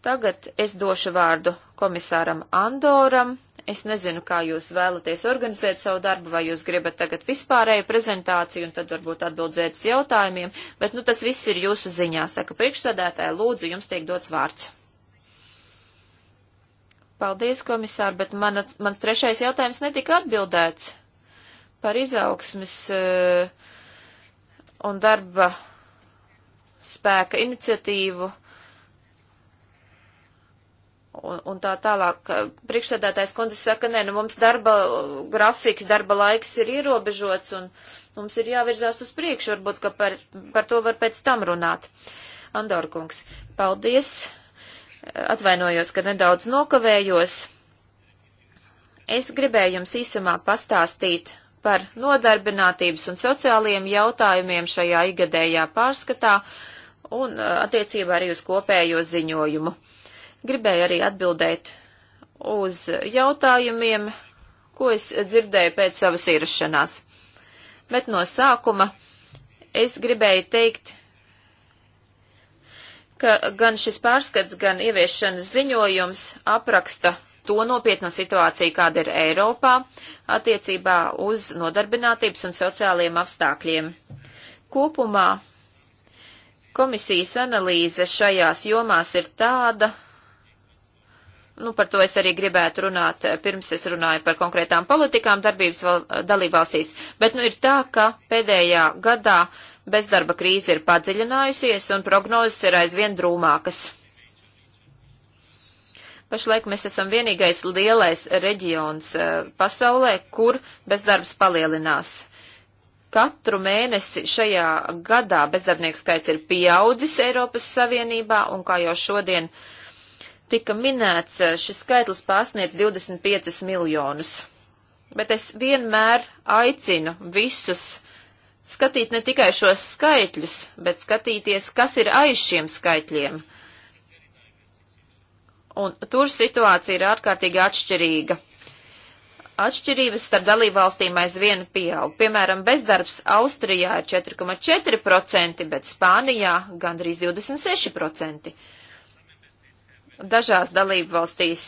Tagad es došu vārdu komisāram Andoram. Es nezinu, kā jūs vēlaties organizēt savu darbu, vai jūs gribat tagad vispārēju prezentāciju un tad varbūt atbildzēt uz jautājumiem, bet nu tas viss ir jūsu ziņā, saka priekšsādētāja, lūdzu, jums tiek dots vārds. Paldies, komisār, bet mana, mans trešais jautājums netika atbildēts par izaugsmes. Uh, un darba spēka iniciatīvu un, un tā tālāk. Priekšsēdētājs kundze saka, nē, nu mums darba grafiks, darba laiks ir ierobežots un mums ir jāvirzās uz priekšu, varbūt, ka par, par to var pēc tam runāt. Andorkungs, paldies, atvainojos, ka nedaudz nokavējos. Es gribēju jums īsumā pastāstīt par nodarbinātības un sociālajiem jautājumiem šajā igadējā pārskatā un uh, attiecībā arī uz kopējo ziņojumu. Gribēju arī atbildēt uz jautājumiem, ko es dzirdēju pēc savas ierašanās. Bet no sākuma es gribēju teikt, ka gan šis pārskats, gan ieviešanas ziņojums apraksta to nopietno situāciju, kāda ir Eiropā attiecībā uz nodarbinātības un sociālajiem apstākļiem. Kopumā komisijas analīze šajās jomās ir tāda, Nu, par to es arī gribētu runāt, pirms es runāju par konkrētām politikām darbības val, dalībvalstīs. Bet nu ir tā, ka pēdējā gadā bezdarba krīze ir padziļinājusies un prognozes ir aizvien drūmākas. Pašlaik mēs esam vienīgais lielais reģions eh, pasaulē, kur bezdarbs palielinās. Katru mēnesi šajā gadā bezdarbnieku skaits ir pieaudzis Eiropas Savienībā, un kā jau šodien tika minēts, eh, šis skaitlis pārsniedz 25 miljonus. Bet es vienmēr aicinu visus skatīt ne tikai šos skaitļus, bet skatīties, kas ir aiz šiem skaitļiem. Uh, Un tur situācija ir ārkārtīgi atšķirīga. Atšķirības starp dalībvalstīm aizvien pieaug. Piemēram, bezdarbs Austrijā ir 4,4%, bet Spānijā gandrīz 26%. Dažās dalībvalstīs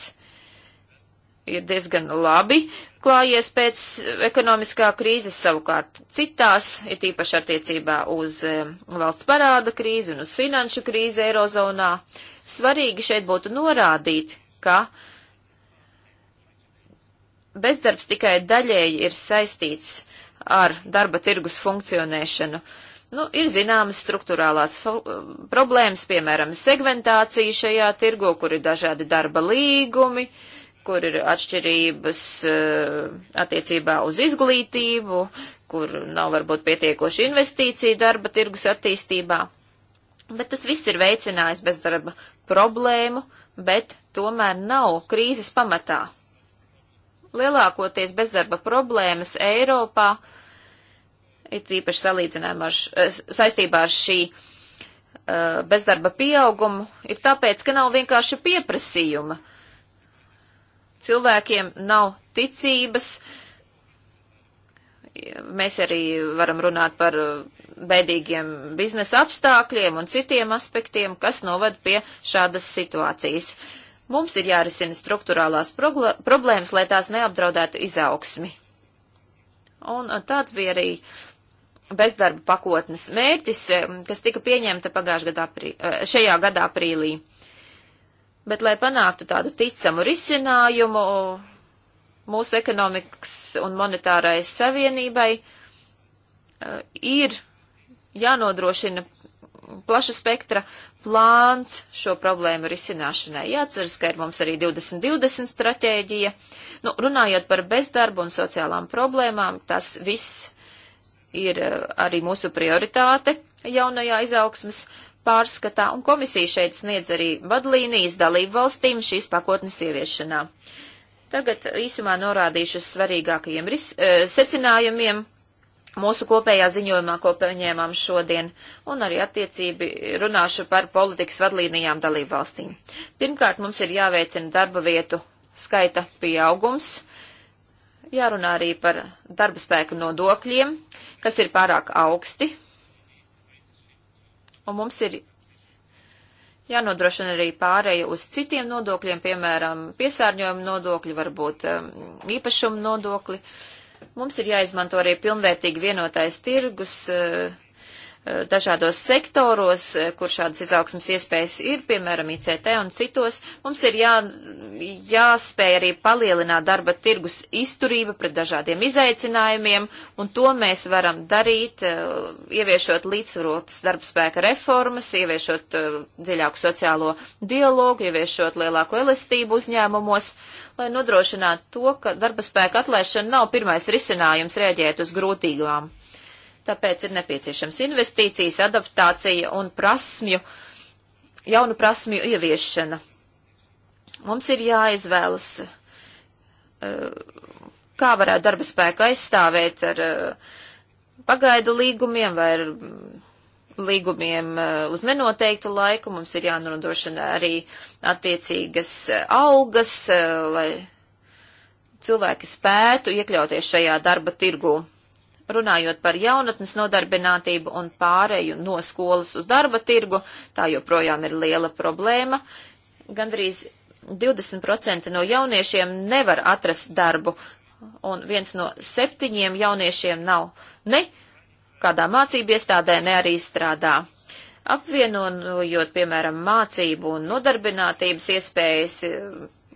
ir diezgan labi klājies pēc ekonomiskā krīzes savukārt citās, ir tīpaši attiecībā uz eh, valsts parāda krīzi un uz finanšu krīzi Eirozonā. Svarīgi šeit būtu norādīt, ka bezdarbs tikai daļēji ir saistīts ar darba tirgus funkcionēšanu. Nu, ir zināmas struktūrālās problēmas, piemēram, segmentācija šajā tirgo, kur ir dažādi darba līgumi, kur ir atšķirības uh, attiecībā uz izglītību, kur nav varbūt pietiekoši investīcija darba tirgus attīstībā. Bet tas viss ir veicinājis bezdarba problēmu, bet tomēr nav krīzes pamatā. Lielākoties bezdarba problēmas Eiropā, it īpaši salīdzinājumā ar, š, eh, saistībā ar šī uh, bezdarba pieaugumu, ir tāpēc, ka nav vienkārši pieprasījuma. Cilvēkiem nav ticības, uh, mēs arī varam runāt par bēdīgiem biznesa apstākļiem un citiem aspektiem, kas novad pie šādas situācijas. Mums ir jārisina struktūrālās problēmas, lai tās neapdraudētu izaugsmi. Un tāds bija arī bezdarba pakotnes mērķis, eh, kas tika pieņemta pagājušajā gadā, aprī, eh, šajā gadā aprīlī. Bet, lai panāktu tādu ticamu risinājumu, mūsu ekonomikas un monetārai savienībai eh, ir jānodrošina plaša spektra plāns šo problēmu risināšanai. Jāatceras, ka ir mums arī 2020 stratēģija. Nu, runājot par bezdarbu un sociālām problēmām, tas viss ir eh, arī mūsu prioritāte jaunajā izaugsmas pārskatā, un komisija šeit sniedz arī vadlīnijas dalību valstīm šīs pakotnes ieviešanā. Uh, Tagad īsumā norādīšu svarīgākajiem ris, e, secinājumiem mūsu kopējā ziņojumā, ko pieņēmām šodien, un arī attiecībi runāšu par politikas vadlīnijām dalību valstīm. Pirmkārt, mums ir jāveicina darba vietu skaita pieaugums, jārunā arī par darba spēku nodokļiem, kas ir pārāk augsti, un mums ir Jānodrošina arī pārēja uz citiem nodokļiem, piemēram, piesārņojuma nodokļi, varbūt um, īpašuma nodokļi. Mums ir jāizmanto arī pilnvērtīgi vienotais tirgus, uh, dažādos sektoros, kur šādas izaugsmas iespējas ir, piemēram, ICT un citos, mums ir jā, jāspēj arī palielināt darba tirgus izturību pret dažādiem izaicinājumiem, un to mēs varam darīt, eh, ieviešot līdzsvarotas darbspēka reformas, ieviešot eh, dziļāku sociālo dialogu, ieviešot lielāku elastību uzņēmumos, lai nodrošinātu to, ka darba spēka atlaišana nav pirmais risinājums rēģēt uz grūtīgām Tāpēc ir nepieciešams investīcijas, adaptācija un prasmju, jaunu prasmju ieviešana. Mums ir jāizvēlas, eh, kā varētu darba spēku aizstāvēt ar eh, pagaidu līgumiem vai ar līgumiem eh, uz nenoteiktu laiku. Mums ir jānodrošina arī attiecīgas algas, lai cilvēki spētu iekļauties šajā darba tirgū runājot par jaunatnes nodarbinātību un pāreju no skolas uz darba tirgu, tā joprojām ir liela problēma. Gandrīz 20% no jauniešiem nevar atrast darbu, un viens no septiņiem jauniešiem nav ne kādā mācību iestādē, ne arī strādā. Apvienojot, piemēram, mācību un nodarbinātības iespējas,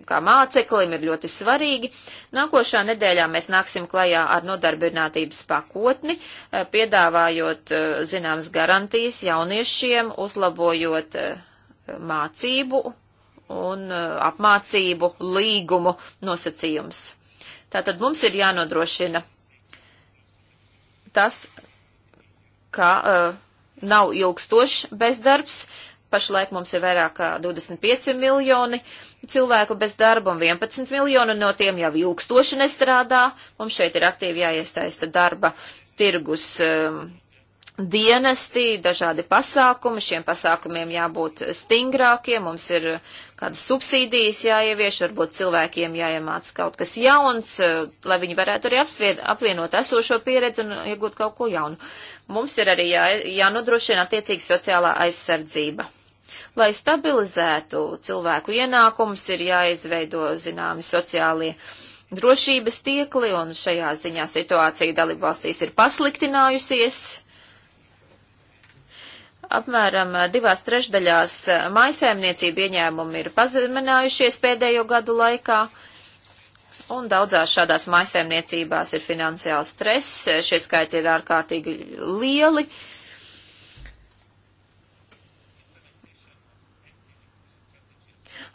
kā māceklim ir ļoti svarīgi. Nākošā nedēļā mēs nāksim klajā ar nodarbinātības pakotni, eh, piedāvājot eh, zināmas garantijas jauniešiem, uzlabojot eh, mācību un apmācību līgumu nosacījums. Tātad mums ir jānodrošina tas, ka uh, nav ilgstošs bezdarbs, uh, Pašlaik mums ir vairāk kā 25 miljoni cilvēku bez darba un 11 miljoni no tiem jau ilgstoši nestrādā. Mums šeit ir aktīvi jāiesaista darba tirgus um, dienesti, dažādi pasākumi, šiem pasākumiem jābūt stingrākiem, mums ir kādas subsīdijas jāievieš, varbūt cilvēkiem jāiemāc kaut kas jauns, uh, lai viņi varētu arī apsvied, apvienot esošo pieredzi un iegūt kaut ko jaunu. Mums ir arī jā, jānodrošina attiecīgi sociālā aizsardzība. Lai stabilizētu cilvēku ienākumus, ir jāizveido zināmi sociālie drošības tiekli, un šajā ziņā situācija dalībvalstīs ir pasliktinājusies. Apmēram divās trešdaļās maisēmniecība ieņēmumi ir pazeminājušies pēdējo gadu laikā, un daudzās šādās maisēmniecībās ir finansiāls stress, šie skaiti ir ārkārtīgi lieli. Uh,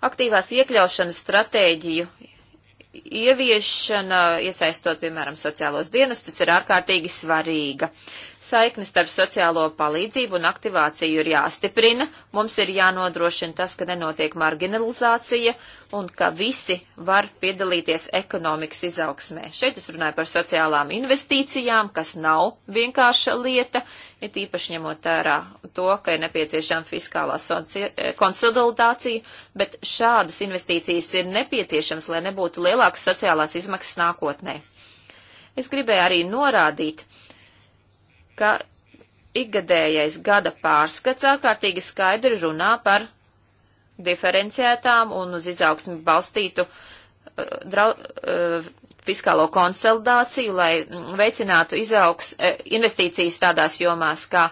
Aktīvās iekļaušanas stratēģiju ieviešana, iesaistot, piemēram, sociālos dienestus, ir ārkārtīgi svarīga. Saiknes starp sociālo palīdzību un aktivāciju ir jāstiprina, mums ir jānodrošina tas, ka nenotiek marginalizācija un ka visi var piedalīties ekonomikas izaugsmē. Šeit es runāju par sociālām investīcijām, kas nav vienkārša lieta, ir ja īpaši ņemot vērā to, ka ir nepieciešama fiskālā eh, konsolidācija, bet šādas investīcijas ir nepieciešamas, lai nebūtu lielākas sociālās izmaksas nākotnē. Es gribēju arī norādīt, ka ikgadējais gada pārskats ārkārtīgi skaidri runā par diferenciētām un uz izaugsmi balstītu eh, drau, eh, fiskālo konsolidāciju, lai mm, veicinātu izaugs, eh, investīcijas tādās jomās kā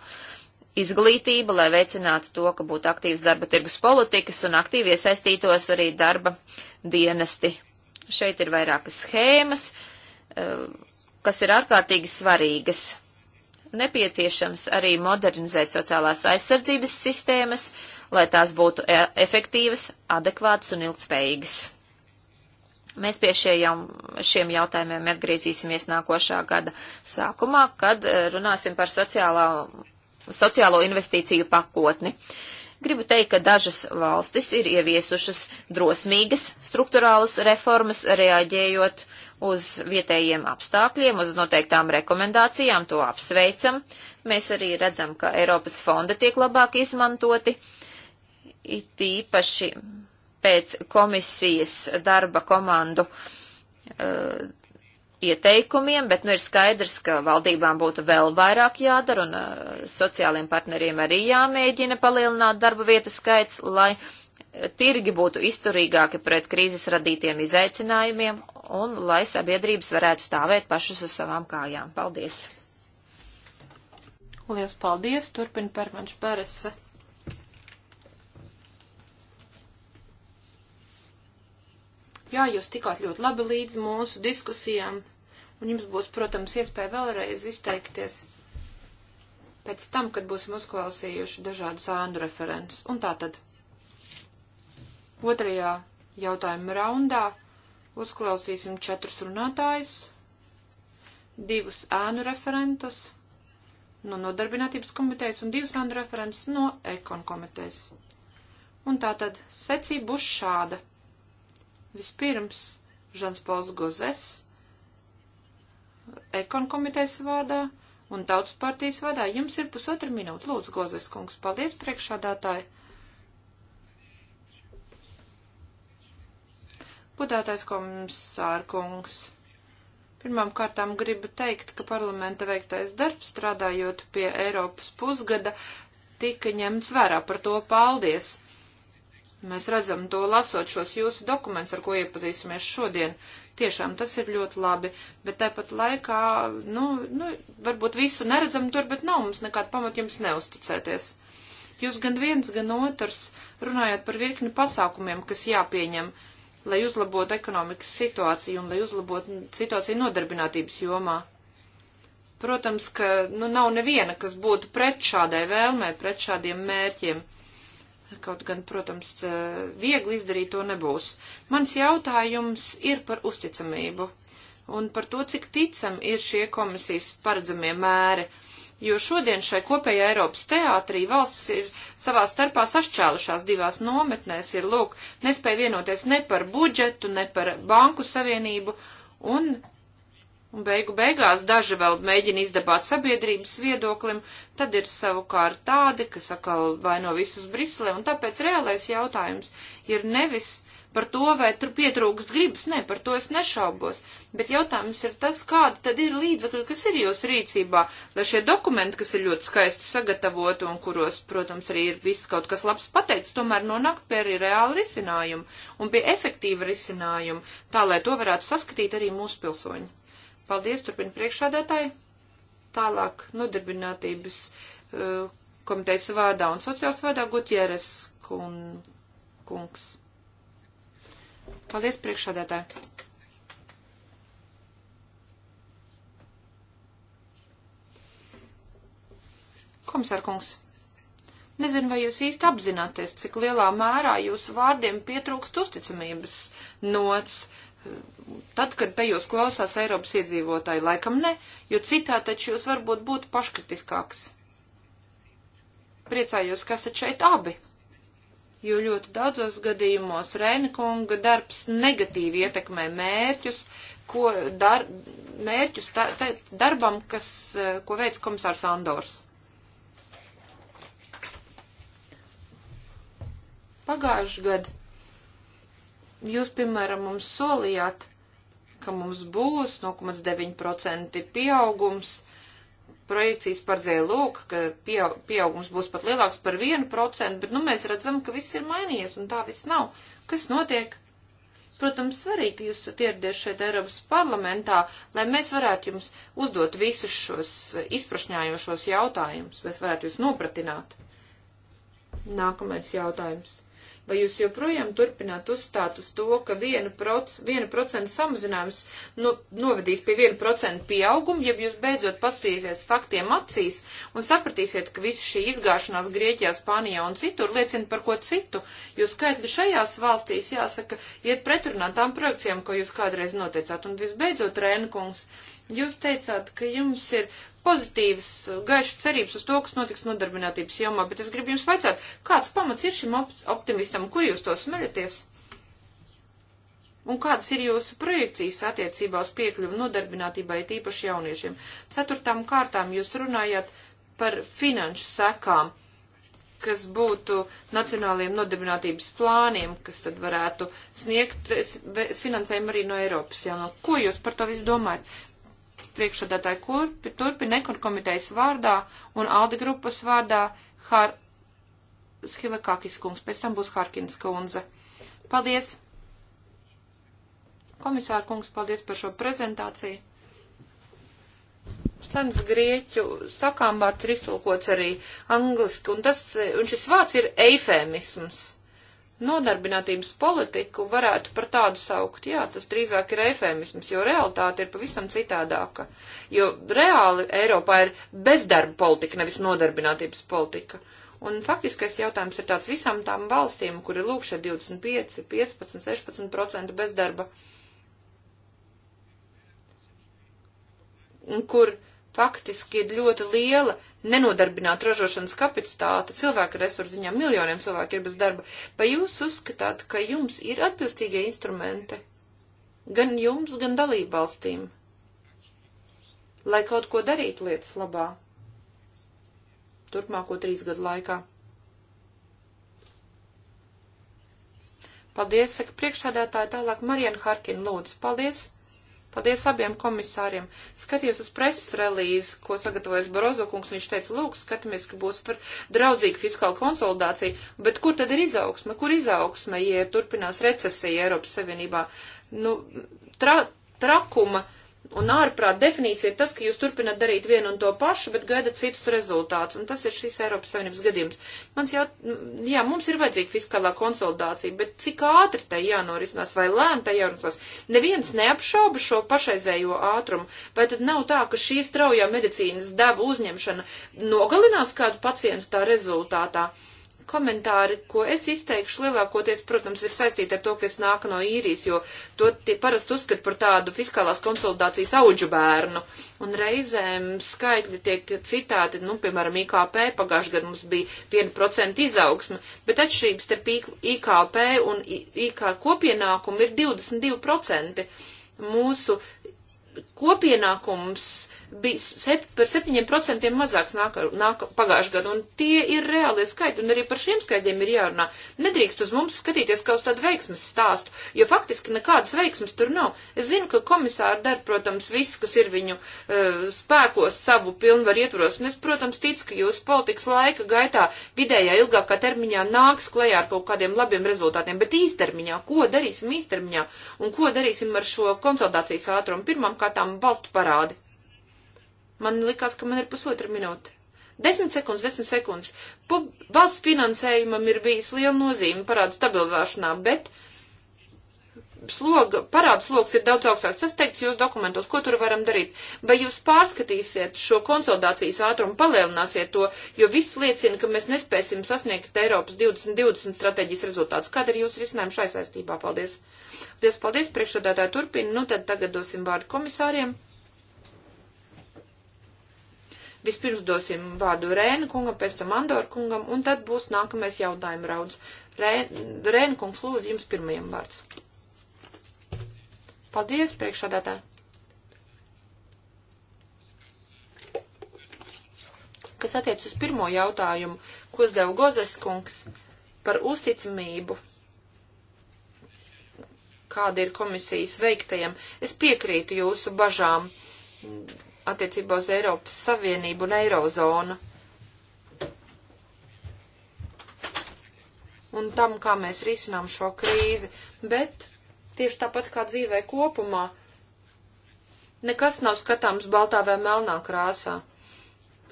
izglītība, lai veicinātu to, ka būtu aktīvs darba tirgus politikas un aktīvi iesaistītos arī darba dienesti. Šeit ir vairākas schēmas, kas ir ārkārtīgi svarīgas nepieciešams arī modernizēt sociālās aizsardzības sistēmas, lai tās būtu e efektīvas, adekvātas un ilgspējīgas. Mēs pie šie jau, šiem jautājumiem atgriezīsimies nākošā gada sākumā, kad e, runāsim par sociālā, sociālo investīciju pakotni. Gribu teikt, ka dažas valstis ir ieviesušas drosmīgas struktūrālas reformas, reaģējot uz vietējiem apstākļiem, uz noteiktām rekomendācijām, to apsveicam. Mēs arī redzam, ka Eiropas fonda tiek labāk izmantoti, it īpaši pēc komisijas darba komandu uh, ieteikumiem, bet nu ir skaidrs, ka valdībām būtu vēl vairāk jādara un uh, sociāliem partneriem arī jāmēģina palielināt darba vietu skaits, lai tirgi būtu izturīgāki pret krīzes radītiem izaicinājumiem un lai sabiedrības varētu stāvēt pašas uz savām kājām. Paldies! Lielas paldies! Turpin Permanš Perese. Jā, jūs tikāt ļoti labi līdz mūsu diskusijām, un jums būs, protams, iespēja vēlreiz izteikties pēc tam, kad būsim uzklausījuši dažādus ēnu referentus. Un tā tad. Otrajā jautājuma raundā Uzklausīsim četrus runātājus, divus ēnu referentus no nodarbinātības komitejas un divus ēnu referentus no ekon komitejas. Un tā tad secība būs šāda. Vispirms Žans Pauls Gozes ekon komitejas vārdā un tautas partijas vārdā jums ir pusotra minūte. Lūdzu, Gozes kungs, paldies priekšādātāji! Budātais komisārkungs. Pirmām kārtām gribu teikt, ka parlamenta veiktais darbs, strādājot pie Eiropas pusgada, tika ņemts vērā. Par to paldies! Mēs redzam to lasot šos jūsu dokumentus, ar ko iepazīstamies šodien. Tiešām tas ir ļoti labi, bet tāpat laikā, nu, nu varbūt visu neredzam tur, bet nav mums nekāda pamata jums neusticēties. Jūs gan viens, gan otrs runājat par virkni pasākumiem, kas jāpieņem. Uh, lai uzlabotu ekonomikas situāciju un lai uzlabotu situāciju nodarbinātības jomā. Protams, ka nu, nav neviena, kas būtu pret šādai vēlmē, pret šādiem mērķiem. Kaut gan, protams, viegli izdarīt to nebūs. Mans jautājums ir par uzticamību un par to, cik ticam ir šie komisijas paredzamie mēri. Uh, jo šodien šai kopējā Eiropas teātrī valsts ir savā starpā sašķēlušās divās nometnēs, ir lūk, nespēja vienoties ne par budžetu, ne par banku savienību, un, un beigu beigās daži vēl mēģina izdabāt sabiedrības viedoklim, tad ir savukārt tādi, kas atkal vaino visus Briselē, un tāpēc reālais jautājums ir nevis Par to, vai tur pietrūkst gribas, ne, par to es nešaubos. Bet jautājums ir tas, kāda tad ir līdzekļi, kas ir jūsu rīcībā, lai šie dokumenti, kas ir ļoti skaisti sagatavoti un kuros, protams, arī ir viss kaut kas labs pateicis, tomēr nonāk pie reāla risinājuma un pie efektīva risinājuma, tā lai to varētu saskatīt arī mūsu pilsoņi. Paldies, turpina priekšādētāji. Tālāk nodarbinātības eh, komitejas vārdā un sociāls vārdā Gutjeres kun, kungs. Paldies, priekšādētāji! Komisārkungs, nezinu, vai jūs īsti apzināties, cik lielā mērā jūsu vārdiem pietrūkst uzticamības nots, tad, kad tajos klausās Eiropas iedzīvotāji, laikam ne, jo citā taču jūs varbūt būtu paškritiskāks. Priecājos, ka esat šeit abi jo ļoti daudzos gadījumos Rēnikunga darbs negatīvi ietekmē mērķus, ko dar, mērķus tā, tā, darbam, kas, eh, ko veids komisārs Andors. Pagājuši gadu jūs, piemēram, mums solījāt, ka mums būs 0,9% pieaugums projekcijas paredzēja lūk, ka pieaug, pieaugums būs pat lielāks par 1%, bet nu mēs redzam, ka viss ir mainījies un tā viss nav. Kas notiek? Protams, svarīgi, ka jūs esat ieradies šeit Eiropas parlamentā, lai mēs varētu jums uzdot visus šos izprašņājošos jautājumus, bet varētu jūs nopratināt. Nākamais jautājums. Vai jūs joprojām turpināt uzstāt uz to, ka 1% samazinājums no, novedīs pie 1% pieauguma, ja jūs beidzot paskatīsieties faktiem acīs un sapratīsiet, ka visa šī izgāšanās Grieķijā, Spānijā un citur liecina par ko citu, jo skaitļi šajās valstīs, jāsaka, iet pretrunā tām projekcijām, ko jūs kādreiz noteicāt. Un visbeidzot, Rēnkungs, jūs teicāt, ka jums ir pozitīvas, uh, gaišas cerības uz to, kas notiks nodarbinātības jomā, bet es gribu jums vaicāt, kāds pamats ir šim op optimistam, kur jūs to smeļaties? Un kādas ir jūsu projekcijas attiecībā uz piekļuvu nodarbinātībai, tīpaši jauniešiem? Ceturtām kārtām jūs runājat par finanšu sekām, kas būtu nacionāliem nodarbinātības plāniem, kas tad varētu sniegt finansējumu arī no Eiropas. Jā, no ko jūs par to visu domājat? priekšsādātāji turpina ekon komitejas vārdā un Alde grupas vārdā Har Schilekakis kungs, pēc tam būs Harkins kundze. Paldies! Komisāra kungs, paldies par šo prezentāciju. Sens grieķu sakām vārds ir iztulkots arī angliski, un, tas, un šis vārds ir eifēmisms nodarbinātības politiku varētu par tādu saukt. Jā, tas drīzāk ir efēmisms, jo realitāte ir pavisam citādāka. Jo reāli Eiropā ir bezdarba politika, nevis nodarbinātības politika. Un faktiskais jautājums ir tāds visām tām valstīm, kur ir lūk šie 25, 15, 16% bezdarba, kur faktiski ir ļoti liela nenodarbināta ražošanas kapacitāte, cilvēka resursu ziņā miljoniem cilvēku ir bez darba. Vai jūs uzskatāt, ka jums ir atbilstīgie instrumenti? Gan jums, gan dalību valstīm. Lai kaut ko darītu lietas labā. Turpmāko trīs gadu laikā. Paldies, saka priekšādātāja tālāk Marijana Harkina lūdzu. Paldies! Paldies abiem komisāriem. Skatījos uz preses relīzi, ko sagatavojas Barozo kungs, viņš teica, lūk, skatāmies, ka būs par draudzīgu fiskālu konsolidāciju, bet kur tad ir izaugsme? Kur izaugsme, ja turpinās recesija Eiropas Savienībā? Nu, tra, trakuma Un ārprāt definīcija ir tas, ka jūs turpināt darīt vienu un to pašu, bet gaidat citus rezultātus. Un tas ir šis Eiropas Savienības gadījums. Mans jau, jā, mums ir vajadzīga fiskālā konsolidācija, bet cik ātri tai jānorisinās vai lēni tai jānorisinās? Neviens neapšauba šo pašreizējo ātrumu. Vai tad nav tā, ka šī straujā medicīnas deva uzņemšana nogalinās kādu pacientu tā rezultātā? Uh, komentāri, ko es izteikšu, lielākoties, protams, ir saistīti ar to, ka es nāku no īrijas, jo to parasti uzskat par tādu fiskālās konsolidācijas auģu bērnu. Un reizēm skaitļi tiek citāti, nu, piemēram, IKP, pagājušajā gadā mums bija 1% izaugsme, bet atšķirības starp IKP un IK kopienākumu ir 22%. Mūsu kopienākums uh, bija sep, par 7% mazāks nāk, nāk pagājušajā gadā, un tie ir reālie skaitļi, un arī par šiem skaitļiem ir jārunā. Nedrīkst uz mums skatīties kā uz tādu veiksmes stāstu, jo faktiski nekādas veiksmes tur nav. Es zinu, ka komisāri dar, protams, visu, kas ir viņu uh, spēkos savu pilnvaru ietvaros, un es, protams, ticu, ka jūsu politikas laika gaitā vidējā ilgākā termiņā nāks klajā ar kaut kādiem labiem rezultātiem, bet īstermiņā, ko darīsim īstermiņā, un ko darīsim ar šo konsultācijas ātrumu, pirmām kārtām valstu parādi. Man likās, ka man ir pusotra minūte. Desmit sekundes, desmit sekundes. Pub valsts finansējumam ir bijis liela nozīme parādu stabilizēšanā, bet sloga, parādu sloks ir daudz augstāks. Tas teikts jūs dokumentos, ko tur varam darīt. Vai jūs pārskatīsiet šo konsolidācijas ātrumu, palielināsiet to, jo viss liecina, ka mēs nespēsim sasniegt Eiropas 2020 stratēģijas rezultātus. Kāda ir jūsu risinājuma šai saistībā? Paldies. Paldies, paldies, priekšsēdētāji turpina. Nu tad tagad dosim vārdu komisāriem. Vispirms dosim vārdu Rēna kungam, pēc tam Andor kungam, un tad būs nākamais jautājuma raudz. Rēna kungs, lūdzu, jums pirmajam vārds. Paldies, priekšādātā. Kas attiec uz pirmo jautājumu, ko uzdeva Gozes kungs par uzticamību kāda ir komisijas veiktajam. Es piekrītu jūsu bažām attiecībā uz Eiropas Savienību un Eirozonu. Un tam, kā mēs risinām šo krīzi. Bet tieši tāpat kā dzīvē kopumā, nekas nav skatāms baltā vai melnā krāsā.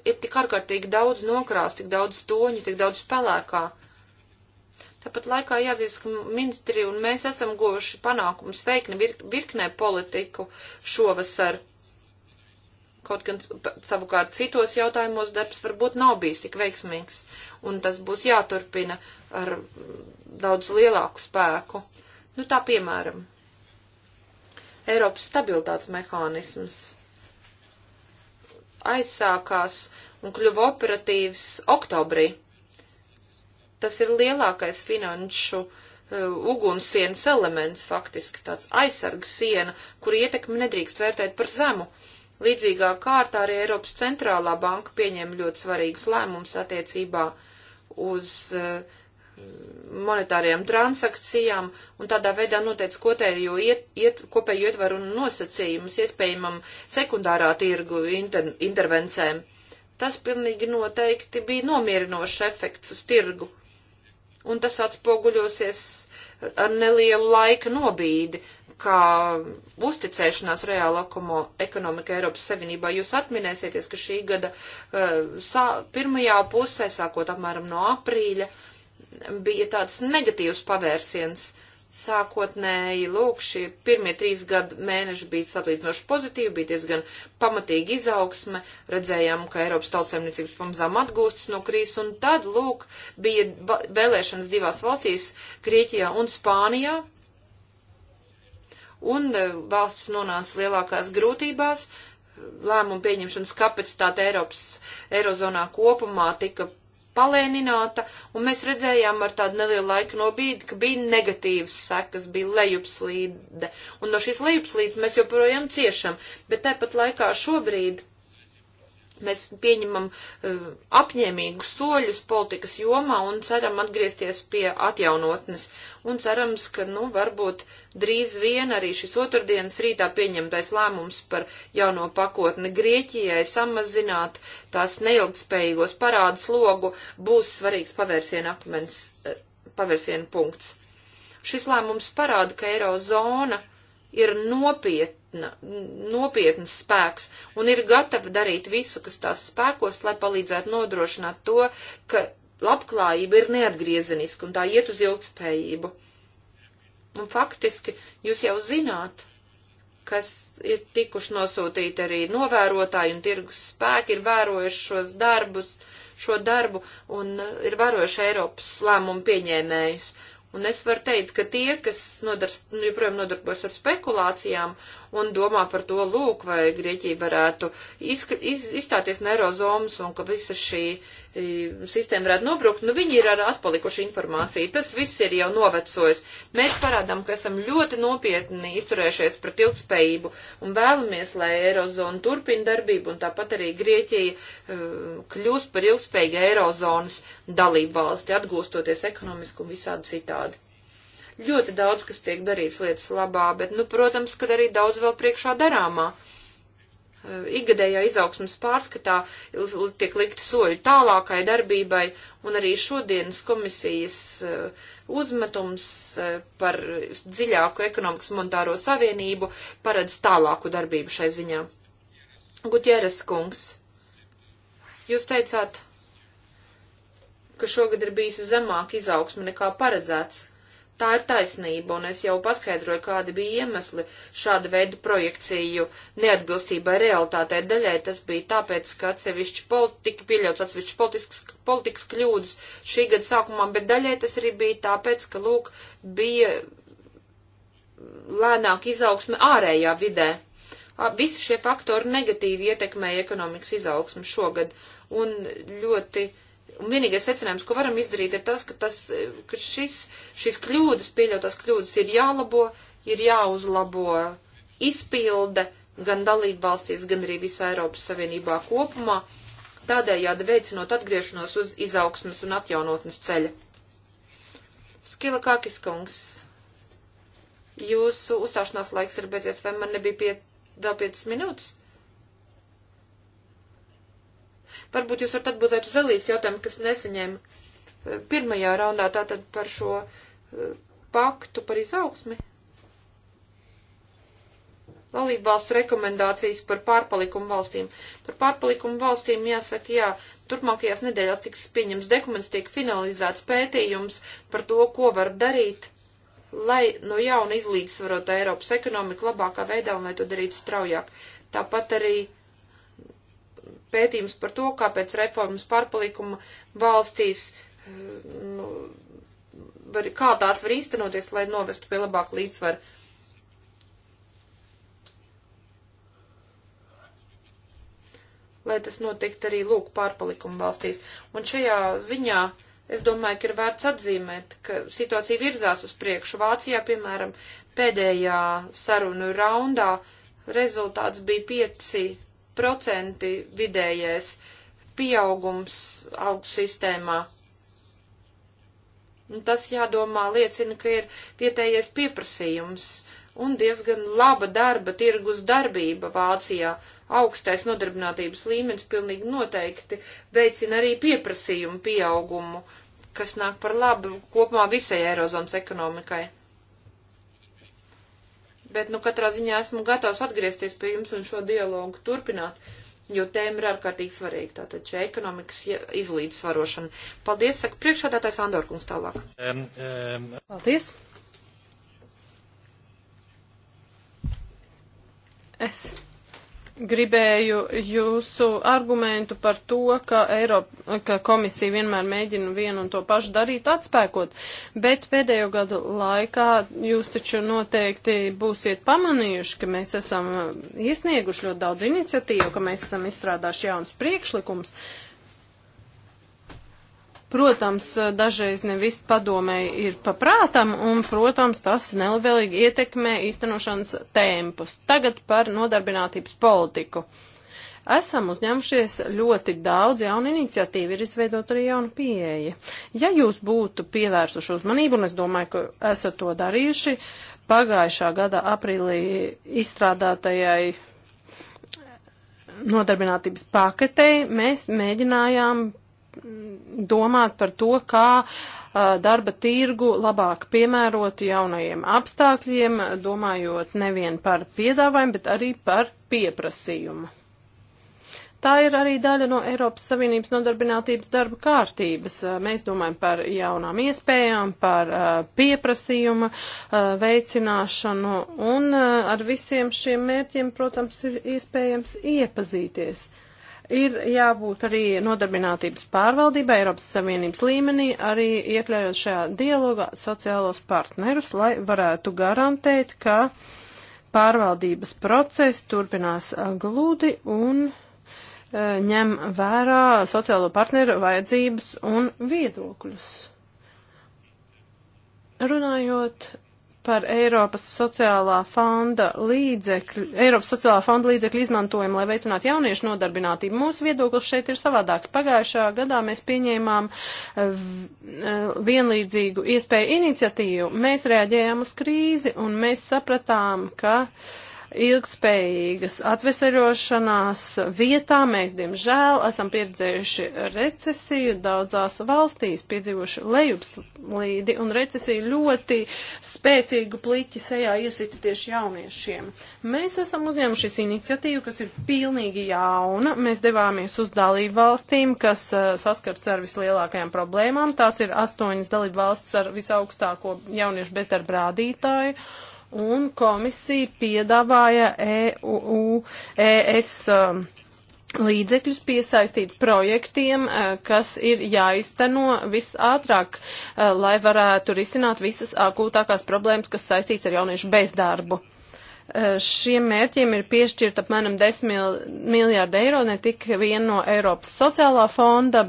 Ir tik ārkārtīgi daudz nokrās, tik daudz toņu, tik daudz pelēkā. Tāpat laikā jāzīst, ka ministri un mēs esam goši panākums veikni virknē politiku šovasar kaut gan savukārt citos jautājumos darbs varbūt nav bijis tik veiksmīgs, un tas būs jāturpina ar daudz lielāku spēku. Nu tā piemēram, Eiropas stabilitātes mehānisms aizsākās un kļuva operatīvs oktobrī. Tas ir lielākais finanšu uh, ugunsienas elements, faktiski tāds aizsargs siena, kur ietekmi nedrīkst vērtēt par zemu. Uh, Līdzīgā kārtā arī Eiropas centrālā banka pieņēma ļoti svarīgus lēmumus attiecībā uz uh, monetārajām transakcijām un tādā veidā noteica kopējo, iet, iet, kopējo ietvaru un nosacījumus iespējamam sekundārā tirgu inter, intervencēm. Tas pilnīgi noteikti bija nomierinošs efekts uz tirgu. Un tas atspoguļosies ar nelielu laika nobīdi, kā uzticēšanās reāla ekonomika Eiropas Savienībā. Jūs atminēsieties, ka šī gada uh, sā, pirmajā pusē, sākot apmēram no aprīļa, bija tāds negatīvs pavērsiens. Sākotnēji, lūk, šie pirmie trīs gadu mēneši bija salīdzinoši pozitīvi, bija diezgan pamatīgi izaugsme, redzējām, ka Eiropas tautsēmniecības pamazām atgūstas no krīzes, un tad, lūk, bija vēlēšanas divās valstīs, Grieķijā un Spānijā, un e, valstis nonāca lielākās grūtībās. Lēmumu pieņemšanas kapacitāte Eiropas Eirozonā kopumā tika palēnināta, un mēs redzējām ar tādu nelielu laika nobīdi, ka bija negatīvas sekas, bija lejupslīde, un no šīs lejupslīdes mēs joprojām ciešam, bet tāpat laikā šobrīd Mēs pieņemam uh, apņēmīgus soļus politikas jomā un ceram atgriezties pie atjaunotnes. Un cerams, ka, nu, varbūt drīz vien arī šis otrdienas rītā pieņemtais lēmums par jauno pakotni Grieķijai samazināt tās neilgtspējīgos parādu slogu būs svarīgs pavērsiena akmens, eh, pavērsiena punkts. Šis lēmums parāda, ka Eirozona ir nopietni nopietnas spēks un ir gatava darīt visu, kas tās spēkos, lai palīdzētu nodrošināt to, ka labklājība ir neatgriezeniska un tā iet uz ilgspējību. Un faktiski jūs jau zināt, kas ir tikuši nosūtīti arī novērotāji un tirgus spēki, ir vērojuši šos darbus, šo darbu un ir vērojuši Eiropas lēmumu pieņēmējus. Uh, Un es varu teikt, ka tie, kas nodars, nu, joprojām nodarbojas ar spekulācijām un domā par to, lūk, vai Grieķija varētu iz, iz, izstāties no Eirozonas un ka visa šī uh, sistēma varētu nobrukt, nu viņi ir ar atpalikuši informāciju. Tas viss ir jau novecojis. Mēs parādām, ka esam ļoti nopietni izturējušies pret ilgspējību un vēlamies, lai Eirozona turpina darbību un tāpat arī Grieķija e, kļūst par ilgspējīgu Eirozonas dalību valsti, atgūstoties ekonomiski un visādi citādi. Ļoti daudz, kas tiek darīts lietas labā, bet, nu, protams, kad arī daudz vēl priekšā darāmā. Uh, Eh, ikgadējā izaugsmas pārskatā tiek likti soļi tālākai darbībai, un arī šodienas komisijas eh, uzmetums eh, par dziļāku ekonomikas monetāro savienību paredz tālāku darbību šai ziņā. Gutjeres kungs, jūs teicāt, ka šogad ir bijusi zemāka izaugsme nekā paredzēts. Tā ir taisnība, un es jau paskaidroju, kādi bija iemesli šāda veida projekciju neatbilstībai realitātei. Daļai tas bija tāpēc, ka atsevišķi politika pieļauts atsevišķi politisks, politikas kļūdas šī gada sākumā, bet daļai tas arī bija tāpēc, ka, lūk, bija lēnāk izaugsme ārējā vidē. Visi šie faktori negatīvi ietekmēja ekonomikas izaugsmu šogad, un ļoti. Uh, Un vienīgais secinājums, ko varam izdarīt, ir tas, ka, tas, ka šis, šis kļūdas, pieļautās kļūdas ir jālabo, ir jāuzlabo izpilde gan dalību valstīs, gan arī visā Eiropas Savienībā kopumā, tādējādi veicinot atgriešanos uz izaugsmas un atjaunotnes ceļa. Skila Kākis kungs, jūsu uzstāšanās laiks ir beidzies, vai man nebija pie, vēl 5 minūtes? Varbūt jūs varat atbūzēt uz Elīs jautājumu, kas nesaņēma eh, pirmajā raundā tātad par šo eh, paktu par izaugsmi. Dalību valstu rekomendācijas par pārpalikumu valstīm. Par pārpalikumu valstīm jāsaka, jā, turpmākajās nedēļās tiks pieņems dokuments, tiek finalizēts pētījums par to, ko var darīt, lai no jauna izlīdzsvarot Eiropas ekonomiku labākā veidā un lai to darītu straujāk. Tāpat arī uh, pētījums par to, kāpēc reformas pārpalikuma valstīs, eh, nu, var, kā tās var īstenoties, lai novestu pie labāku līdzsvaru. Lai tas notiktu arī lūk pārpalikuma valstīs. Un šajā ziņā es domāju, ka ir vērts atzīmēt, ka situācija virzās uz priekšu. Vācijā, piemēram, pēdējā sarunu raundā rezultāts bija pieci procenti vidējais pieaugums augsts sistēmā. Un tas, jādomā, liecina, ka ir vietējais pieprasījums un diezgan laba darba tirgus darbība Vācijā. Augstais nodarbinātības līmenis pilnīgi noteikti veicina arī pieprasījumu pieaugumu, kas nāk par labu kopumā visai Eirozonas ekonomikai. Bet, nu, katrā ziņā esmu gatavs atgriezties pie jums un šo dialogu turpināt, jo tēma ir ārkārtīgi svarīga. Tātad šī ekonomikas izlīdzsvarošana. Paldies, saka priekšādātais Andorkungs tālāk. Um, um. Paldies. Es gribēju jūsu argumentu par to, ka, Eiropa, ka komisija vienmēr mēģina vienu un to pašu darīt atspēkot, bet pēdējo gadu laikā jūs taču noteikti būsiet pamanījuši, ka mēs esam iesnieguši ļoti daudz iniciatīvu, ka mēs esam izstrādājuši jaunus priekšlikumus, uh, Protams, eh, dažreiz nevis padomēji ir paprātam, un, protams, tas nelabvēlīgi ietekmē īstenošanas tempus. Tagad par nodarbinātības politiku. Esam uzņemšies ļoti daudz jaunu iniciatīvu, ir izveidot arī jaunu pieeja. Ja jūs būtu pievērsuši uzmanību, un es domāju, ka esat to darījuši, pagājušā gada aprīlī izstrādātajai nodarbinātības paketei mēs mēģinājām Mm, domāt par to, kā a, darba tirgu labāk piemērot jaunajiem apstākļiem, domājot nevien par piedāvājumu, bet arī par pieprasījumu. Tā ir arī daļa no Eiropas Savienības nodarbinātības darba kārtības. Mēs domājam par jaunām iespējām, par pieprasījuma veicināšanu, un ar visiem šiem mērķiem, protams, ir iespējams iepazīties. Ir jābūt arī nodarbinātības pārvaldībai Eiropas Savienības līmenī, arī iekļaujot šajā dialogā sociālos partnerus, lai varētu garantēt, ka pārvaldības process turpinās uh, glūdi un uh, ņem vērā sociālo partneru vajadzības un viedokļus. Runājot par Eiropas sociālā fonda līdzekļu, Eiropas sociālā fonda līdzekļu izmantojumu, lai veicinātu jauniešu nodarbinātību. Mūsu viedoklis šeit ir savādāks. Pagājušā gadā mēs pieņēmām eh, eh, vienlīdzīgu iespēju iniciatīvu. Mēs reaģējām uz krīzi un mēs sapratām, ka uh, ilgspējīgas atveseļošanās vietā. Mēs, diemžēl, esam pieredzējuši recesiju daudzās valstīs, piedzīvojuši lejupslīdi un recesiju ļoti spēcīgu pliķi sejā iesita tieši jauniešiem. Mēs esam uzņēmušies iniciatīvu, kas ir pilnīgi jauna. Mēs devāmies uz dalību valstīm, kas eh, saskars ar vislielākajām problēmām. Tās ir astoņas dalību valsts ar visaugstāko jauniešu bezdarba rādītāju un komisija piedāvāja EU, ES um, līdzekļus piesaistīt projektiem, uh, kas ir jāizteno visātrāk, uh, lai varētu risināt visas akūtākās problēmas, kas saistīts ar jauniešu bezdarbu uh, šiem mērķiem ir piešķirta apmēram 10 miljārdi eiro, ne tik viena no Eiropas sociālā fonda,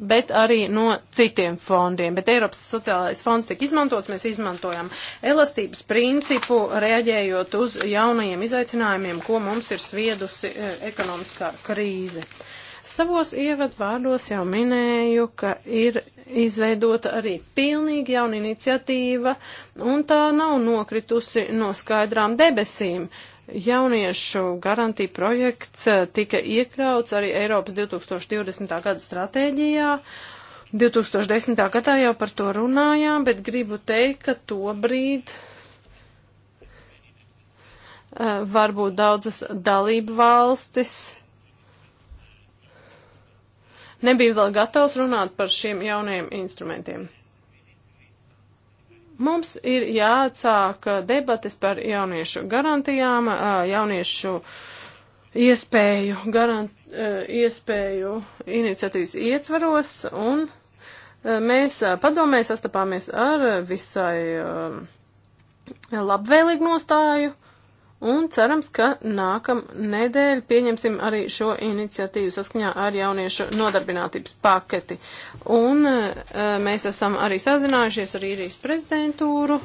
bet arī no citiem fondiem. Bet Eiropas sociālais fonds tiek izmantots, mēs izmantojam elastības principu, reaģējot uz jaunajiem izaicinājumiem, ko mums ir sviedusi e, ekonomiskā krīze. Savos ievadvārdos jau minēju, ka ir izveidota arī pilnīgi jauna iniciatīva, un tā nav nokritusi no skaidrām debesīm. Uh, Jauniešu garantija projekts eh, tika iekļauts arī Eiropas 2020. gada stratēģijā. 2010. gadā jau par to runājām, bet gribu teikt, ka to brīdi eh, varbūt daudzas dalību valstis nebija vēl gatavs runāt par šiem jaunajiem instrumentiem. Mums ir jāatsāk debates par jauniešu garantijām, jauniešu iespēju, garant, iespēju iniciatīvas ietvaros, un mēs padomē sastapāmies ar visai labvēlīgu nostāju. Un cerams, ka nākam nedēļ pieņemsim arī šo iniciatīvu saskaņā ar jauniešu nodarbinātības paketi. Un e, mēs esam arī sazinājušies ar īrijas prezidentūru,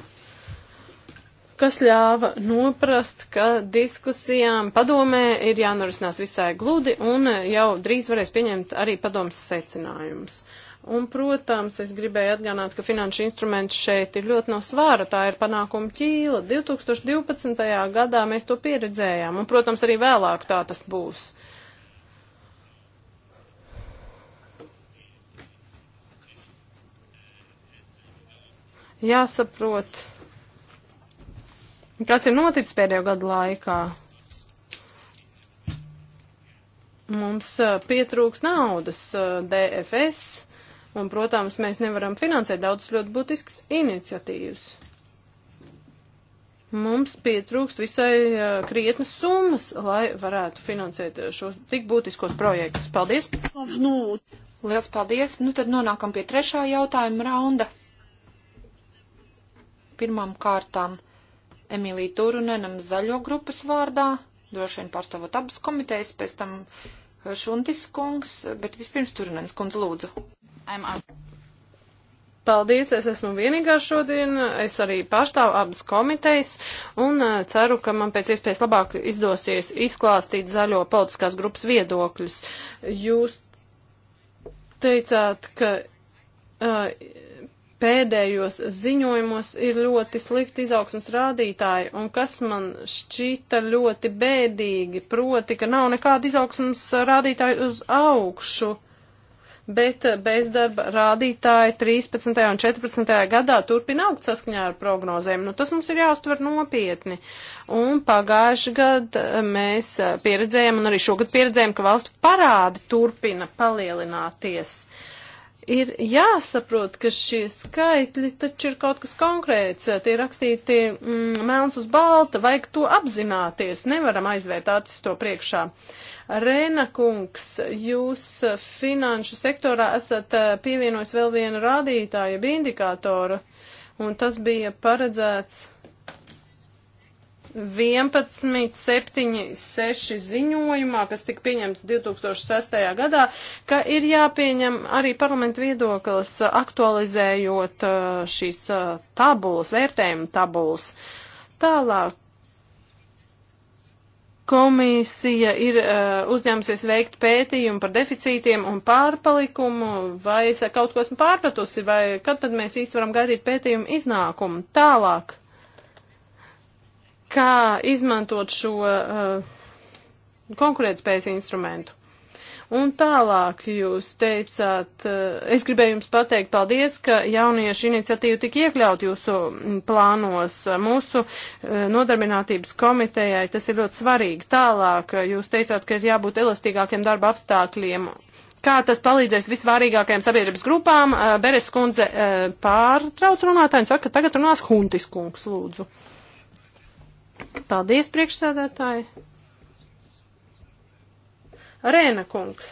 kas ļāva noprast, ka diskusijām padomē ir jānorisinās visai gludi un jau drīz varēs pieņemt arī padomas secinājumus. Uh, Un, protams, es gribēju atgādināt, ka finanšu instruments šeit ir ļoti no svāra, tā ir panākuma ķīla. 2012. gadā mēs to pieredzējām, un, protams, arī vēlāk tā tas būs. Jāsaprot, kas ir noticis pēdējo gadu laikā. Mums uh, pietrūks naudas uh, eh, DFS Un, protams, mēs nevaram finansēt daudzas ļoti būtiskas iniciatīvas. Mums pietrūkst visai krietnas summas, lai varētu finansēt šos tik būtiskos projektus. Paldies! Nu, liels paldies! Nu tad nonākam pie trešā jautājuma raunda. Pirmām kārtām Emīlija Turunenam zaļo grupas vārdā, droši vien pārstāvot abas komitejas, pēc tam Šuntis kungs, bet vispirms Turunens kundz lūdzu. I'm out. Paldies, es esmu vienīgā šodien, es arī pārstāvu abas komitejas un eh, ceru, ka man pēc iespējas labāk izdosies izklāstīt zaļo politiskās grupas viedokļus. Jūs teicāt, ka uh, pēdējos ziņojumos ir ļoti slikti izaugsmas rādītāji, un kas man šķita ļoti bēdīgi, proti, ka nav nekāda izaugsmas rādītāja uz augšu bet bezdarba rādītāji 13. un 14. gadā turpina augt saskaņā ar prognozēm. Nu, tas mums ir jāuztver nopietni. Un pagājuši gad eh, mēs eh, pieredzējām, un arī šogad pieredzējām, ka valstu parādi turpina palielināties. Uh, ir jāsaprot, ka šie skaitļi taču ir kaut kas konkrēts, tie rakstīti mm, melns uz balta, vajag to apzināties, nevaram aizvērt acis to priekšā. Rēna kungs, jūs finanšu sektorā esat eh, pievienojis vēl vienu rādītāju, jeb indikātoru, un tas bija paredzēts 1176 ziņojumā, kas tika pieņemts 2006. gadā, ka ir jāpieņem arī parlamenta viedoklis uh, aktualizējot uh, šīs uh, tabulas, vērtējuma tabulas. Tālāk komisija ir uh, uzņēmusies veikt pētījumu par deficītiem un pārpalikumu, vai es kaut ko esmu pārpratusi, vai kad tad mēs īsti varam gaidīt pētījumu iznākumu tālāk kā izmantot šo uh, konkurētspējas instrumentu. Un tālāk jūs teicāt, uh, es gribēju jums pateikt paldies, ka jauniešu iniciatīva tika iekļaut jūsu mm, plānos. Mūsu uh, nodarbinātības komitejai tas ir ļoti svarīgi. Tālāk uh, jūs teicāt, ka ir jābūt elastīgākiem darba apstākļiem. Kā tas palīdzēs visvārīgākajām sabiedrības grupām? Beres kundze pārtrauc runātājiem, saka, ka tagad runās Huntis kungs, lūdzu. Paldies, priekšsēdētāji. Rēna kungs.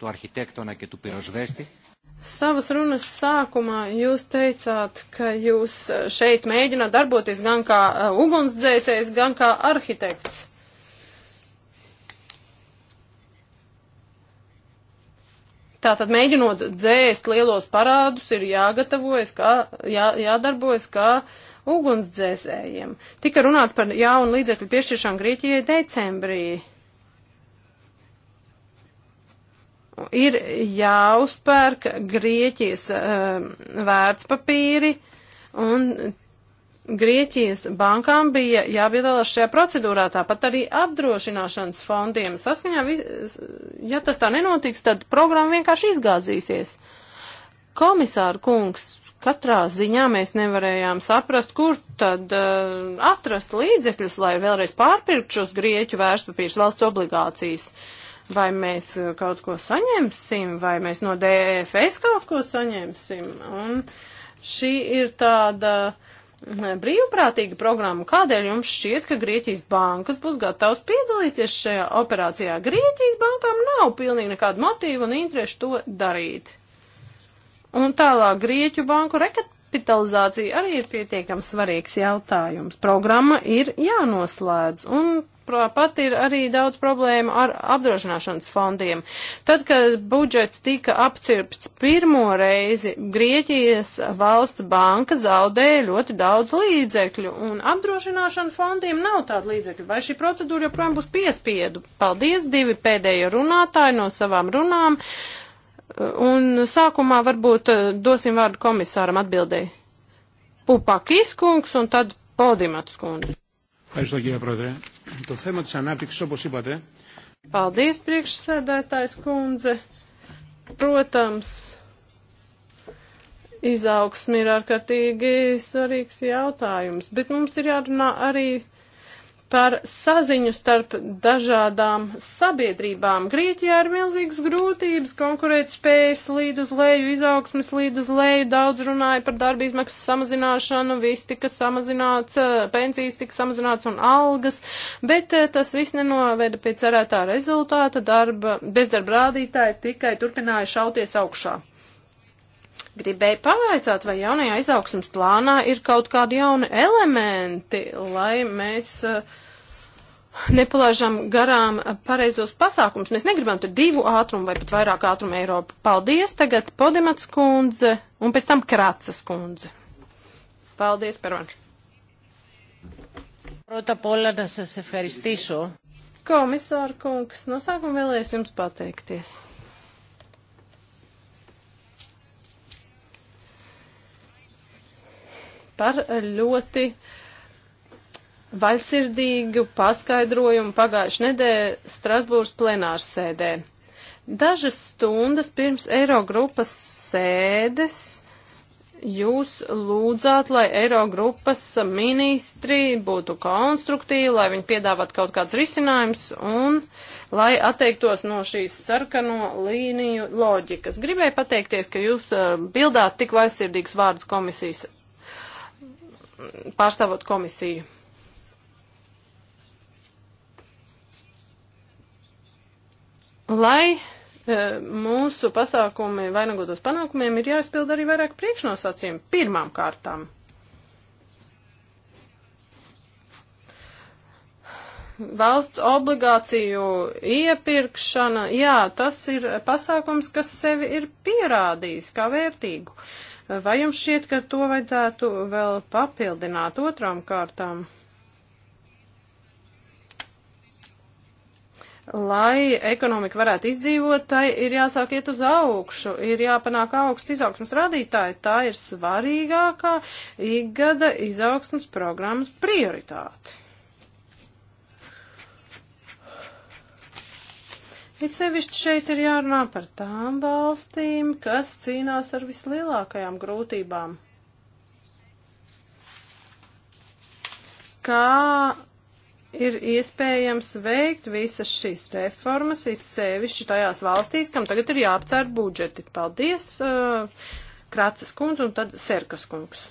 Tu arhitektona, ka tu pirosvesti. Savas runas sākumā jūs teicāt, ka jūs e, šeit mēģināt darboties gan kā e, ugunsdzēsējs, gan kā arhitekts. Tātad mēģinot dzēst lielos parādus, ir jāgatavojas, kā, jā, jādarbojas kā uh, ugunsdzēsējiem. Tika runāts par jaunu līdzekļu piešķiršanu Grieķijai decembrī. Ir jāuzpērk Grieķijas um, vērtspapīri, un Grieķijas bankām bija jāpiedalās šajā procedūrā, tāpat arī apdrošināšanas fondiem. Saskaņā, ja tas tā nenotiks, tad programma vienkārši izgāzīsies. Komisāra kungs, Katrā ziņā mēs nevarējām saprast, kur tad uh, atrast līdzekļus, lai vēlreiz pārpirkt šos grieķu vērtspapīrus valsts obligācijas. Vai mēs eh, kaut ko saņemsim, vai mēs no DFS kaut ko saņemsim. Un šī ir tāda mm, brīvprātīga programma. Kādēļ jums šķiet, ka Grieķijas bankas būs gatavs piedalīties šajā operācijā? Grieķijas bankām nav pilnīgi nekāda motīva un interešu to darīt. Un tālāk Grieķu banku rekapitalizācija arī ir pietiekami svarīgs jautājums. Programma ir jānoslēdz, un pat ir arī daudz problēmu ar apdrošināšanas fondiem. Tad, kad budžets tika apcirpts pirmo reizi, Grieķijas valsts banka zaudēja ļoti daudz līdzekļu, un apdrošināšana fondiem nav tāda līdzekļa. Vai šī procedūra joprojām būs piespiedu? Paldies, divi pēdējie runātāji no savām runām. Un sākumā varbūt eh, dosim vārdu komisāram atbildēji. Pupakis kungs un tad Podimats kundze. Ευχαριστώ κύριε Πρόεδρε. Το θέμα της ανάπτυξης όπως είπατε. Paldies priekšsēdētājs kundze. Protams, izaugsmi ir ārkārtīgi svarīgs jautājums, bet mums ir jārunā arī. Uh, par saziņu starp dažādām sabiedrībām. Grieķijā ir milzīgas grūtības, konkurēt spējas līd uz leju, izaugsmes līd uz leju, daudz runāja par darba izmaksas samazināšanu, viss tika samazināts, eh, pensijas tika samazināts un algas, bet eh, tas viss nenoveda pie cerētā rezultāta, darba, bezdarba rādītāji tikai turpināja šauties augšā. Gribēju pavaicāt, vai jaunajā izaugsmas plānā ir kaut kādi jauni elementi, lai mēs uh, nepalaižam garām pareizos pasākums. Mēs negribam tur divu ātrumu vai pat vairāk ātrumu Eiropu. Paldies tagad Podemats kundze un pēc tam Kracas kundze. Paldies, Pervanš. Πρώτα απ' όλα να σας ευχαριστήσω. Komisāra kungs, no sākuma vēlējos jums pateikties. par ļoti vaļsirdīgu paskaidrojumu pagājušajā nedēļā Strasbūras plenārsēdē. Dažas stundas pirms Eirogrupas sēdes jūs lūdzāt, lai Eirogrupas ministri būtu konstruktīvi, lai viņi piedāvāt kaut kāds risinājums un lai atteiktos no šīs sarkano līniju loģikas. Gribēju pateikties, ka jūs eh, bildāt tik vaisirdīgus vārdus komisijas pārstāvot komisiju. Lai e, mūsu pasākumi vainagotos panākumiem, ir jāizpild arī vairāk priekšnosacījumu pirmām kārtām. Valsts obligāciju iepirkšana, jā, tas ir pasākums, kas sevi ir pierādījis kā vērtīgu. Uh, Vai jums šķiet, ka to vajadzētu vēl papildināt otrām kārtām? Lai ekonomika varētu izdzīvot, tai ir jāsāk iet uz augšu, ir jāpanāk augsts izaugsmas rādītāji. Tā ir svarīgākā ikgada izaugsmas programmas prioritāte. It sevišķi šeit ir jārunā par tām valstīm, kas cīnās ar vislielākajām grūtībām. Kā ir iespējams veikt visas šīs reformas, it sevišķi tajās valstīs, kam tagad ir jāapcēr budžeti. Paldies, uh, Krācas kungs un tad Serkas kungs.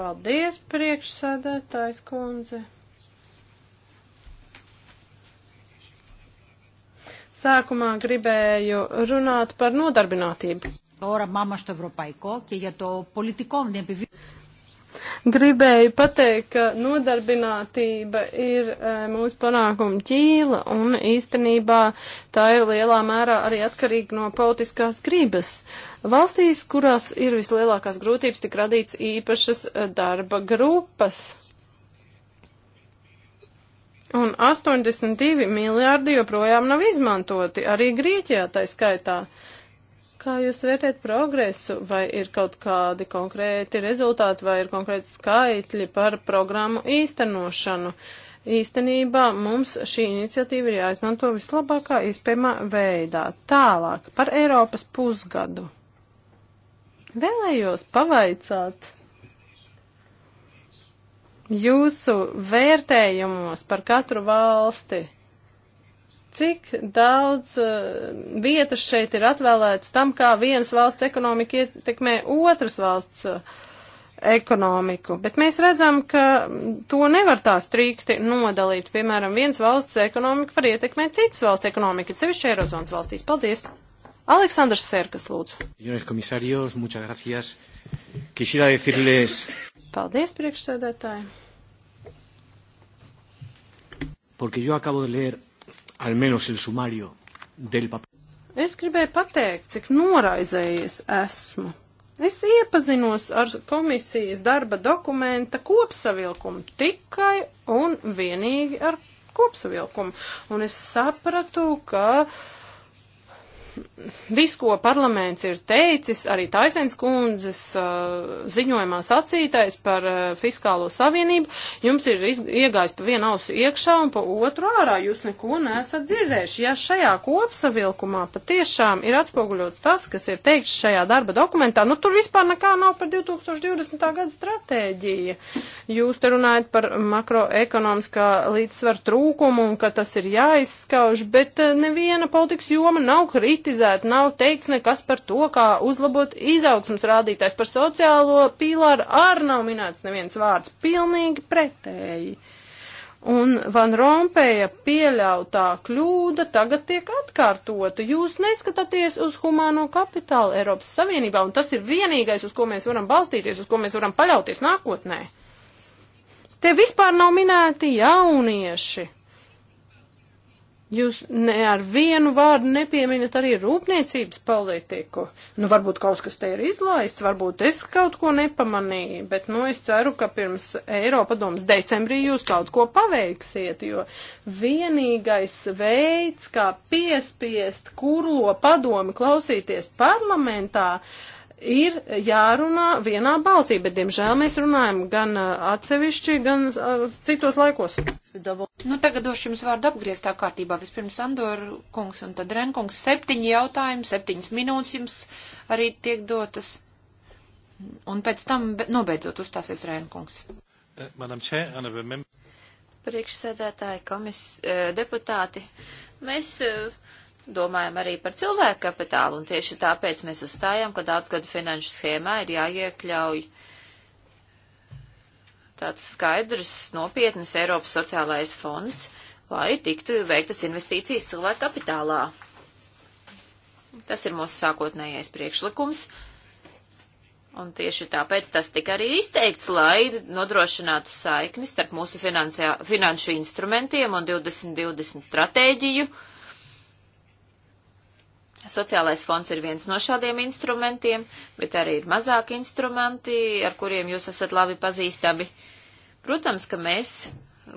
Paldies, priekšsēdētājs kundze. Sākumā gribēju runāt par nodarbinātību. Τώρα μάμα στο ευρωπαϊκό και για το πολιτικό επιβίωση. Gribēju pateikt, ka nodarbinātība ir e, mūsu panākuma ķīla, un īstenībā tā ir lielā mērā arī atkarīga no politiskās gribas. Valstīs, kurās ir vislielākās grūtības, tik radīts īpašas e, darba grupas Un 82 miljārdi joprojām nav izmantoti, arī Grieķijā tai skaitā. Kā jūs vērtējat progresu, vai ir kaut kādi konkrēti rezultāti, vai ir konkrēti skaitļi par programmu īstenošanu? Īstenībā mums šī iniciatīva ir jāizmanto vislabākā iespējamā veidā. Tālāk par Eiropas pusgadu. Vēlējos pavaicāt, jūsu vērtējumos par katru valsti, cik daudz uh, vietas šeit ir atvēlētas tam, kā vienas valsts ekonomika ietekmē otras valsts uh, ekonomiku, bet mēs redzam, ka to nevar tā strikti nodalīt. Piemēram, viens valsts ekonomika var ietekmēt citas valsts ekonomiku, sevišķi Eirozonas valstīs. Paldies! Aleksandrs Serkas, lūdzu. Señores komisārijos, muchas gracias. Quisiera decirles. Paldies, priekšsēdētāji! Porque yo acabo de leer al menos el sumario del papel. Es gribēju pateikt, cik noraizējies esmu. Es iepazinos ar komisijas darba dokumenta kopsavilkumu tikai un vienīgi ar kopsavilkumu. Un es sapratu, ka uh, viss, ko parlaments ir teicis, arī Taisens kundzes uh, ziņojumā sacītais par uh, fiskālo savienību, jums ir iegājis pa vienu ausu iekšā un pa otru ārā. Jūs neko nesat dzirdējuši. Ja šajā kopsavilkumā patiešām ir atspoguļots tas, kas ir teikts šajā darba dokumentā, nu tur vispār nekā nav par 2020. gada stratēģiju. Jūs te runājat par makroekonomiskā līdzsvaru trūkumu un ka tas ir jāizskauž, bet uh, neviena politikas joma nav kritiska kritizēta, nav teikts nekas par to, kā uzlabot izaugsmas rādītājs. Par sociālo pīlāru arī nav minēts neviens vārds. Pilnīgi pretēji. Un Van Rompēja pieļautā kļūda tagad tiek atkārtota. Jūs neskatāties uz humāno kapitālu Eiropas Savienībā, un tas ir vienīgais, uz ko mēs varam balstīties, uz ko mēs varam paļauties nākotnē. Te vispār nav minēti jaunieši. Jūs ne ar vienu vārdu nepieminat arī rūpniecības politiku. Nu, varbūt kaut kas te ir izlaists, varbūt es kaut ko nepamanīju, bet, nu, es ceru, ka pirms Eiropadomas decembrī jūs kaut ko paveiksiet, jo vienīgais veids, kā piespiest kurlo padomi klausīties parlamentā, uh, ir jārunā vienā balsī, bet, diemžēl, mēs runājam gan uh, atsevišķi, gan uh, citos laikos. Nu, tagad došu jums vārdu apgrieztā kārtībā. Vispirms Andor kungs un tad Renkungs. Septiņi jautājumi, septiņas minūtes jums arī tiek dotas. Un pēc tam nobeidzot uzstāsies Renkungs. Eh, Madam Chair, honorable member. Priekšsēdētāji, komis, eh, deputāti, mēs uh, domājam arī par cilvēku kapitālu, un tieši tāpēc mēs uzstājām, ka daudzgadu finanšu schēmā ir jāiekļauj tāds skaidrs, nopietnas Eiropas sociālais fonds, lai tiktu veiktas investīcijas cilvēku kapitālā. Tas ir mūsu sākotnējais priekšlikums. Un tieši tāpēc tas tika arī izteikts, lai nodrošinātu saikni starp mūsu finanšu instrumentiem un 2020 stratēģiju. Uh, Sociālais fonds ir viens no šādiem instrumentiem, bet arī ir mazāki instrumenti, ar kuriem jūs esat labi pazīstami. Protams, ka mēs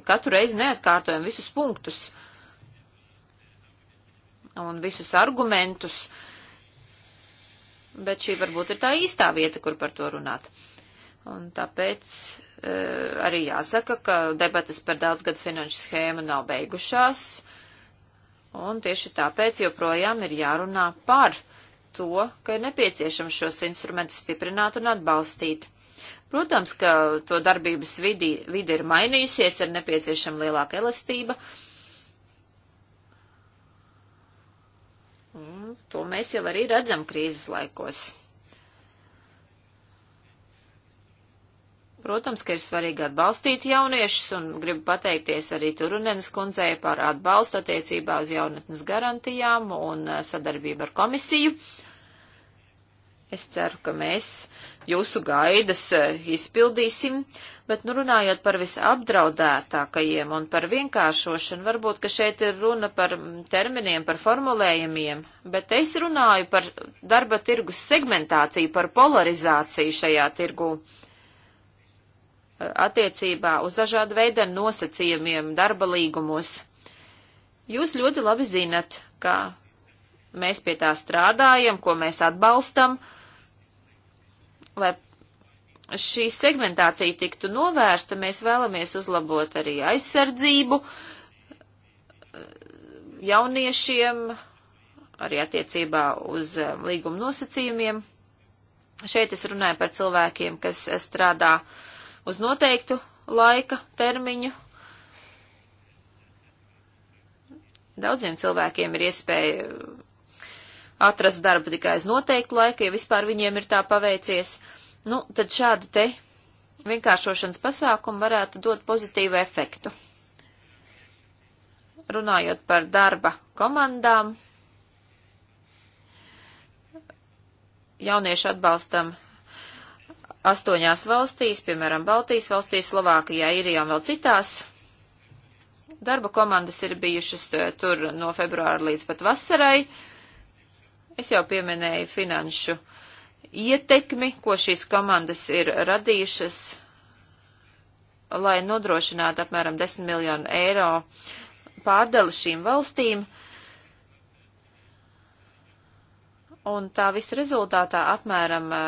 katru reizi neatkārtojam visus punktus un visus argumentus, bet šī varbūt ir tā īstā vieta, kur par to runāt. Un tāpēc e, arī jāsaka, ka debatas par daudzgadu finanšu schēmu nav beigušās Un tieši tāpēc joprojām ir jārunā par to, ka ir nepieciešams šos instrumentus stiprināt un atbalstīt. Protams, ka to darbības vidi, vidi ir mainījusies, ir nepieciešama lielāka elastība. Un to mēs jau arī redzam krīzes laikos. Protams, ka ir svarīgi atbalstīt jauniešus, un gribu pateikties arī Turunenes kundzei par atbalstu attiecībā uz jaunatnes garantijām un eh, sadarbību ar komisiju. Es ceru, ka mēs jūsu gaidas eh, izpildīsim, bet nu runājot par visapdraudētākajiem un par vienkāršošanu, varbūt, ka šeit ir runa par mm, terminiem, par formulējumiem, bet es runāju par darba tirgus segmentāciju, par polarizāciju šajā tirgu. Uh, attiecībā uz dažādu veidu nosacījumiem darba līgumos. Jūs ļoti labi zinat, ka mēs pie tā strādājam, ko mēs atbalstam, lai šī segmentācija tiktu novērsta, mēs vēlamies uzlabot arī aizsardzību eh, jauniešiem, arī attiecībā uz eh, līguma nosacījumiem. Šeit es runāju par cilvēkiem, kas eh, strādā uh, uz noteiktu laika termiņu. Daudziem cilvēkiem ir iespēja atrast darbu tikai uz noteiktu laiku, ja vispār viņiem ir tā paveicies. Nu, tad šādi te vienkāršošanas pasākumi varētu dot pozitīvu efektu. Runājot par darba komandām, jauniešu atbalstam astoņās valstīs, piemēram, Baltijas valstīs, Slovākijā, Irijā un vēl citās. Darba komandas ir bijušas eh, tur no februāra līdz pat vasarai. Es jau pieminēju finanšu ietekmi, ko šīs komandas ir radījušas, lai nodrošinātu apmēram 10 miljonu eiro pārdali šīm valstīm. Uh, Un tā visa rezultātā apmēram eh,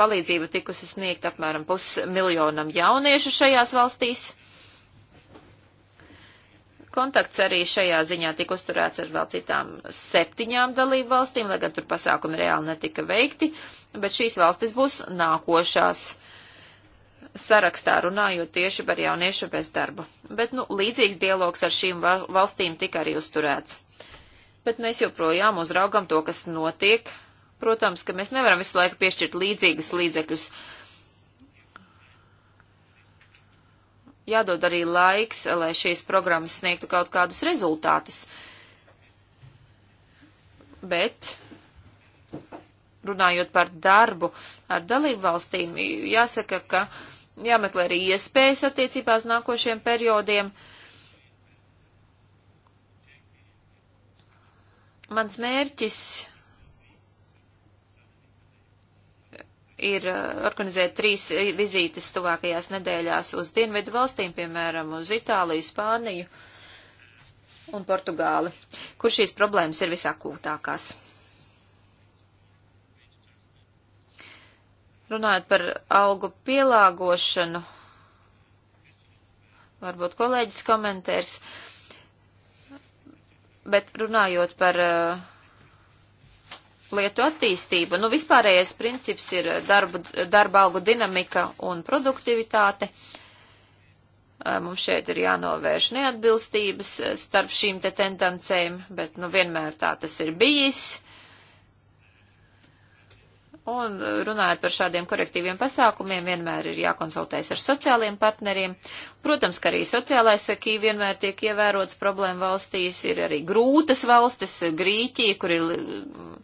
palīdzība tikusi sniegt apmēram pusmiljonam jauniešu šajās valstīs. Kontakts arī šajā ziņā tika uzturēts ar vēl citām septiņām dalību valstīm, lai gan tur pasākumi reāli netika veikti, bet šīs valstis būs nākošās sarakstā runājot tieši par jauniešu bezdarbu. Bet, nu, līdzīgs dialogs ar šīm valstīm tika arī uzturēts. Bet mēs joprojām uzraugam to, kas notiek Protams, ka mēs nevaram visu laiku piešķirt līdzīgus līdzekļus. Jādod arī laiks, lai šīs programmas sniegtu kaut kādus rezultātus. Bet runājot par darbu ar dalību valstīm, jāsaka, ka jāmeklē arī iespējas attiecībā uz nākošiem periodiem. Mans mērķis ir eh, organizēt trīs eh, vizītes tuvākajās nedēļās uz dienvidu valstīm, piemēram, uz Itāliju, Spāniju un Portugāli, kur šīs problēmas ir visakūtākās. Runājot par algu pielāgošanu, varbūt kolēģis komentērs, bet runājot par uh, lietu attīstība. Nu, vispārējais princips ir darba, darba algu dinamika un produktivitāte. Mums šeit ir jānovērš neatbilstības starp šīm te tendencēm, bet nu, vienmēr tā tas ir bijis. Un runājot par šādiem korektīviem pasākumiem, vienmēr ir jākonsultējas ar sociāliem partneriem. Protams, ka arī sociālais akī vienmēr tiek ievērots problēma valstīs. Ir arī grūtas valstis, Grīķija, kur ir mm,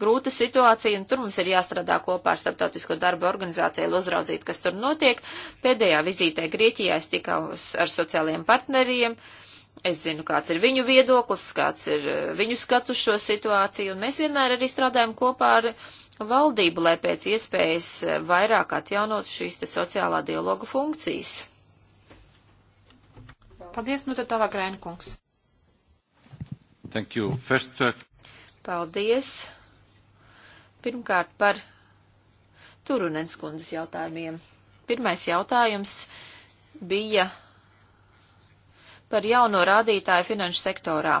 grūta situācija, un tur mums ir jāstrādā kopā ar starptautisko darba organizāciju, lai uzraudzītu, kas tur notiek. Pēdējā vizītē Grieķijā es tikos ar sociālajiem partneriem. Uh, Es zinu, kāds ir viņu viedoklis, kāds ir eh, viņu skats uz šo situāciju, un mēs vienmēr arī strādājam kopā ar valdību, lai pēc iespējas eh, vairāk atjaunot šīs te sociālā dialoga funkcijas. Paldies, nu tad tālāk Rēnkungs. Thank you. First, uh... Paldies. Pirmkārt par Turunens kundzes jautājumiem. Pirmais jautājums bija par jauno rādītāju finanšu sektorā.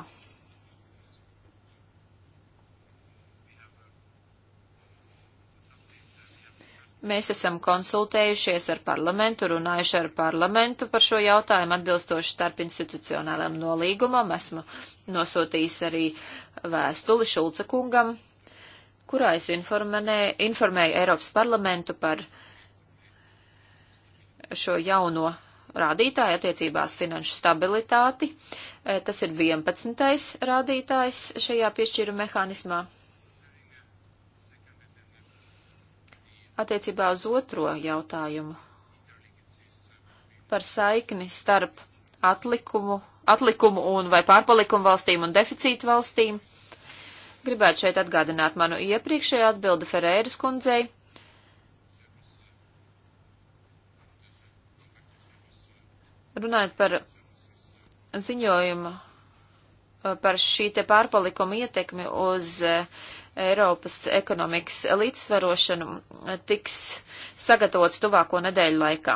Mēs esam konsultējušies ar parlamentu, runājuši ar parlamentu par šo jautājumu atbilstoši starp institucionālam nolīgumam. Esmu nosūtījis arī vēstuli Šulca kungam, kurā es informēju Eiropas parlamentu par šo jauno rādītāji attiecībās finanšu stabilitāti. E, tas ir 11. rādītājs šajā piešķīru mehānismā. Attiecībā uz otro jautājumu par saikni starp atlikumu, atlikumu un vai pārpalikumu valstīm un deficītu valstīm. Gribētu šeit atgādināt manu iepriekšējo atbildi Ferēras kundzei Runājot par ziņojumu eh, par šī te pārpalikuma ietekmi uz eh, Eiropas ekonomikas līdzsvarošanu, eh, tiks sagatavots tuvāko nedēļu laikā.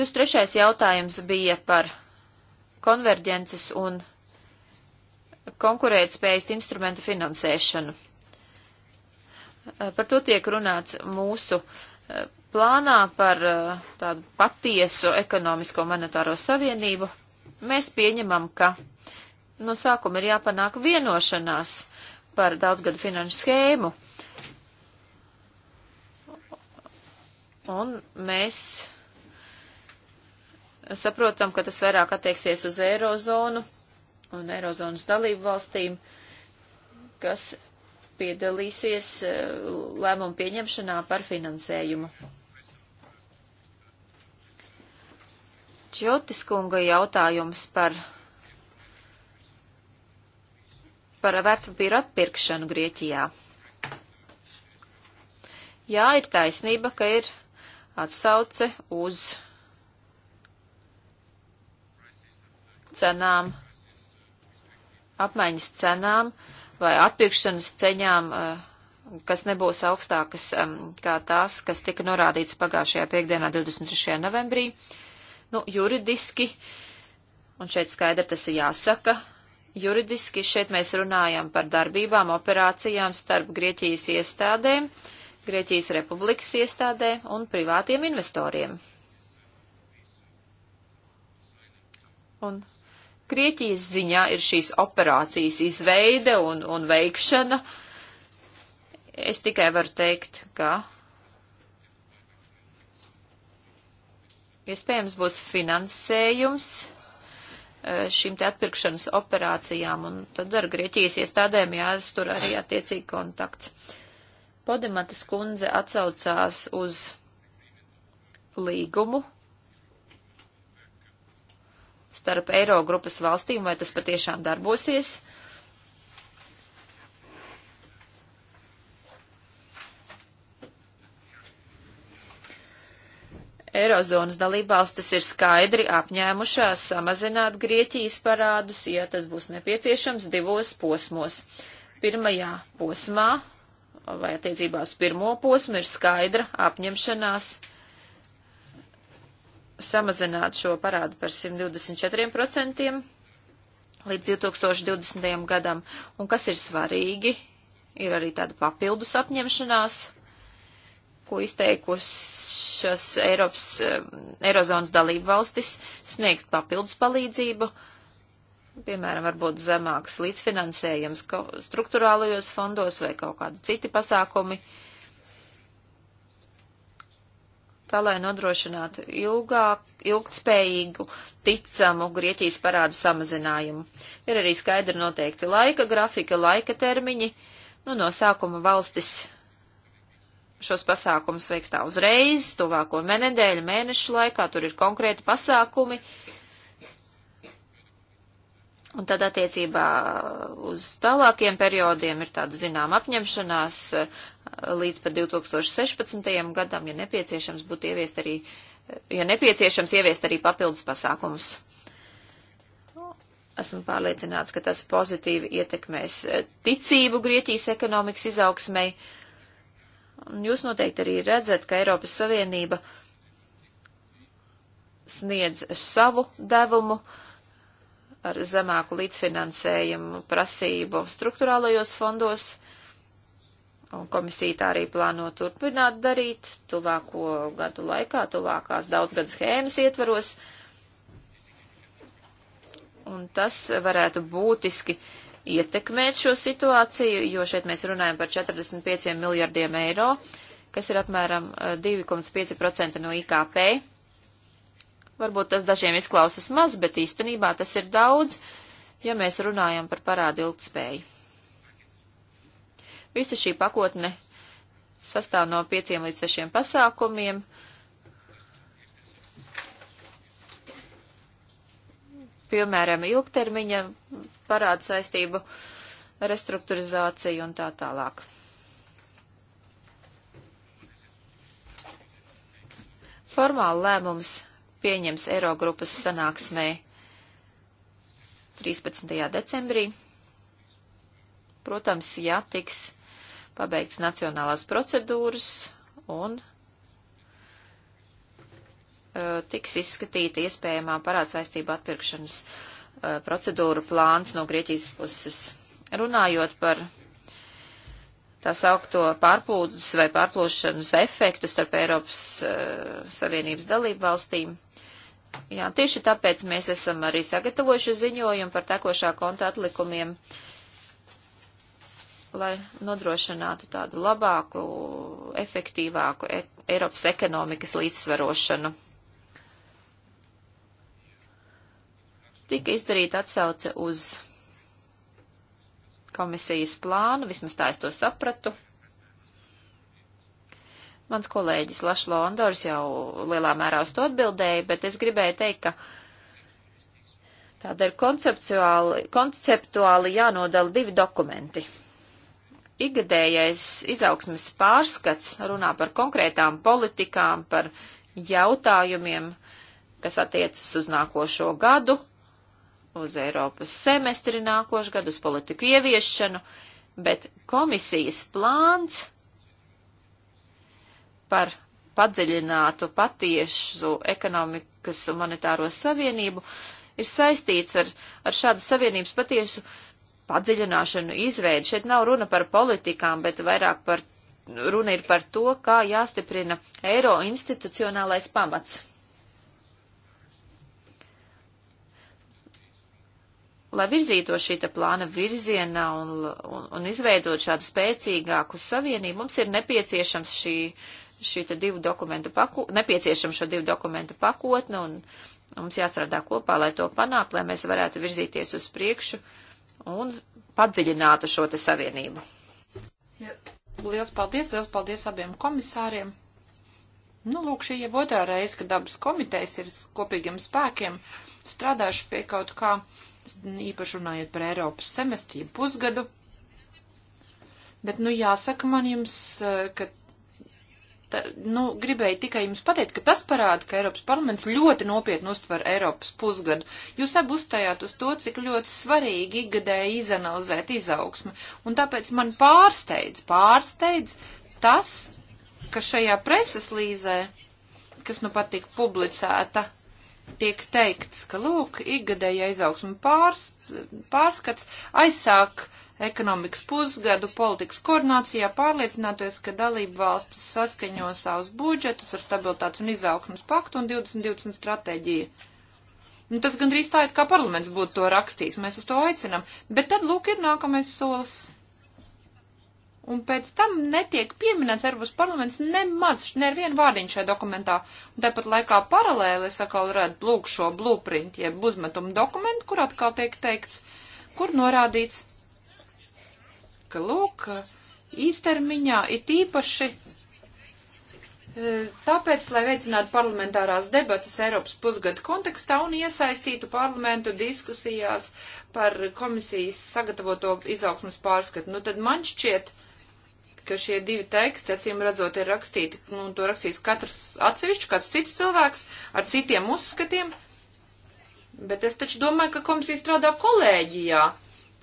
Jūs trešais jautājums bija par konverģences un konkurētspējas instrumentu finansēšanu. Par to tiek runāts mūsu plānā par uh, tādu patiesu ekonomisko monetāro savienību mēs pieņemam, ka no sākuma ir jāpanāk vienošanās par daudzgadu finanšu schēmu. Un mēs saprotam, ka tas vairāk attieksies uz Eirozonu un Eirozonas dalību valstīm, kas piedalīsies uh, lēmumu pieņemšanā par finansējumu. Čotis kunga jautājums par, par vērtspapīru atpirkšanu Grieķijā. Jā, ir taisnība, ka ir atsauce uz cenām, apmaiņas cenām vai atpirkšanas ceņām, eh, kas nebūs augstākas kā tās, kas tika norādītas pagājušajā piekdienā 23. novembrī. Uh, Nu, juridiski, un šeit skaidri tas ir jāsaka, juridiski šeit mēs runājam par darbībām, operācijām starp Grieķijas iestādēm, Grieķijas republikas iestādē un privātiem investoriem. Un Grieķijas ziņā ir šīs operācijas izveide un, un veikšana. Es tikai varu teikt, ka iespējams būs finansējums eh, šīm te atpirkšanas operācijām, un tad ar Grieķijas iestādēm jāiztur arī attiecīgi kontakts. Podematas kundze atsaucās uz līgumu starp Eirogrupas valstīm, vai tas patiešām darbosies. Eirozonas dalībvalstis ir skaidri apņēmušās samazināt Grieķijas parādus, ja tas būs nepieciešams, divos posmos. Pirmajā posmā, vai attiecībā uz pirmo posmu, ir skaidra apņemšanās samazināt šo parādu par 124% līdz 2020. gadam. Un kas ir svarīgi, ir arī tāda papildus apņemšanās ko izteikušas Eiropas, Eirozonas dalību valstis sniegt papildus palīdzību, piemēram, varbūt zemāks līdzfinansējums struktūrālajos fondos vai kaut kādi citi pasākumi, tā lai nodrošinātu ilgāk, ilgtspējīgu, ticamu Grieķijas parādu samazinājumu. Ir arī skaidri noteikti laika grafika, laika termiņi, nu no sākuma valstis šos pasākumus veiks tā uzreiz, tuvāko nedēļu, mēnešu laikā, tur ir konkrēti pasākumi. Un tad attiecībā uz tālākiem periodiem ir tāda zinām apņemšanās līdz pat 2016. gadam, ja nepieciešams būtu ieviest arī, ja nepieciešams ieviest arī papildus pasākumus. Esmu pārliecināts, ka tas pozitīvi ietekmēs ticību Grieķijas ekonomikas izaugsmei. Uh, Un jūs noteikti arī redzat, ka Eiropas Savienība sniedz savu devumu ar zemāku līdzfinansējumu prasību struktūrālajos fondos, un komisija tā arī plāno turpināt darīt tuvāko gadu laikā, tuvākās daudzgadu schēmas ietvaros, un tas varētu būtiski uh, ietekmēt šo situāciju, jo šeit mēs runājam par 45 miljardiem eiro, kas ir apmēram 2,5% eh, no IKP. Varbūt tas dažiem izklausas maz, bet īstenībā tas ir daudz, ja mēs runājam par parādu ilgtspēju. Visa šī pakotne sastāv no pieciem līdz sešiem pasākumiem. Piemēram, ilgtermiņa parāda saistību restruktūrizāciju un tā tālāk. Formāli lēmums pieņems Eirogrupas sanāksmē 13. decembrī. Protams, ja tiks pabeigts nacionālās procedūras un uh, tiks izskatīta iespējamā parādsaistība atpirkšanas uh, Eh, procedūru plāns no Grieķijas puses. Runājot par tā saukto pārplūdes vai pārplūšanas efektu starp Eiropas uh, Savienības dalību valstīm, jā, tieši tāpēc mēs esam arī sagatavojuši ziņojumu par tekošā konta atlikumiem, lai nodrošinātu tādu labāku, efektīvāku e Eiropas ekonomikas līdzsvarošanu. Tika izdarīta atsauce uz komisijas plānu, vismaz tā es to sapratu. Mans kolēģis Lašlo Ondors jau lielā mērā uz to atbildēja, bet es gribēju teikt, ka tāda ir konceptuāli, konceptuāli jānodala divi dokumenti. Igadējais izaugsmes pārskats runā par konkrētām politikām, par jautājumiem, kas attiecas uz nākošo gadu, uz Eiropas semestri nākošu gadu, uz politiku ieviešanu, bet komisijas plāns par padziļinātu patiešu ekonomikas un monetāro savienību ir saistīts ar, ar šādu savienības patiešu padziļināšanu izveidi. Šeit nav runa par politikām, bet vairāk par, runa ir par to, kā jāstiprina eiro institucionālais pamats. Lai virzīto šīta plāna virzienā un, un, un izveidot šādu spēcīgāku savienību, mums ir nepieciešams šī, šī divu dokumentu pako, nepieciešams šo divu dokumentu pakotne un mums jāstrādā kopā, lai to panākt, lai mēs varētu virzīties uz priekšu un padziļinātu šo te savienību. Jā. Liels paldies, liels paldies abiem komisāriem. Nu, lūk, šī jau otrā reize, kad abas komitejas ir kopīgiem spēkiem strādājuši pie kaut kā īpaši runājot par Eiropas semestri pusgadu. Bet, nu, jāsaka man jums, eh, ka, ta, nu, gribēju tikai jums pateikt, ka tas parāda, ka Eiropas parlaments ļoti nopietni uztver Eiropas pusgadu. Jūs abi uzstājāt uz to, cik ļoti svarīgi ikgadēji izanalizēt izaugsmi. Un tāpēc man pārsteidz, pārsteidz tas, ka šajā preses līzē, kas nu pat tika publicēta, tiek teikts, ka lūk, ikgadēja izaugsma pārs, pārskats aizsāk ekonomikas pusgadu politikas koordinācijā pārliecināties, ka dalību valstis saskaņo savus budžetus ar stabilitātes un izaugsmas paktu un 2020 stratēģiju. Nu, tas gandrīz tā, it kā parlaments būtu to rakstījis, mēs uz to aicinam, bet tad lūk ir nākamais solis. Un pēc tam netiek pieminēts Eiropas parlaments nemaz, nevienu vārdiņu šajā dokumentā. Un tāpat laikā paralēli es atkal redzu lūk šo blueprint, jeb uzmetumu dokumentu, kur atkal tiek teikts, kur norādīts, ka lūk, īstermiņā it īpaši e, Tāpēc, lai veicinātu parlamentārās debatas Eiropas pusgada kontekstā un iesaistītu parlamentu diskusijās par komisijas sagatavoto izaugsmas pārskatu, nu tad man šķiet, uh, ka šie divi teksti, acīm redzot, ir rakstīti, nu, to rakstīs katrs atsevišķi, kāds cits cilvēks ar citiem uzskatiem, bet es taču domāju, ka komisija strādā kolēģijā.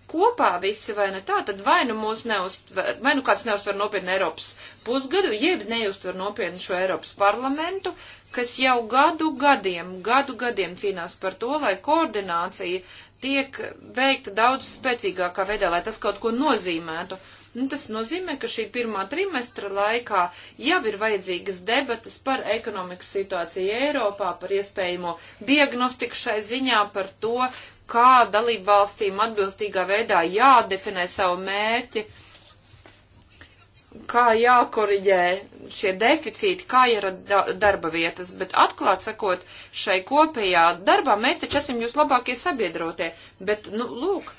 Kopā visi vai ne tā, tad vai nu mūs neuztver, vai nu kāds neuztver nopietni Eiropas pusgadu, jeb neuztver nopietni šo Eiropas parlamentu, kas jau gadu gadiem, gadu gadiem cīnās par to, lai koordinācija tiek veikta daudz spēcīgākā veidā, lai tas kaut ko nozīmētu. Uh, Nu, tas nozīmē, ka šī pirmā trimestra laikā jau ir vajadzīgas debatas par ekonomikas situāciju Eiropā, par iespējamo diagnostiku šai ziņā, par to, kā dalību valstīm atbilstīgā veidā jādefinē savu mērķi kā jākoriģē šie deficīti, kā ir darba vietas, bet atklāt sakot, šai kopējā darbā mēs taču esam jūs labākie sabiedrotie, bet, nu, lūk,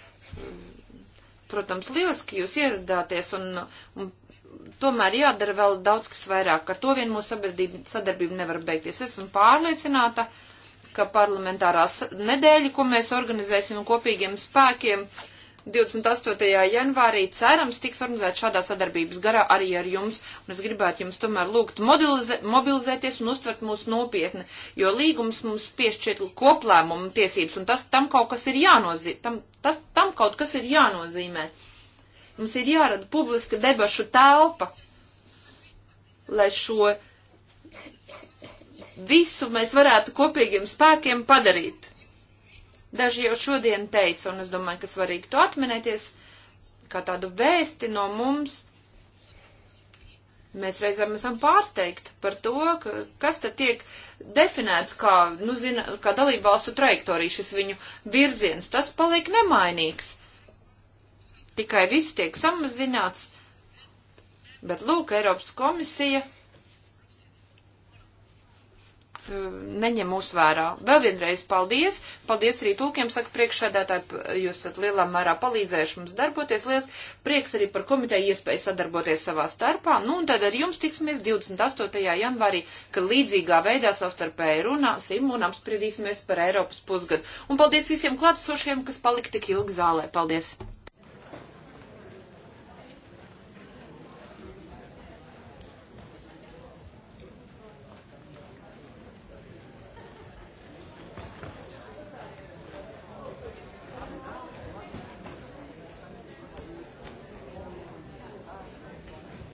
Protams, lieliski jūs ieradāties un, un tomēr jādara vēl daudz kas vairāk. Ar to vien mūsu sadarbība nevar beigties. Esmu pārliecināta, ka parlamentārās nedēļa, ko mēs organizēsim kopīgiem spēkiem, uh, 28. janvārī cerams tiks organizēt šādā sadarbības garā arī ar jums, un es gribētu jums tomēr lūgt mobilizēties un uztvert mūs nopietni, jo līgums mums piešķiet koplēmumu tiesības, un tas tam kaut kas ir jānozīmē, tam, tas, tam kaut kas ir jānozīmē. Mums ir jārada publiska debašu telpa, lai šo visu mēs varētu kopīgiem spēkiem padarīt. Daži jau šodien teica, un es domāju, ka svarīgi to atminēties, kā tādu vēsti no mums. Mēs reizēm esam pārsteigti par to, ka, kas tad tiek definēts kā, nu, zina, kā dalību valstu trajektorija, šis viņu virziens, tas paliek nemainīgs. Tikai viss tiek samazināts, bet lūk, Eiropas komisija Eh, neņem mūs vērā. Vēl vienreiz paldies, paldies arī tūkiem, saka priekšsēdētāji, jūs esat lielā mērā palīdzējuši mums darboties, liels prieks arī par komiteju iespēju sadarboties savā starpā, nu un tad ar jums tiksimies 28. janvārī, kad līdzīgā veidā savstarpēji runāsim un apspriedīsimies par Eiropas pusgadu. Un paldies visiem klātsošiem, kas palika tik ilgi zālē. Paldies!